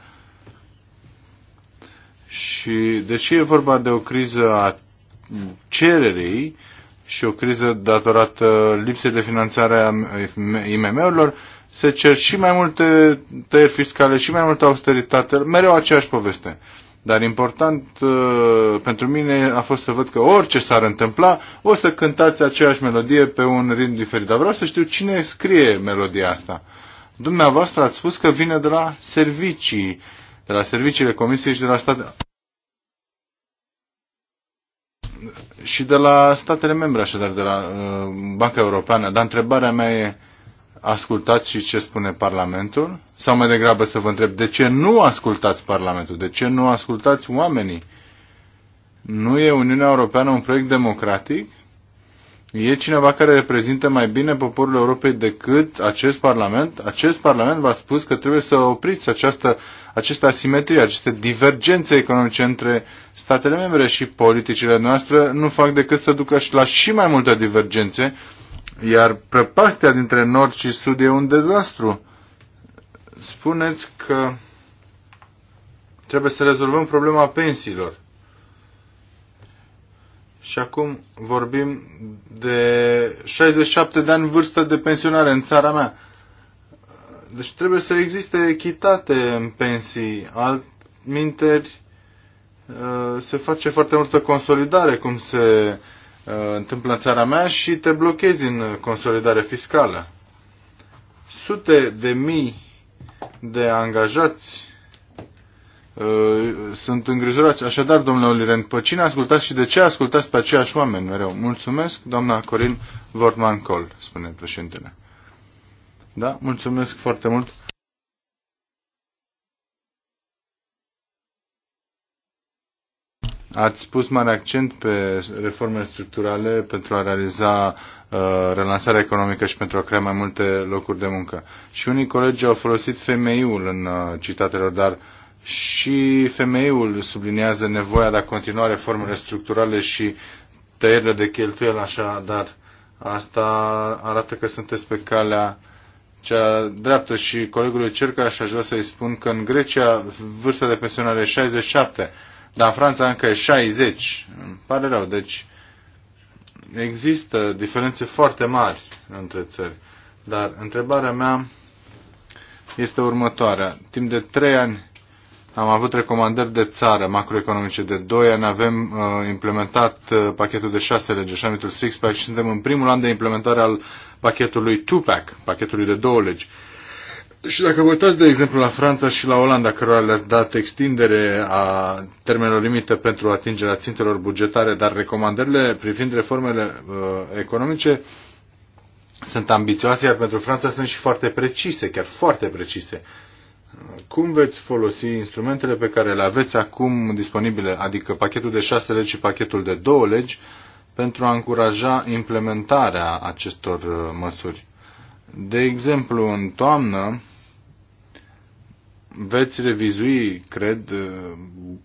Și deși e vorba de o criză a cererii și o criză datorată lipsei de finanțare a IMM-urilor, se cer și mai multe tăieri fiscale și mai multă austeritate, mereu aceeași poveste. Dar important uh, pentru mine a fost să văd că orice s-ar întâmpla, o să cântați aceeași melodie pe un ritm diferit. Dar vreau să știu cine scrie melodia asta. Dumneavoastră ați spus că vine de la servicii, de la serviciile Comisiei și de la state și de la statele membre, așadar, de la uh, Banca Europeană. Dar întrebarea mea e, ascultați și ce spune Parlamentul? Sau mai degrabă să vă întreb, de ce nu ascultați Parlamentul? De ce nu ascultați oamenii? Nu e Uniunea Europeană un proiect democratic? E cineva care reprezintă mai bine poporul Europei decât acest Parlament? Acest Parlament v-a spus că trebuie să opriți această, această asimetrie, aceste divergențe economice între statele membre și politicile noastre nu fac decât să ducă și la și mai multe divergențe iar prăpastia dintre nord și sud e un dezastru. Spuneți că trebuie să rezolvăm problema pensiilor. Și acum vorbim de 67 de ani vârstă de pensionare în țara mea. Deci trebuie să existe echitate în pensii. Altminteri uh, se face foarte multă consolidare, cum se Uh, întâmplă în țara mea și te blochezi în consolidare fiscală. Sute de mii de angajați uh, sunt îngrijorați. Așadar, domnule Oliren, pe cine ascultați și de ce ascultați pe aceiași oameni mereu? Mulțumesc, doamna Corin Vortman-Col, spune președintele. Da, mulțumesc foarte mult. Ați pus mare accent pe reformele structurale pentru a realiza uh, relansarea economică și pentru a crea mai multe locuri de muncă. Și unii colegi au folosit femeiul în uh, citatelor, dar și femeiul subliniază nevoia de a continua reformele structurale și tăierile de cheltuieli, așa, dar asta arată că sunteți pe calea cea dreaptă și colegului Cerca și aș vrea să-i spun că în Grecia vârsta de pensionare e 67 dar în Franța încă e 60. Îmi pare rău. Deci există diferențe foarte mari între țări. Dar întrebarea mea este următoarea. Timp de trei ani am avut recomandări de țară macroeconomice de 2 ani, avem uh, implementat uh, pachetul de 6 legi, numitul 6-pack și suntem în primul an de implementare al pachetului 2-pack, pachetului de două legi. Uh, și dacă vă uitați, de exemplu, la Franța și la Olanda, cărora le-ați dat extindere a termenului limită pentru atingerea țintelor bugetare, dar recomandările privind reformele uh, economice sunt ambițioase, iar pentru Franța sunt și foarte precise, chiar foarte precise. Cum veți folosi instrumentele pe care le aveți acum disponibile, adică pachetul de șase legi și pachetul de două legi, pentru a încuraja implementarea acestor uh, măsuri? De exemplu, în toamnă, veți revizui, cred, uh,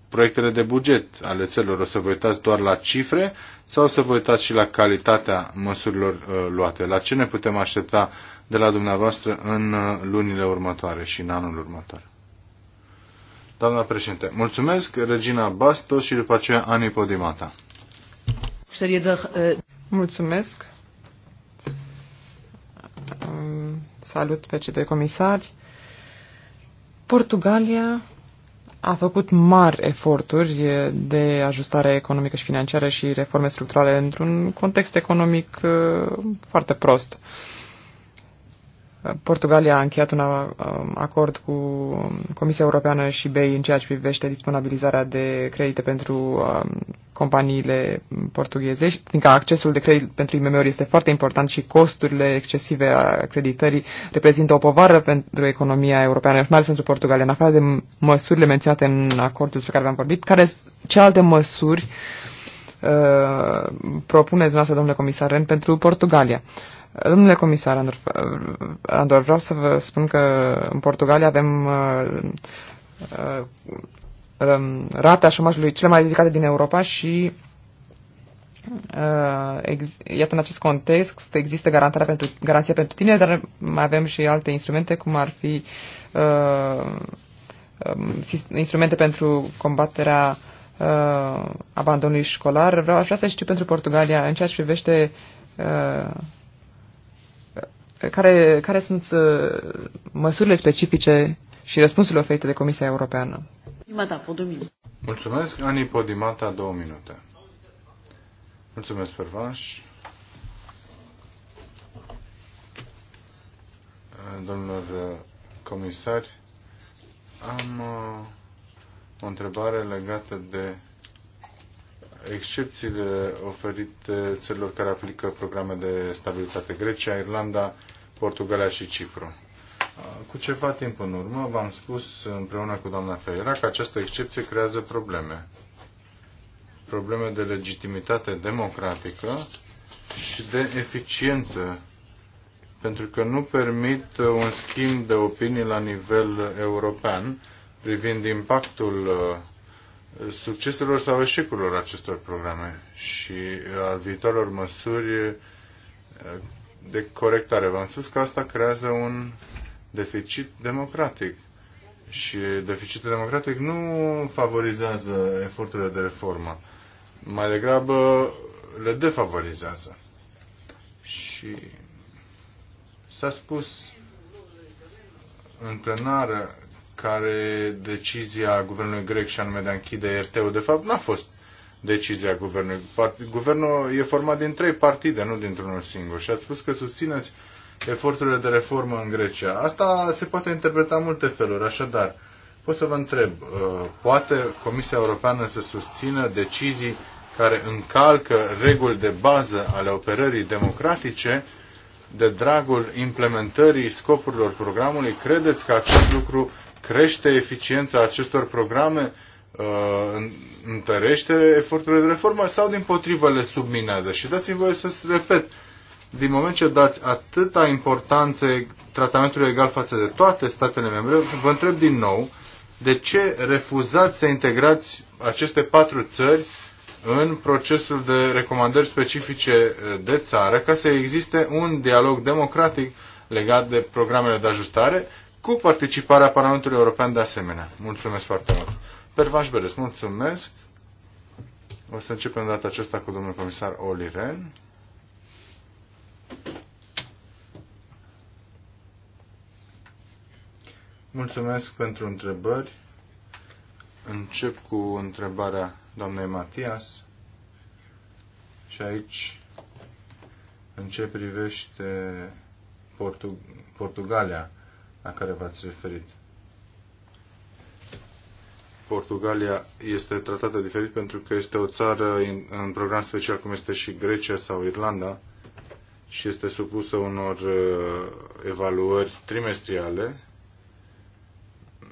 proiectele de buget ale țărilor. O să vă uitați doar la cifre sau să vă uitați și la calitatea măsurilor uh, luate? La ce ne putem aștepta de la dumneavoastră în uh, lunile următoare și în anul următor? Doamna președinte, mulțumesc, Regina Bastos și după aceea Ani Podimata. Mulțumesc. Salut pe cei doi comisari. Portugalia a făcut mari eforturi de ajustare economică și financiară și reforme structurale într-un context economic uh, foarte prost. Uh, Portugalia a încheiat un um, acord cu um, Comisia Europeană și BEI în ceea ce privește disponibilizarea de credite pentru um, companiile portugheze, fiindcă accesul de credit pentru IMM-uri este foarte important și costurile excesive a creditării reprezintă o povară pentru economia europeană, mai ales pentru Portugalia. În afară de măsurile menționate în acordul despre care v-am vorbit, care alte măsuri uh, propuneți dumneavoastră, domnule comisar Ren, pentru Portugalia? Uh, Domnule comisar Andor, Andor, vreau să vă spun că în Portugalia avem uh, uh, um, rata șomajului cele mai ridicate din Europa și uh, iată în acest context există garantarea pentru, garanția pentru tine, dar mai avem și alte instrumente cum ar fi uh, um, instrumente pentru combaterea uh, abandonului școlar. Vreau, aș vrea să știu pentru Portugalia în ceea ce privește uh, care, care sunt uh, măsurile specifice și răspunsurile oferite de Comisia Europeană? Podimata, două minute. Mulțumesc. Ani Podimata, două minute. Mulțumesc, Pervaș. Domnilor uh, comisari, am uh, o întrebare legată de excepțiile oferite țărilor care aplică programe de stabilitate Grecia, Irlanda, Portugalia și Cipru. Cu ceva timp în urmă v-am spus împreună cu doamna Feira că această excepție creează probleme. Probleme de legitimitate democratică și de eficiență, pentru că nu permit un schimb de opinii la nivel european privind impactul succeselor sau eșecurilor acestor programe și uh, al viitorilor măsuri uh, de corectare. V-am spus că asta creează un deficit democratic și deficitul democratic nu favorizează eforturile de reformă, mai degrabă le defavorizează. Și s-a spus în plenară care decizia guvernului grec și anume de a închide RT-ul, de fapt, n-a fost decizia guvernului. Guvernul e format din trei partide, nu dintr-unul singur. Și ați spus că susțineți eforturile de reformă în Grecia. Asta se poate interpreta în multe feluri. Așadar, pot să vă întreb, uh, poate Comisia Europeană să susțină decizii care încalcă reguli de bază ale operării democratice de dragul implementării scopurilor programului? Credeți că acest lucru crește eficiența acestor programe, uh, întărește eforturile de reformă sau din potrivă le subminează. Și dați-mi voie să repet, din moment ce dați atâta importanță tratamentului egal față de toate statele membre, vă întreb din nou, de ce refuzați să integrați aceste patru țări în procesul de recomandări specifice de țară ca să existe un dialog democratic legat de programele de ajustare cu participarea Parlamentului European de asemenea. Mulțumesc foarte mult. Pervaș Beres, mulțumesc. O să începem data aceasta cu domnul comisar Oli Ren. Mulțumesc pentru întrebări. Încep cu întrebarea doamnei Matias. Și aici, în ce privește Portug- Portugalia, la care v-ați referit. Portugalia este tratată diferit pentru că este o țară în, în program special cum este și Grecia sau Irlanda și este supusă unor uh, evaluări trimestriale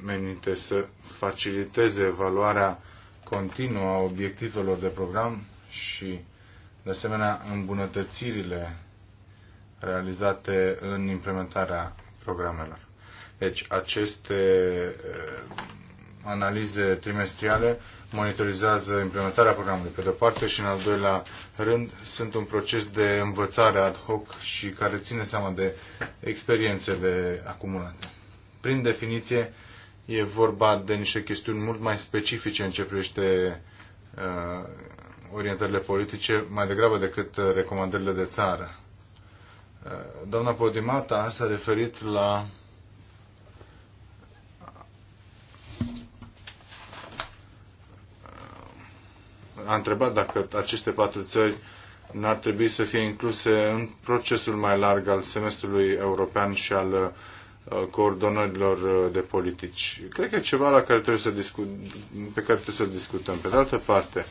menite să faciliteze evaluarea continuă a obiectivelor de program și, de asemenea, îmbunătățirile realizate în implementarea programelor. Deci aceste eh, analize trimestriale monitorizează implementarea programului pe de-o parte și în al doilea rând sunt un proces de învățare ad hoc și care ține seama de experiențele acumulate. Prin definiție e vorba de niște chestiuni mult mai specifice în ce privește uh, orientările politice mai degrabă decât eh, recomandările de țară. Uh, doamna Podimata s-a referit la a întrebat dacă aceste patru țări nu ar trebui să fie incluse în procesul mai larg al semestrului european și al uh, coordonărilor uh, de politici. Cred că e ceva la care trebuie să discu- pe care trebuie să discutăm. Pe de altă parte,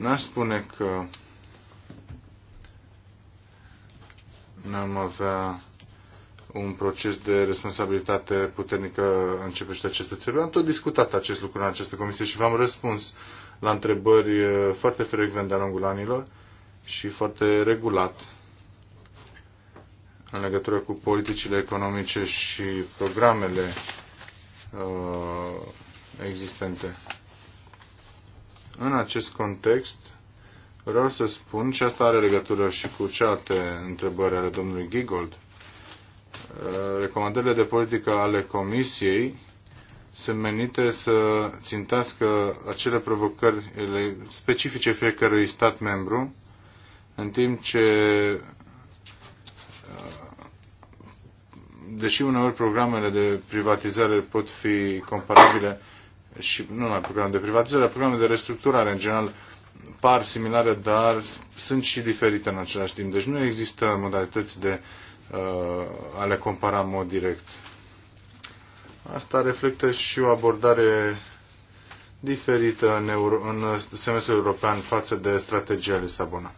n-aș spune că n-am avea un proces de responsabilitate puternică începe și aceste țări. Am tot discutat acest lucru în această comisie și v-am răspuns la întrebări uh, foarte frecvent de-a lungul anilor și foarte regulat în legătură cu politicile economice și programele uh, existente. În acest context, vreau să spun, și asta are legătură și cu cealaltă întrebări ale domnului Gigold, Uh, recomandările de politică ale Comisiei sunt menite să țintească acele provocări specifice fiecărui stat membru, în timp ce, uh, deși uneori programele de privatizare pot fi comparabile, și nu numai programele de privatizare, programele de restructurare în general par similare, dar sunt și diferite în același timp. Deci nu există modalități de uh, Uh, a le compara în mod direct. Asta reflectă și o abordare diferită în, Euro- în semestrul european față de strategia Lisabona.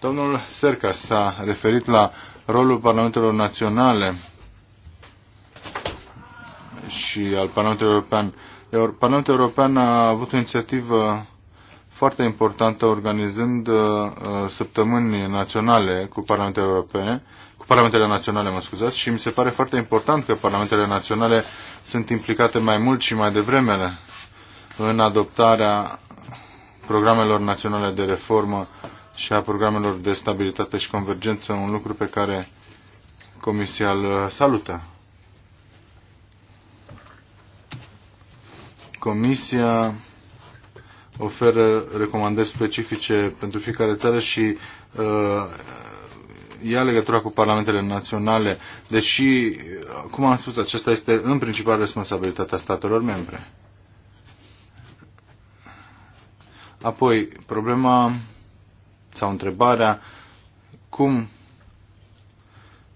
Domnul Serca s-a referit la rolul Parlamentelor Naționale și al Parlamentului European. Parlamentul European a avut o inițiativă foarte importantă organizând uh, săptămâni naționale cu Parlamentele Europene cu parlamentele naționale, mă scuzați, și mi se pare foarte important că parlamentele naționale sunt implicate mai mult și mai devreme în adoptarea programelor naționale de reformă și a programelor de stabilitate și convergență, un lucru pe care Comisia îl salută. Comisia oferă recomandări specifice pentru fiecare țară și uh, ia legătura cu parlamentele naționale, deși, cum am spus, aceasta este în principal responsabilitatea statelor membre. Apoi, problema sau întrebarea cum,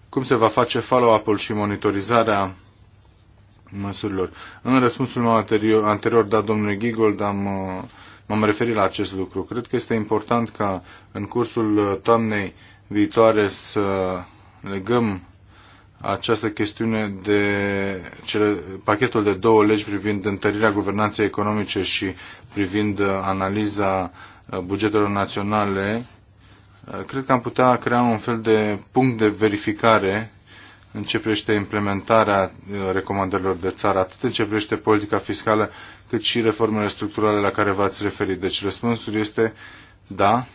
cum se va face follow-up-ul și monitorizarea măsurilor. În răspunsul meu anterior, anterior dat domnului Gigold, am, m-am referit la acest lucru. Cred că este important ca în cursul uh, toamnei viitoare să legăm această chestiune de cele, pachetul de două legi privind întărirea guvernanței economice și privind uh, analiza uh, bugetelor naționale, uh, cred că am putea crea un fel de punct de verificare în ce privește implementarea recomandărilor de țară, atât în ce privește politica fiscală, cât și reformele structurale la care v-ați referit. Deci răspunsul este da,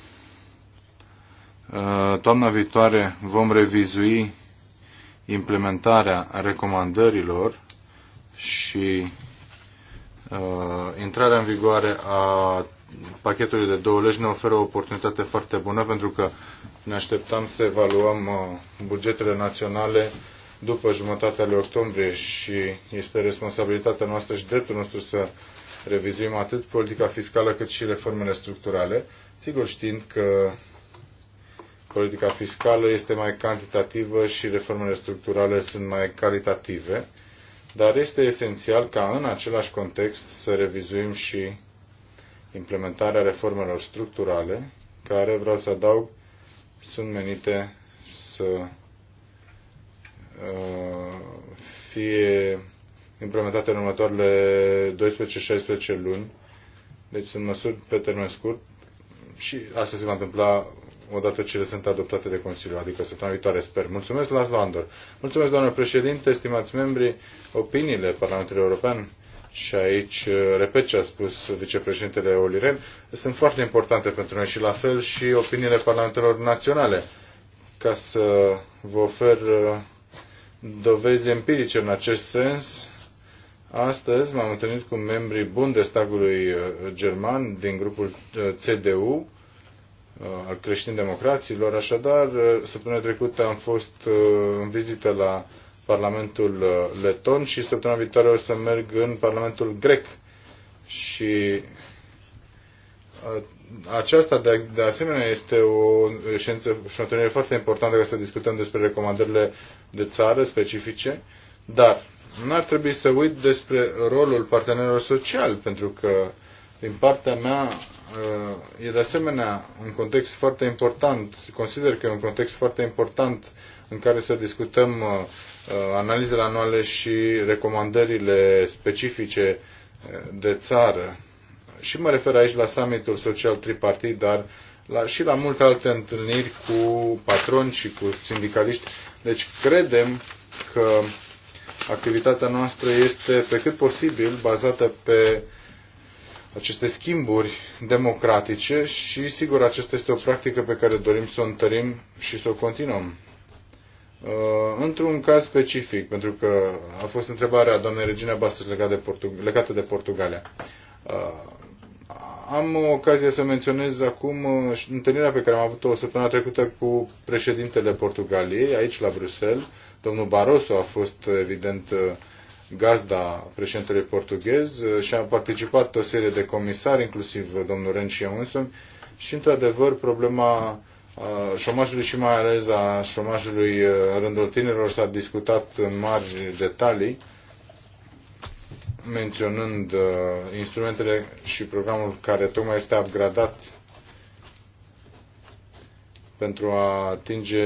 Uh, toamna viitoare vom revizui implementarea recomandărilor și uh, intrarea în vigoare a pachetului de două legi ne oferă o oportunitate foarte bună pentru că ne așteptam să evaluăm uh, bugetele naționale după jumătatea lui octombrie și este responsabilitatea noastră și dreptul nostru să revizuim atât politica fiscală cât și reformele structurale, sigur știind că Politica fiscală este mai cantitativă și reformele structurale sunt mai calitative, dar este esențial ca în același context să revizuim și implementarea reformelor structurale, care, vreau să adaug, sunt menite să uh, fie implementate în următoarele 12-16 luni. Deci sunt măsuri pe termen scurt și asta se va întâmpla odată ce le sunt adoptate de Consiliu, adică săptămâna viitoare, sper. Mulțumesc, Las Landor. Mulțumesc, doamnă președinte, stimați membri, opiniile Parlamentului European și aici uh, repet ce a spus vicepreședintele Oliren, sunt foarte importante pentru noi și la fel și opiniile parlamentelor naționale. Ca să vă ofer uh, dovezi empirice în acest sens, astăzi m-am întâlnit cu membrii Bundestagului uh, german din grupul CDU Uh, al creștin-democraților. Așadar, uh, săptămâna trecută am fost uh, în vizită la Parlamentul Leton și săptămâna viitoare o să merg în Parlamentul Grec. Și aceasta, de, de asemenea, este o ședință și o întâlnire foarte importantă ca să discutăm despre recomandările de țară specifice, dar nu ar trebui să uit despre rolul partenerilor sociali, pentru că, din partea mea, Uh, e de asemenea un context foarte important, consider că e un context foarte important în care să discutăm uh, uh, analizele anuale și recomandările specifice de țară. Și mă refer aici la summitul social tripartit, dar la, și la multe alte întâlniri cu patroni și cu sindicaliști. Deci credem că activitatea noastră este pe cât posibil bazată pe uh, aceste schimburi democratice și, sigur, aceasta este o practică pe care dorim să o întărim și să o continuăm. Uh, într-un caz specific, pentru că a fost întrebarea doamnei Regina Bastos legată de, Portug- legată de Portugalia, uh, am ocazia să menționez acum uh, întâlnirea pe care am avut-o săptămâna trecută cu președintele Portugaliei, aici la Bruxelles. Domnul Barroso a fost, evident, gazda președintelui portughez uh, și a participat o serie de comisari, inclusiv domnul Ren și eu însumi, și într-adevăr problema uh, șomajului și mai ales a șomajului uh, în rândul tinerilor s-a discutat în mari detalii, menționând instrumentele și programul care tocmai este upgradat pentru a atinge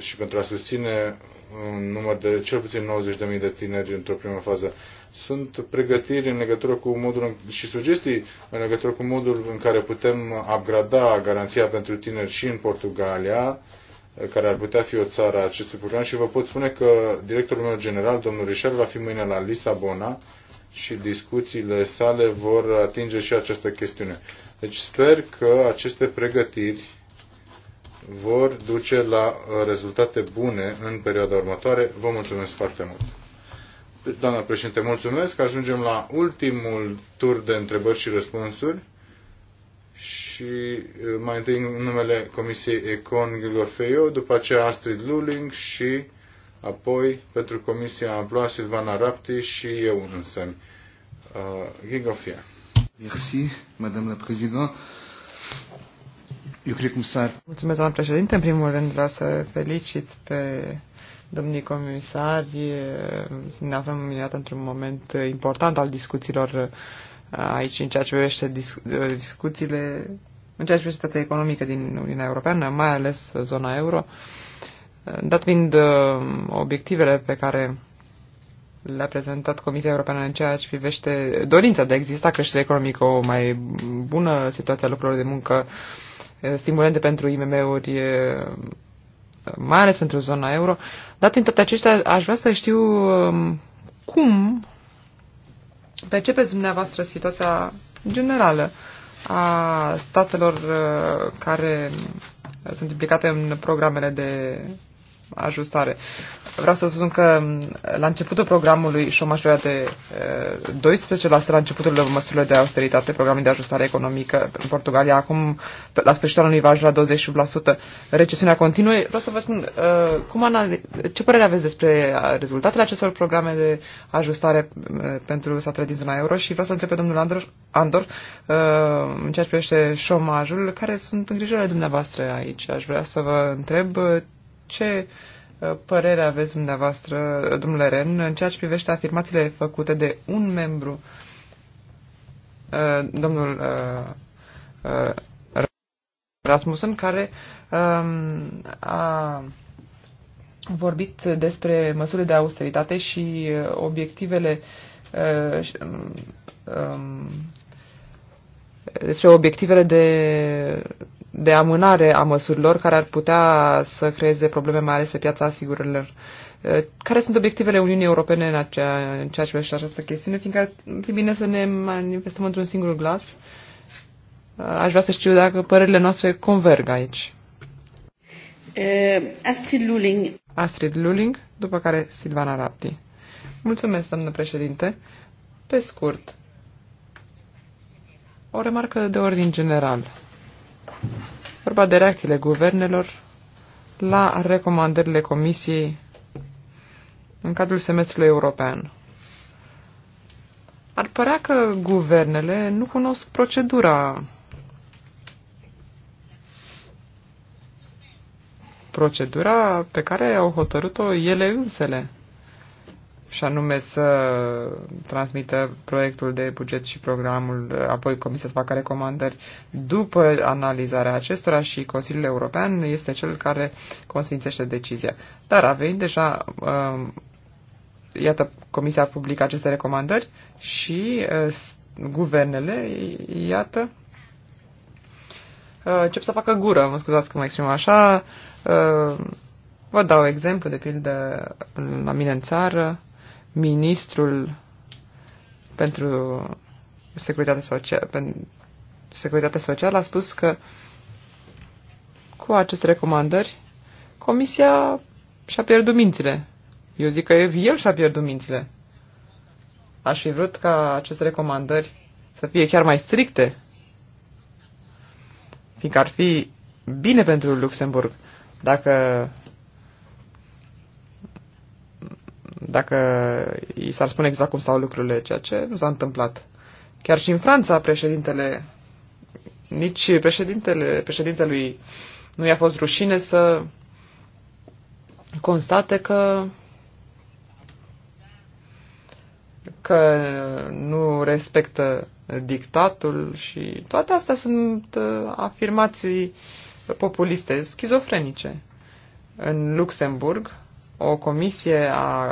și pentru a susține un număr de cel puțin 90.000 de tineri într-o primă fază. Sunt pregătiri în legătură cu modul și sugestii în legătură cu modul în care putem upgrada garanția pentru tineri și în Portugalia, care ar putea fi o țară a acestui program și vă pot spune că directorul meu general, domnul Richard, va fi mâine la Lisabona și discuțiile sale vor atinge și această chestiune. Deci sper că aceste pregătiri vor duce la uh, rezultate bune în perioada următoare. Vă mulțumesc foarte mult! Doamna președinte, mulțumesc. Ajungem la ultimul tur de întrebări și răspunsuri. Și uh, mai întâi numele Comisiei Econ Gilor Feio, după aceea Astrid Luling și apoi pentru Comisia Amploa Silvana Rapti și eu însă. Uh, Gingofia. Merci, Madame la Présidente. Eu cred cum s-ar... Mulțumesc, doamnă președinte. În primul rând vreau să felicit pe domnii comisari. Ne aflăm iată într-un moment important al discuțiilor aici în ceea ce privește discu discuțiile în ceea ce privește statea economică din Uniunea Europeană, mai ales zona euro. Dat fiind uh, obiectivele pe care le-a prezentat Comisia Europeană în ceea ce privește dorința de a exista creștere economică, o mai bună situație a lucrurilor de muncă, Eh, stimulente pentru IMM-uri, eh, mai ales pentru zona euro. Dar din toate acestea, aș vrea să știu um, cum percepeți dumneavoastră situația generală a statelor eh, care sunt implicate în programele de ajustare. Vreau să spun că la începutul programului șomajul era de 12% eh, la începutul măsurilor de austeritate, programul de ajustare economică în Portugalia. Acum, la sfârșitul anului, va ajunge la 28%. Recesiunea continuă. Vreau să vă spun, eh, cum ce părere aveți despre eh, rezultatele acestor programe de ajustare pentru statele din zona euro și vreau să întreb pe domnul Andor, Andor în ceea ce privește șomajul, care sunt îngrijorile dumneavoastră aici? Aș vrea să vă întreb ce uh, părere aveți dumneavoastră, domnule Ren, în ceea ce privește afirmațiile făcute de un membru, uh, domnul uh, Rasmussen, care um, a vorbit despre măsurile de austeritate și obiectivele um, um, despre obiectivele de de amânare a măsurilor care ar putea să creeze probleme, mai ales pe piața asigurărilor. Uh, care sunt obiectivele Uniunii Europene în, acea, în ceea ce privește această chestiune, fiindcă ar fi bine să ne manifestăm într-un singur glas? Uh, aș vrea să știu dacă părerile noastre converg aici. Uh, Astrid Luling. Astrid Luling, după care Silvana Rapti. Mulțumesc, doamnă președinte. Pe scurt, o remarcă de ordin general vorba de reacțiile guvernelor la recomandările Comisiei în cadrul semestrului european. Ar părea că guvernele nu cunosc procedura procedura pe care au hotărât-o ele însele și anume să transmită proiectul de buget și programul, apoi Comisia să facă recomandări după analizarea acestora și Consiliul European este cel care consfințește decizia. Dar a venit deja, um, iată, Comisia publică aceste recomandări și uh, guvernele, iată, uh, încep să facă gură, mă scuzați că mă exprim așa, uh, Vă dau exemplu, de pildă, la mine în țară, ministrul pentru securitate socială, pentru securitate socială a spus că cu aceste recomandări comisia și-a pierdut mințile. Eu zic că el și-a pierdut mințile. Aș fi vrut ca aceste recomandări să fie chiar mai stricte, fiindcă ar fi bine pentru Luxemburg dacă dacă i s-ar spune exact cum stau lucrurile, ceea ce nu s-a întâmplat. Chiar și în Franța, președintele, nici președintele, președintelui nu i-a fost rușine să constate că că nu respectă dictatul și toate astea sunt uh, afirmații populiste, schizofrenice. În Luxemburg, o comisie a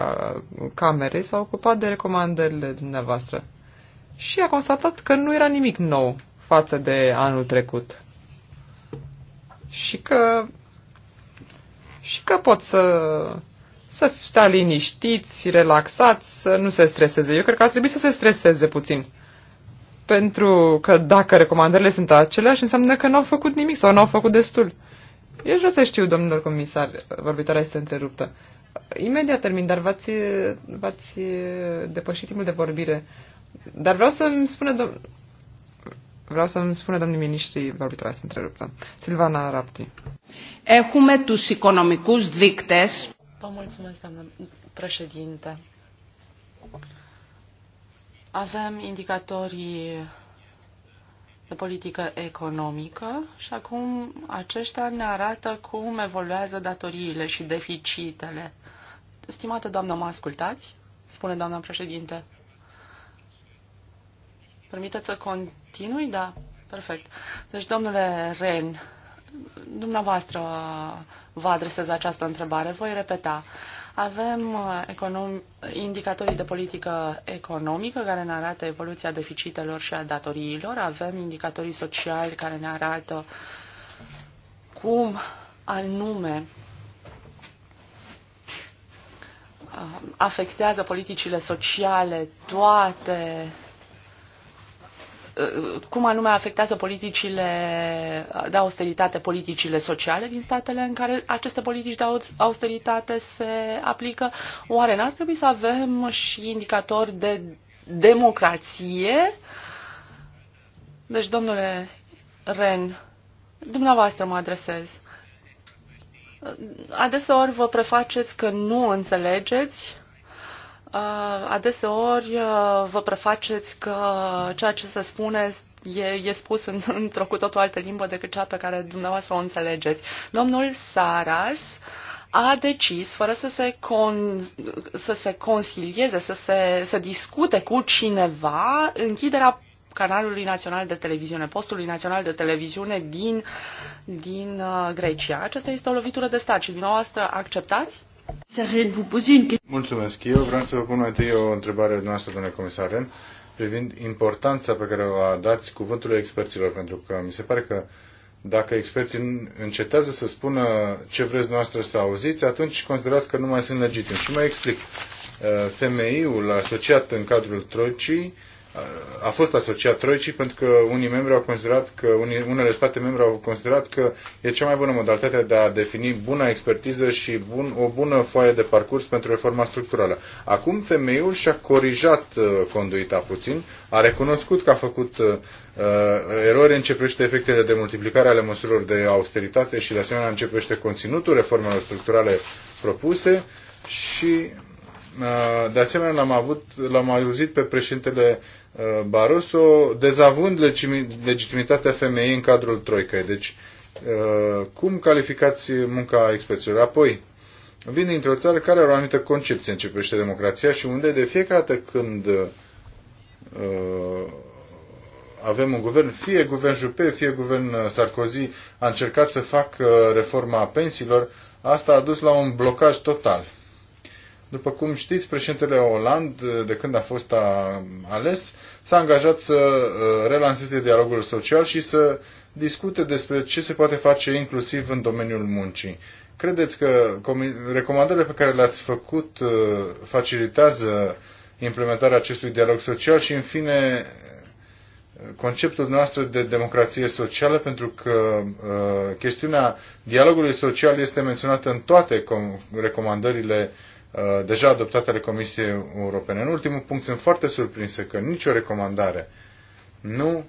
Camerei s-a ocupat de recomandările dumneavoastră și a constatat că nu era nimic nou față de anul trecut. Și că și că pot să să stea liniștiți, relaxați, să nu se streseze. Eu cred că ar trebui să se streseze puțin. Pentru că dacă recomandările sunt aceleași, înseamnă că n-au făcut nimic sau n-au făcut destul. Eu vreau să știu, domnilor comisar, vorbitoarea este întreruptă. Imediat termin, dar v-ați, v-ați depășit timpul de vorbire. Dar vreau să-mi spună dom- vreau să-mi spună domnul ministri, vorbitoarea este întreruptă. Silvana Rapti. Ehume tus economicus dictes. Vă mulțumesc, doamnă președinte. Avem indicatorii de politică economică și acum aceștia ne arată cum evoluează datoriile și deficitele. Stimată doamnă, mă ascultați? Spune doamna președinte. Permiteți să continui? Da, perfect. Deci, domnule Ren, dumneavoastră vă adresez această întrebare. Voi repeta. Uh, avem uh, econom- indicatorii de politică economică care ne arată evoluția deficitelor și a datoriilor, avem indicatorii sociali care ne arată cum anume uh, afectează politicile sociale toate cum anume afectează politicile de austeritate politicile sociale din statele în care aceste politici de austeritate se aplică. Oare n-ar trebui să avem și indicatori de democrație? Deci, domnule Ren, dumneavoastră mă adresez. Adeseori vă prefaceți că nu înțelegeți Uh, adeseori uh, vă prefaceți că ceea ce se spune e, e spus în, într-o cu totul altă limbă decât cea pe care dumneavoastră o înțelegeți. Domnul Saras a decis, fără să se, con, să se consilieze, să se să discute cu cineva, închiderea canalului național de televiziune, postului național de televiziune din, din uh, Grecia. Aceasta este o lovitură de stat și dumneavoastră acceptați? Mulțumesc. Eu vreau să vă pun mai întâi o întrebare noastră, domnule comisar Ren, privind importanța pe care o dați cuvântului experților, pentru că mi se pare că dacă experții încetează să spună ce vreți noastră să auziți, atunci considerați că nu mai sunt legitimi. Și mai explic. Uh, FMI-ul asociat în cadrul Troicii a fost asociat Troicii pentru că unii membri au considerat că unii, unele state membre au considerat că e cea mai bună modalitate de a defini bună expertiză și bun, o bună foaie de parcurs pentru reforma structurală. Acum femeiul și-a corijat uh, conduita puțin, a recunoscut că a făcut uh, uh erori în ce privește efectele de multiplicare ale măsurilor de austeritate și de asemenea în ce privește conținutul reformelor structurale propuse și Uh, de asemenea, l-am, avut, l-am auzit pe președintele uh, Barroso dezavând legitimitatea femei în cadrul Troicăi. Deci, uh, cum calificați munca experților? Apoi, vin dintr-o țară care are o anumită concepție în ce privește democrația și unde de fiecare dată când avem un guvern, fie guvern Juppé, fie guvern Sarkozy, a încercat să facă reforma pensiilor, asta a dus la un blocaj total. După cum știți, președintele Oland, de când a fost a ales, s-a angajat să uh, relanseze dialogul social și să discute despre ce se poate face inclusiv în domeniul muncii. Credeți că recomandările pe care le-ați făcut uh, facilitează implementarea acestui dialog social și, în fine, conceptul noastră de democrație socială, pentru că uh, chestiunea dialogului social este menționată în toate recomandările uh, Uh, deja adoptate ale Comisiei Europene. În ultimul punct, sunt foarte surprinsă că nicio recomandare nu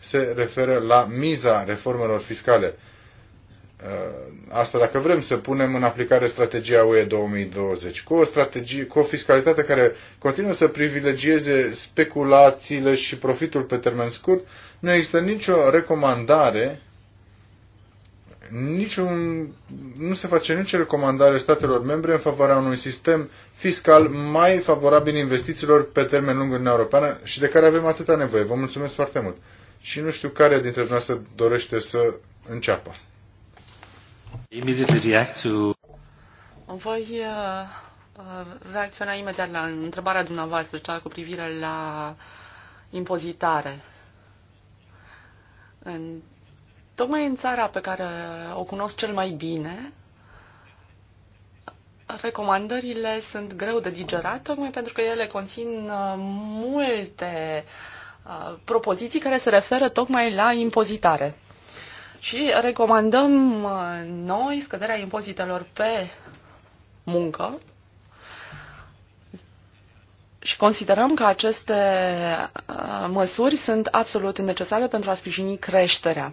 se referă la miza reformelor fiscale. Uh, asta dacă vrem să punem în aplicare strategia UE 2020, cu o, strategie, cu o fiscalitate care continuă să privilegieze speculațiile și profitul pe termen scurt, nu există nicio recomandare niciun, nu se face nicio recomandare statelor membre în favoarea unui sistem fiscal mai favorabil investițiilor pe termen lung în Uniunea Europeană și de care avem atâta nevoie. Vă mulțumesc foarte mult. Și nu știu care dintre dumneavoastră dorește să înceapă. Immediately Voi uh, reacționa imediat la întrebarea dumneavoastră, cea cu privire la impozitare. În Tocmai în țara pe care o cunosc cel mai bine, recomandările sunt greu de digerat, tocmai pentru că ele conțin uh, multe uh, propoziții care se referă tocmai la impozitare. Și recomandăm uh, noi scăderea impozitelor pe muncă și considerăm că aceste măsuri sunt absolut necesare pentru a sprijini creșterea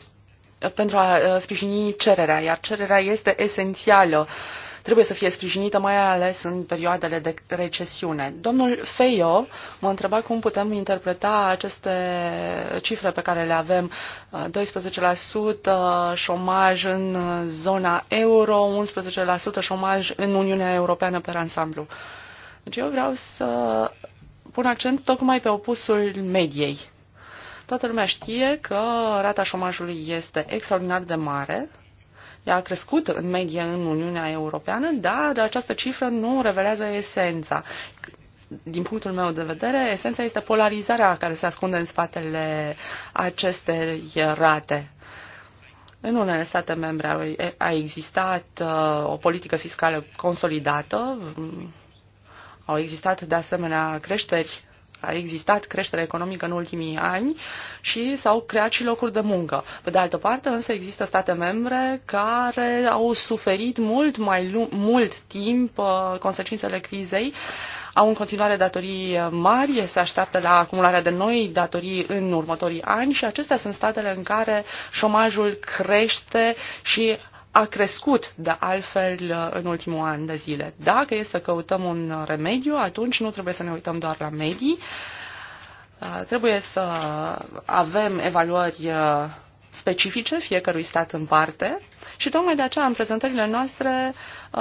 pentru a uh, sprijini cererea, iar cererea este esențială. Trebuie să fie sprijinită mai ales în perioadele de recesiune. Domnul Feio mă întreba cum putem interpreta aceste cifre pe care le avem. 12% uh, șomaj în zona euro, 11% șomaj în Uniunea Europeană pe ansamblu. Deci eu vreau să pun accent tocmai pe opusul mediei. Toată lumea știe că rata șomajului este extraordinar de mare. Ea a crescut în medie în Uniunea Europeană, dar această cifră nu revelează esența. Din punctul meu de vedere, esența este polarizarea care se ascunde în spatele acestei rate. În unele state membre a existat uh, o politică fiscală consolidată, au existat de asemenea creșteri a existat creștere economică în ultimii ani și s-au creat și locuri de muncă. Pe de altă parte, însă există state membre care au suferit mult mai mult timp uh, consecințele crizei au în continuare datorii uh, mari, se așteaptă la acumularea de noi datorii în următorii ani și acestea sunt statele în care șomajul crește și a crescut de altfel uh, în ultimul an de zile. Dacă e să căutăm un uh, remediu, atunci nu trebuie să ne uităm doar la medii, uh, trebuie să avem evaluări specifice fiecărui stat în parte și tocmai de aceea în prezentările noastre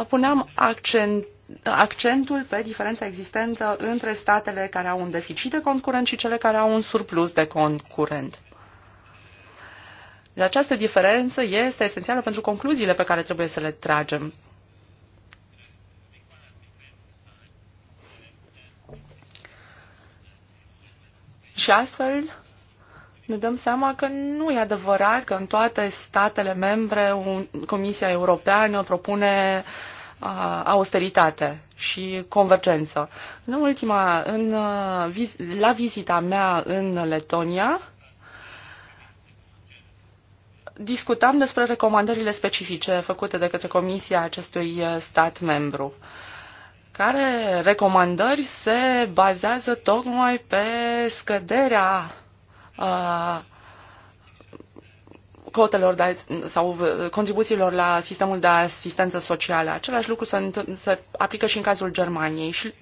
puneam accent accentul pe diferența existentă între statele care au un deficit de cont curent și cele care au un surplus de cont curent. Această diferență este esențială pentru concluziile pe care trebuie să le tragem. Și astfel ne dăm seama că nu e adevărat că în toate statele membre Comisia Europeană propune austeritate și convergență. În ultima, în, la vizita mea în Letonia, discutam despre recomandările specifice făcute de către Comisia acestui uh, stat membru, care recomandări se bazează tocmai pe scăderea uh, cotelor de, sau uh, contribuțiilor la sistemul de asistență socială. Același lucru se, se aplică și în cazul Germaniei și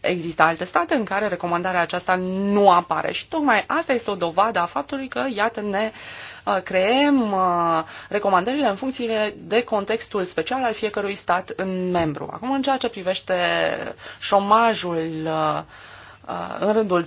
există alte state în care recomandarea aceasta nu apare și tocmai asta este o dovadă a faptului că, iată, ne uh, Uh, creem uh, recomandările în funcție de contextul special al fiecărui stat în membru. Acum, în ceea ce privește șomajul uh, în rândul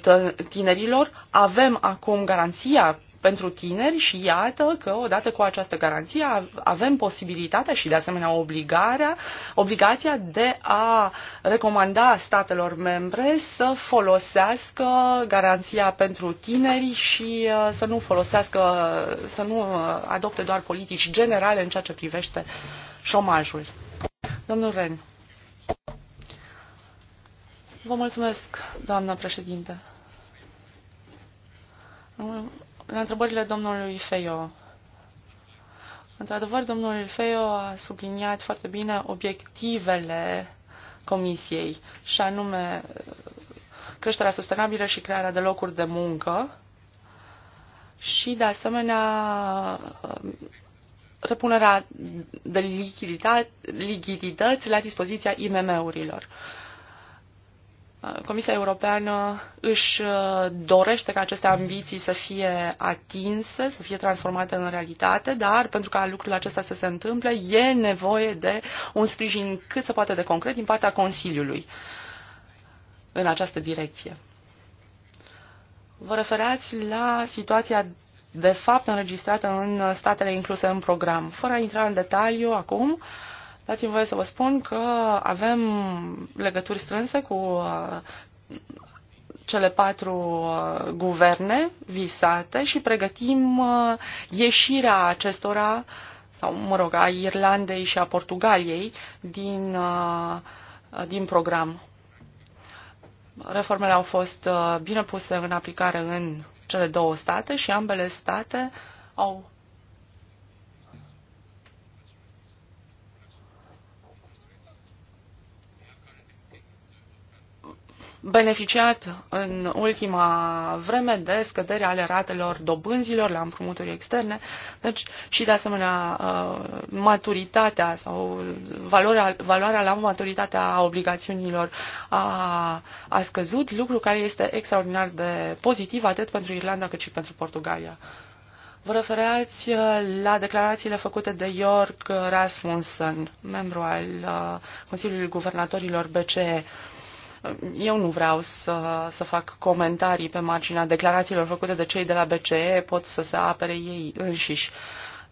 tinerilor, avem acum garanția pentru tineri și iată că odată cu această garanție avem posibilitatea și de asemenea obligarea, obligația de a recomanda statelor membre să folosească garanția pentru tineri și uh, să nu folosească, să nu uh, adopte doar politici generale în ceea ce privește șomajul. Domnul Ren. Vă mulțumesc, doamna președinte. În întrebările domnului Feio. Într-adevăr, domnul Feio a subliniat foarte bine obiectivele comisiei, și anume uh, creșterea sustenabilă și crearea de locuri de muncă și, de asemenea, uh, repunerea de lichidități la dispoziția IMM-urilor. Uh, Comisia Europeană își uh, dorește ca aceste ambiții să fie atinse, să fie transformate în realitate, dar pentru ca lucrul acesta să se întâmple e nevoie de un sprijin cât se poate de concret din partea Consiliului în această direcție. Vă referați la situația de fapt înregistrată în statele incluse în program. Fără a intra în detaliu acum, uh, Dați-mi voie să vă spun că avem legături strânse cu uh, cele patru uh, guverne visate și pregătim uh, ieșirea acestora, sau mă rog, a Irlandei și a Portugaliei din, din program. Reformele au fost bine puse în aplicare în cele două state și ambele state au beneficiat în ultima vreme de scăderea ale ratelor dobânzilor la împrumuturi externe, deci și de asemenea uh, maturitatea sau valoarea, valoarea la maturitatea obligațiunilor a, a scăzut, lucru care este extraordinar de pozitiv atât pentru Irlanda cât și pentru Portugalia. Vă refereați uh, la declarațiile făcute de York Rasmussen, membru al uh, Consiliului Guvernatorilor BCE. Uh, eu nu vreau să, să fac comentarii pe marginea declarațiilor făcute de cei de la BCE, pot să se apere ei înșiși.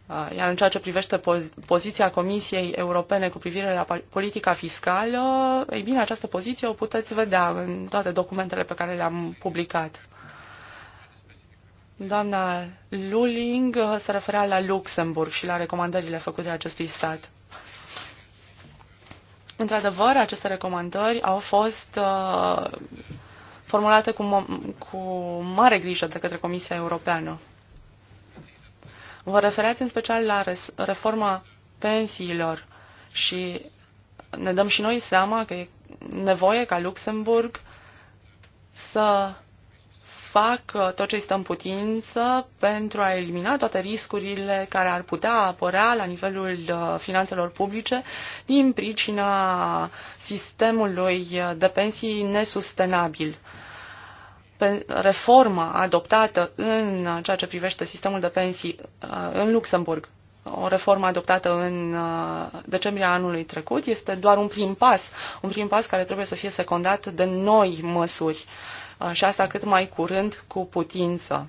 Uh, iar în ceea ce privește poziția Comisiei Europene cu privire la politica fiscală, ei bine, această poziție o puteți vedea în toate documentele pe care le-am publicat. Doamna Luling se referea la Luxemburg și la recomandările făcute acestui stat. Într-adevăr, aceste recomandări au fost uh, formulate cu, cu mare grijă de către Comisia Europeană. Vă referați în special la reforma pensiilor și ne dăm și noi seama că e nevoie ca Luxemburg să fac uh, tot ce stă în putință pentru a elimina toate riscurile care ar putea apărea la nivelul uh, finanțelor publice din pricina sistemului uh, de pensii nesustenabil reforma adoptată în ceea ce privește sistemul de pensii în Luxemburg, o reformă adoptată în decembrie anului trecut, este doar un prim pas, un prim pas care trebuie să fie secondat de noi măsuri și asta cât mai curând cu putință.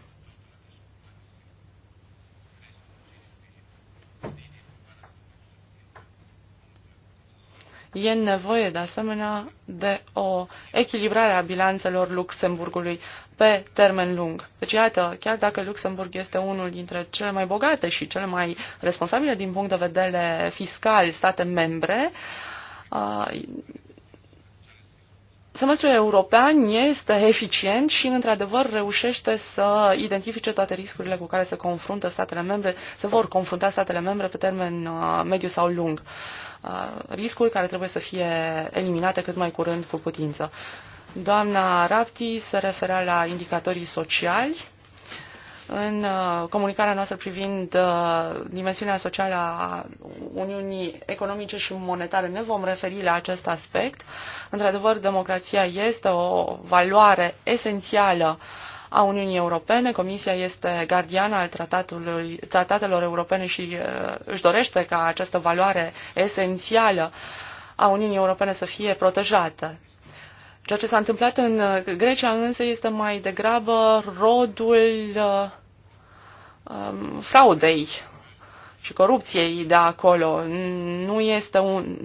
e nevoie de asemenea de o echilibrare a bilanțelor Luxemburgului pe termen lung. Deci, iată, chiar dacă Luxemburg este unul dintre cele mai bogate și cele mai responsabile din punct de vedere fiscal state membre, uh, Semestrul european este eficient și, într-adevăr, reușește să identifice toate riscurile cu care se confruntă statele membre, se vor confrunta statele membre pe termen uh, mediu sau lung. Uh, riscuri care trebuie să fie eliminate cât mai curând cu putință. Doamna Rapti se referea la indicatorii sociali în uh, comunicarea noastră privind uh, dimensiunea socială a Uniunii Economice și Monetare ne vom referi la acest aspect. Într-adevăr, democrația este o valoare esențială a Uniunii Europene. Comisia este gardiană al tratatelor europene și uh, își dorește ca această valoare esențială a Uniunii Europene să fie protejată. Ceea ce s-a întâmplat în uh, Grecia însă este mai degrabă rodul uh, um, fraudei și corupției de acolo. Nu este un,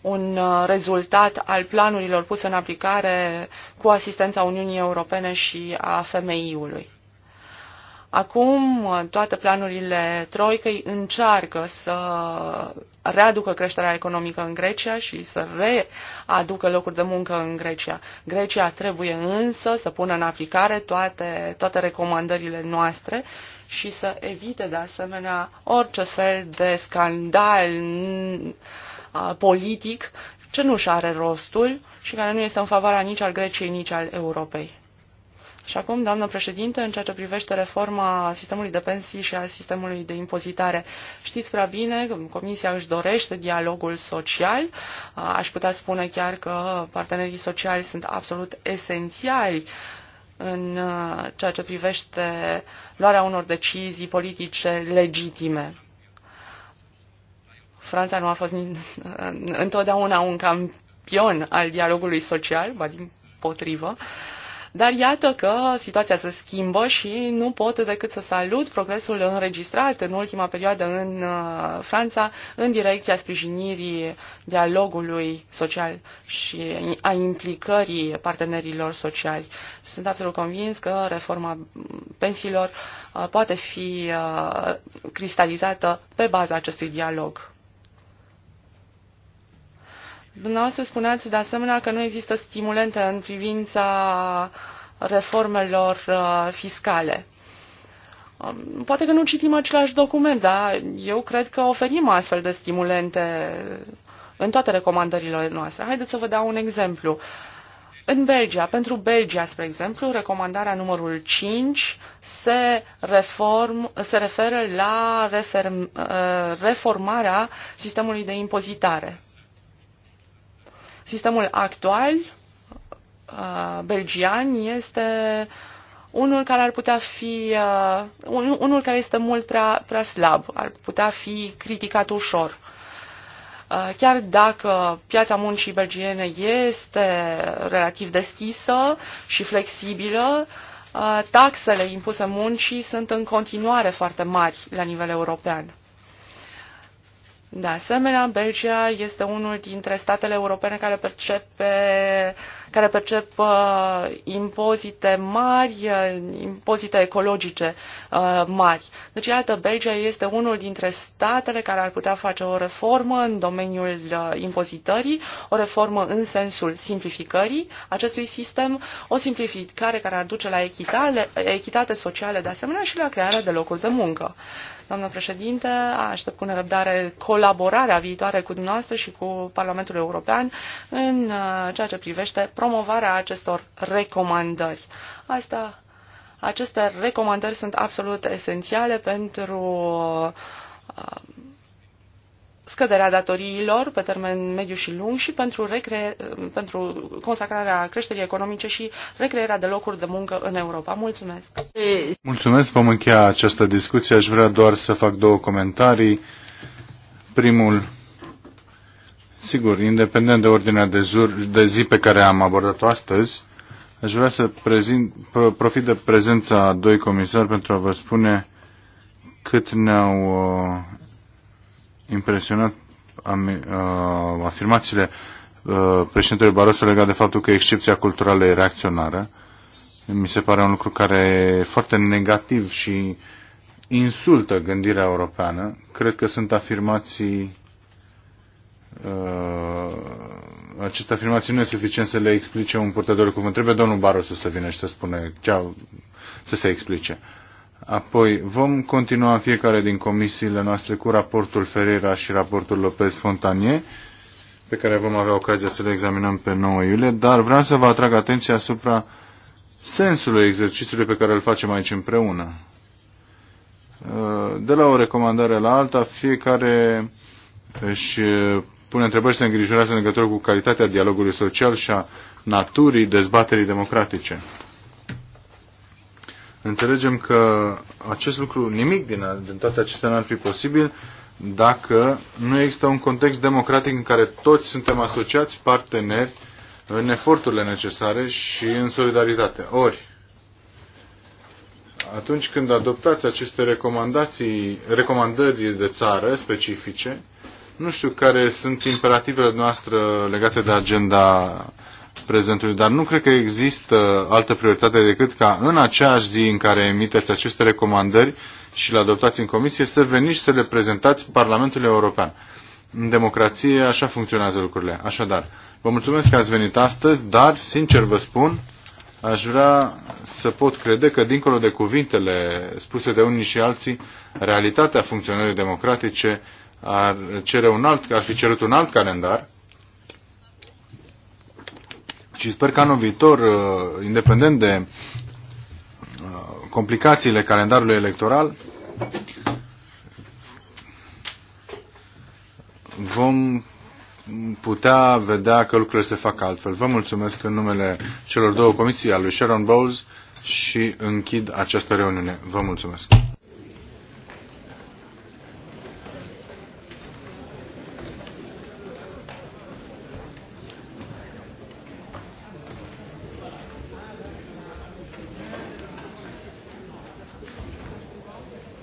un uh, rezultat al planurilor puse în aplicare cu asistența Uniunii Europene și a FMI-ului. Acum toate planurile troicăi încearcă să readucă creșterea economică în Grecia și să readucă locuri de muncă în Grecia. Grecia trebuie însă să pună în aplicare toate, toate recomandările noastre și să evite de asemenea orice fel de scandal uh, politic ce nu și are rostul și care nu este în favoarea nici al Greciei, nici al Europei. Și acum, doamnă președinte, în ceea ce privește reforma sistemului de pensii și a sistemului de impozitare, știți prea bine că Comisia își dorește dialogul social. Aș putea spune chiar că partenerii sociali sunt absolut esențiali în uh, ceea ce privește luarea unor decizii politice legitime. Franța nu a fost uh, întotdeauna un campion al dialogului social, ba din potrivă. Uh, dar iată că situația se schimbă și nu pot decât să salut progresul înregistrat în ultima perioadă în uh, Franța în direcția sprijinirii dialogului social și a implicării partenerilor sociali. Sunt absolut convins că reforma pensiilor uh, poate fi uh, cristalizată pe baza acestui dialog. Dumneavoastră spuneați de asemenea că nu există stimulente în privința reformelor uh, fiscale. Um, poate că nu citim același document, dar eu cred că oferim astfel de stimulente în toate recomandările noastre. Haideți să vă dau un exemplu. În Belgia, pentru Belgia, spre exemplu, recomandarea numărul 5 se, reform, se referă la reform, uh, reformarea sistemului de impozitare. Sistemul actual uh, belgian este unul care ar putea fi uh, unul care este mult prea, prea slab, ar putea fi criticat ușor. Uh, chiar dacă piața muncii belgiene este relativ deschisă și flexibilă, taxele impuse muncii sunt în continuare foarte mari la nivel european. De asemenea, Belgia este unul dintre statele europene care percepe care percep uh, impozite mari, uh, impozite ecologice uh, mari. Deci, iată, Belgia este unul dintre statele care ar putea face o reformă în domeniul impozitării, o reformă în sensul simplificării acestui sistem, o simplificare care ar duce la echitale, echitate socială de asemenea și la crearea de locuri de muncă. Doamnă președinte, aștept cu nerăbdare colaborarea viitoare cu dumneavoastră și cu Parlamentul European în ceea ce privește promovarea acestor recomandări. Asta, aceste recomandări sunt absolut esențiale pentru uh, scăderea datoriilor pe termen mediu și lung și pentru, recre... pentru consacrarea creșterii economice și recrearea de locuri de muncă în Europa. Mulțumesc! Mulțumesc! Vom încheia această discuție. Aș vrea doar să fac două comentarii. Primul, Sigur, independent de ordinea de, zur, de zi pe care am abordat-o astăzi, aș vrea să prezint, profit de prezența a doi comisari pentru a vă spune cât ne-au uh, impresionat am, uh, afirmațiile uh, președintelui Barroso legat de faptul că excepția culturală e reacționară. Mi se pare un lucru care e foarte negativ și insultă gândirea europeană. Cred că sunt afirmații uh, această afirmație nu e suficient să le explice un purtător de cuvânt. Trebuie domnul Barosu să vină și să spune au, să se explice. Apoi vom continua fiecare din comisiile noastre cu raportul Ferreira și raportul Lopez Fontanier, pe care vom avea ocazia să le examinăm pe 9 iulie, dar vreau să vă atrag atenția asupra sensului exercițiului pe care îl facem aici împreună. Uh, de la o recomandare la alta, fiecare își pune întrebări, se îngrijorează în legătură cu calitatea dialogului social și a naturii dezbaterii democratice. Înțelegem că acest lucru, nimic din, din toate acestea nu ar fi posibil dacă nu există un context democratic în care toți suntem asociați, parteneri, în eforturile necesare și în solidaritate. Ori, atunci când adoptați aceste recomandații, recomandări de țară specifice, nu știu care sunt imperativele noastre legate de agenda prezentului, dar nu cred că există altă prioritate decât ca în aceeași zi în care emiteți aceste recomandări și le adoptați în comisie să veniți să le prezentați Parlamentului European. În democrație așa funcționează lucrurile. Așadar, vă mulțumesc că ați venit astăzi, dar, sincer vă spun, aș vrea să pot crede că, dincolo de cuvintele spuse de unii și alții, realitatea funcționării democratice ar cere un alt, ar fi cerut un alt calendar și sper că anul viitor, uh, independent de uh, complicațiile calendarului electoral, vom putea vedea că lucrurile se fac altfel. Vă mulțumesc în numele celor două comisii, al lui Sharon Bowles și închid această reuniune. Vă mulțumesc!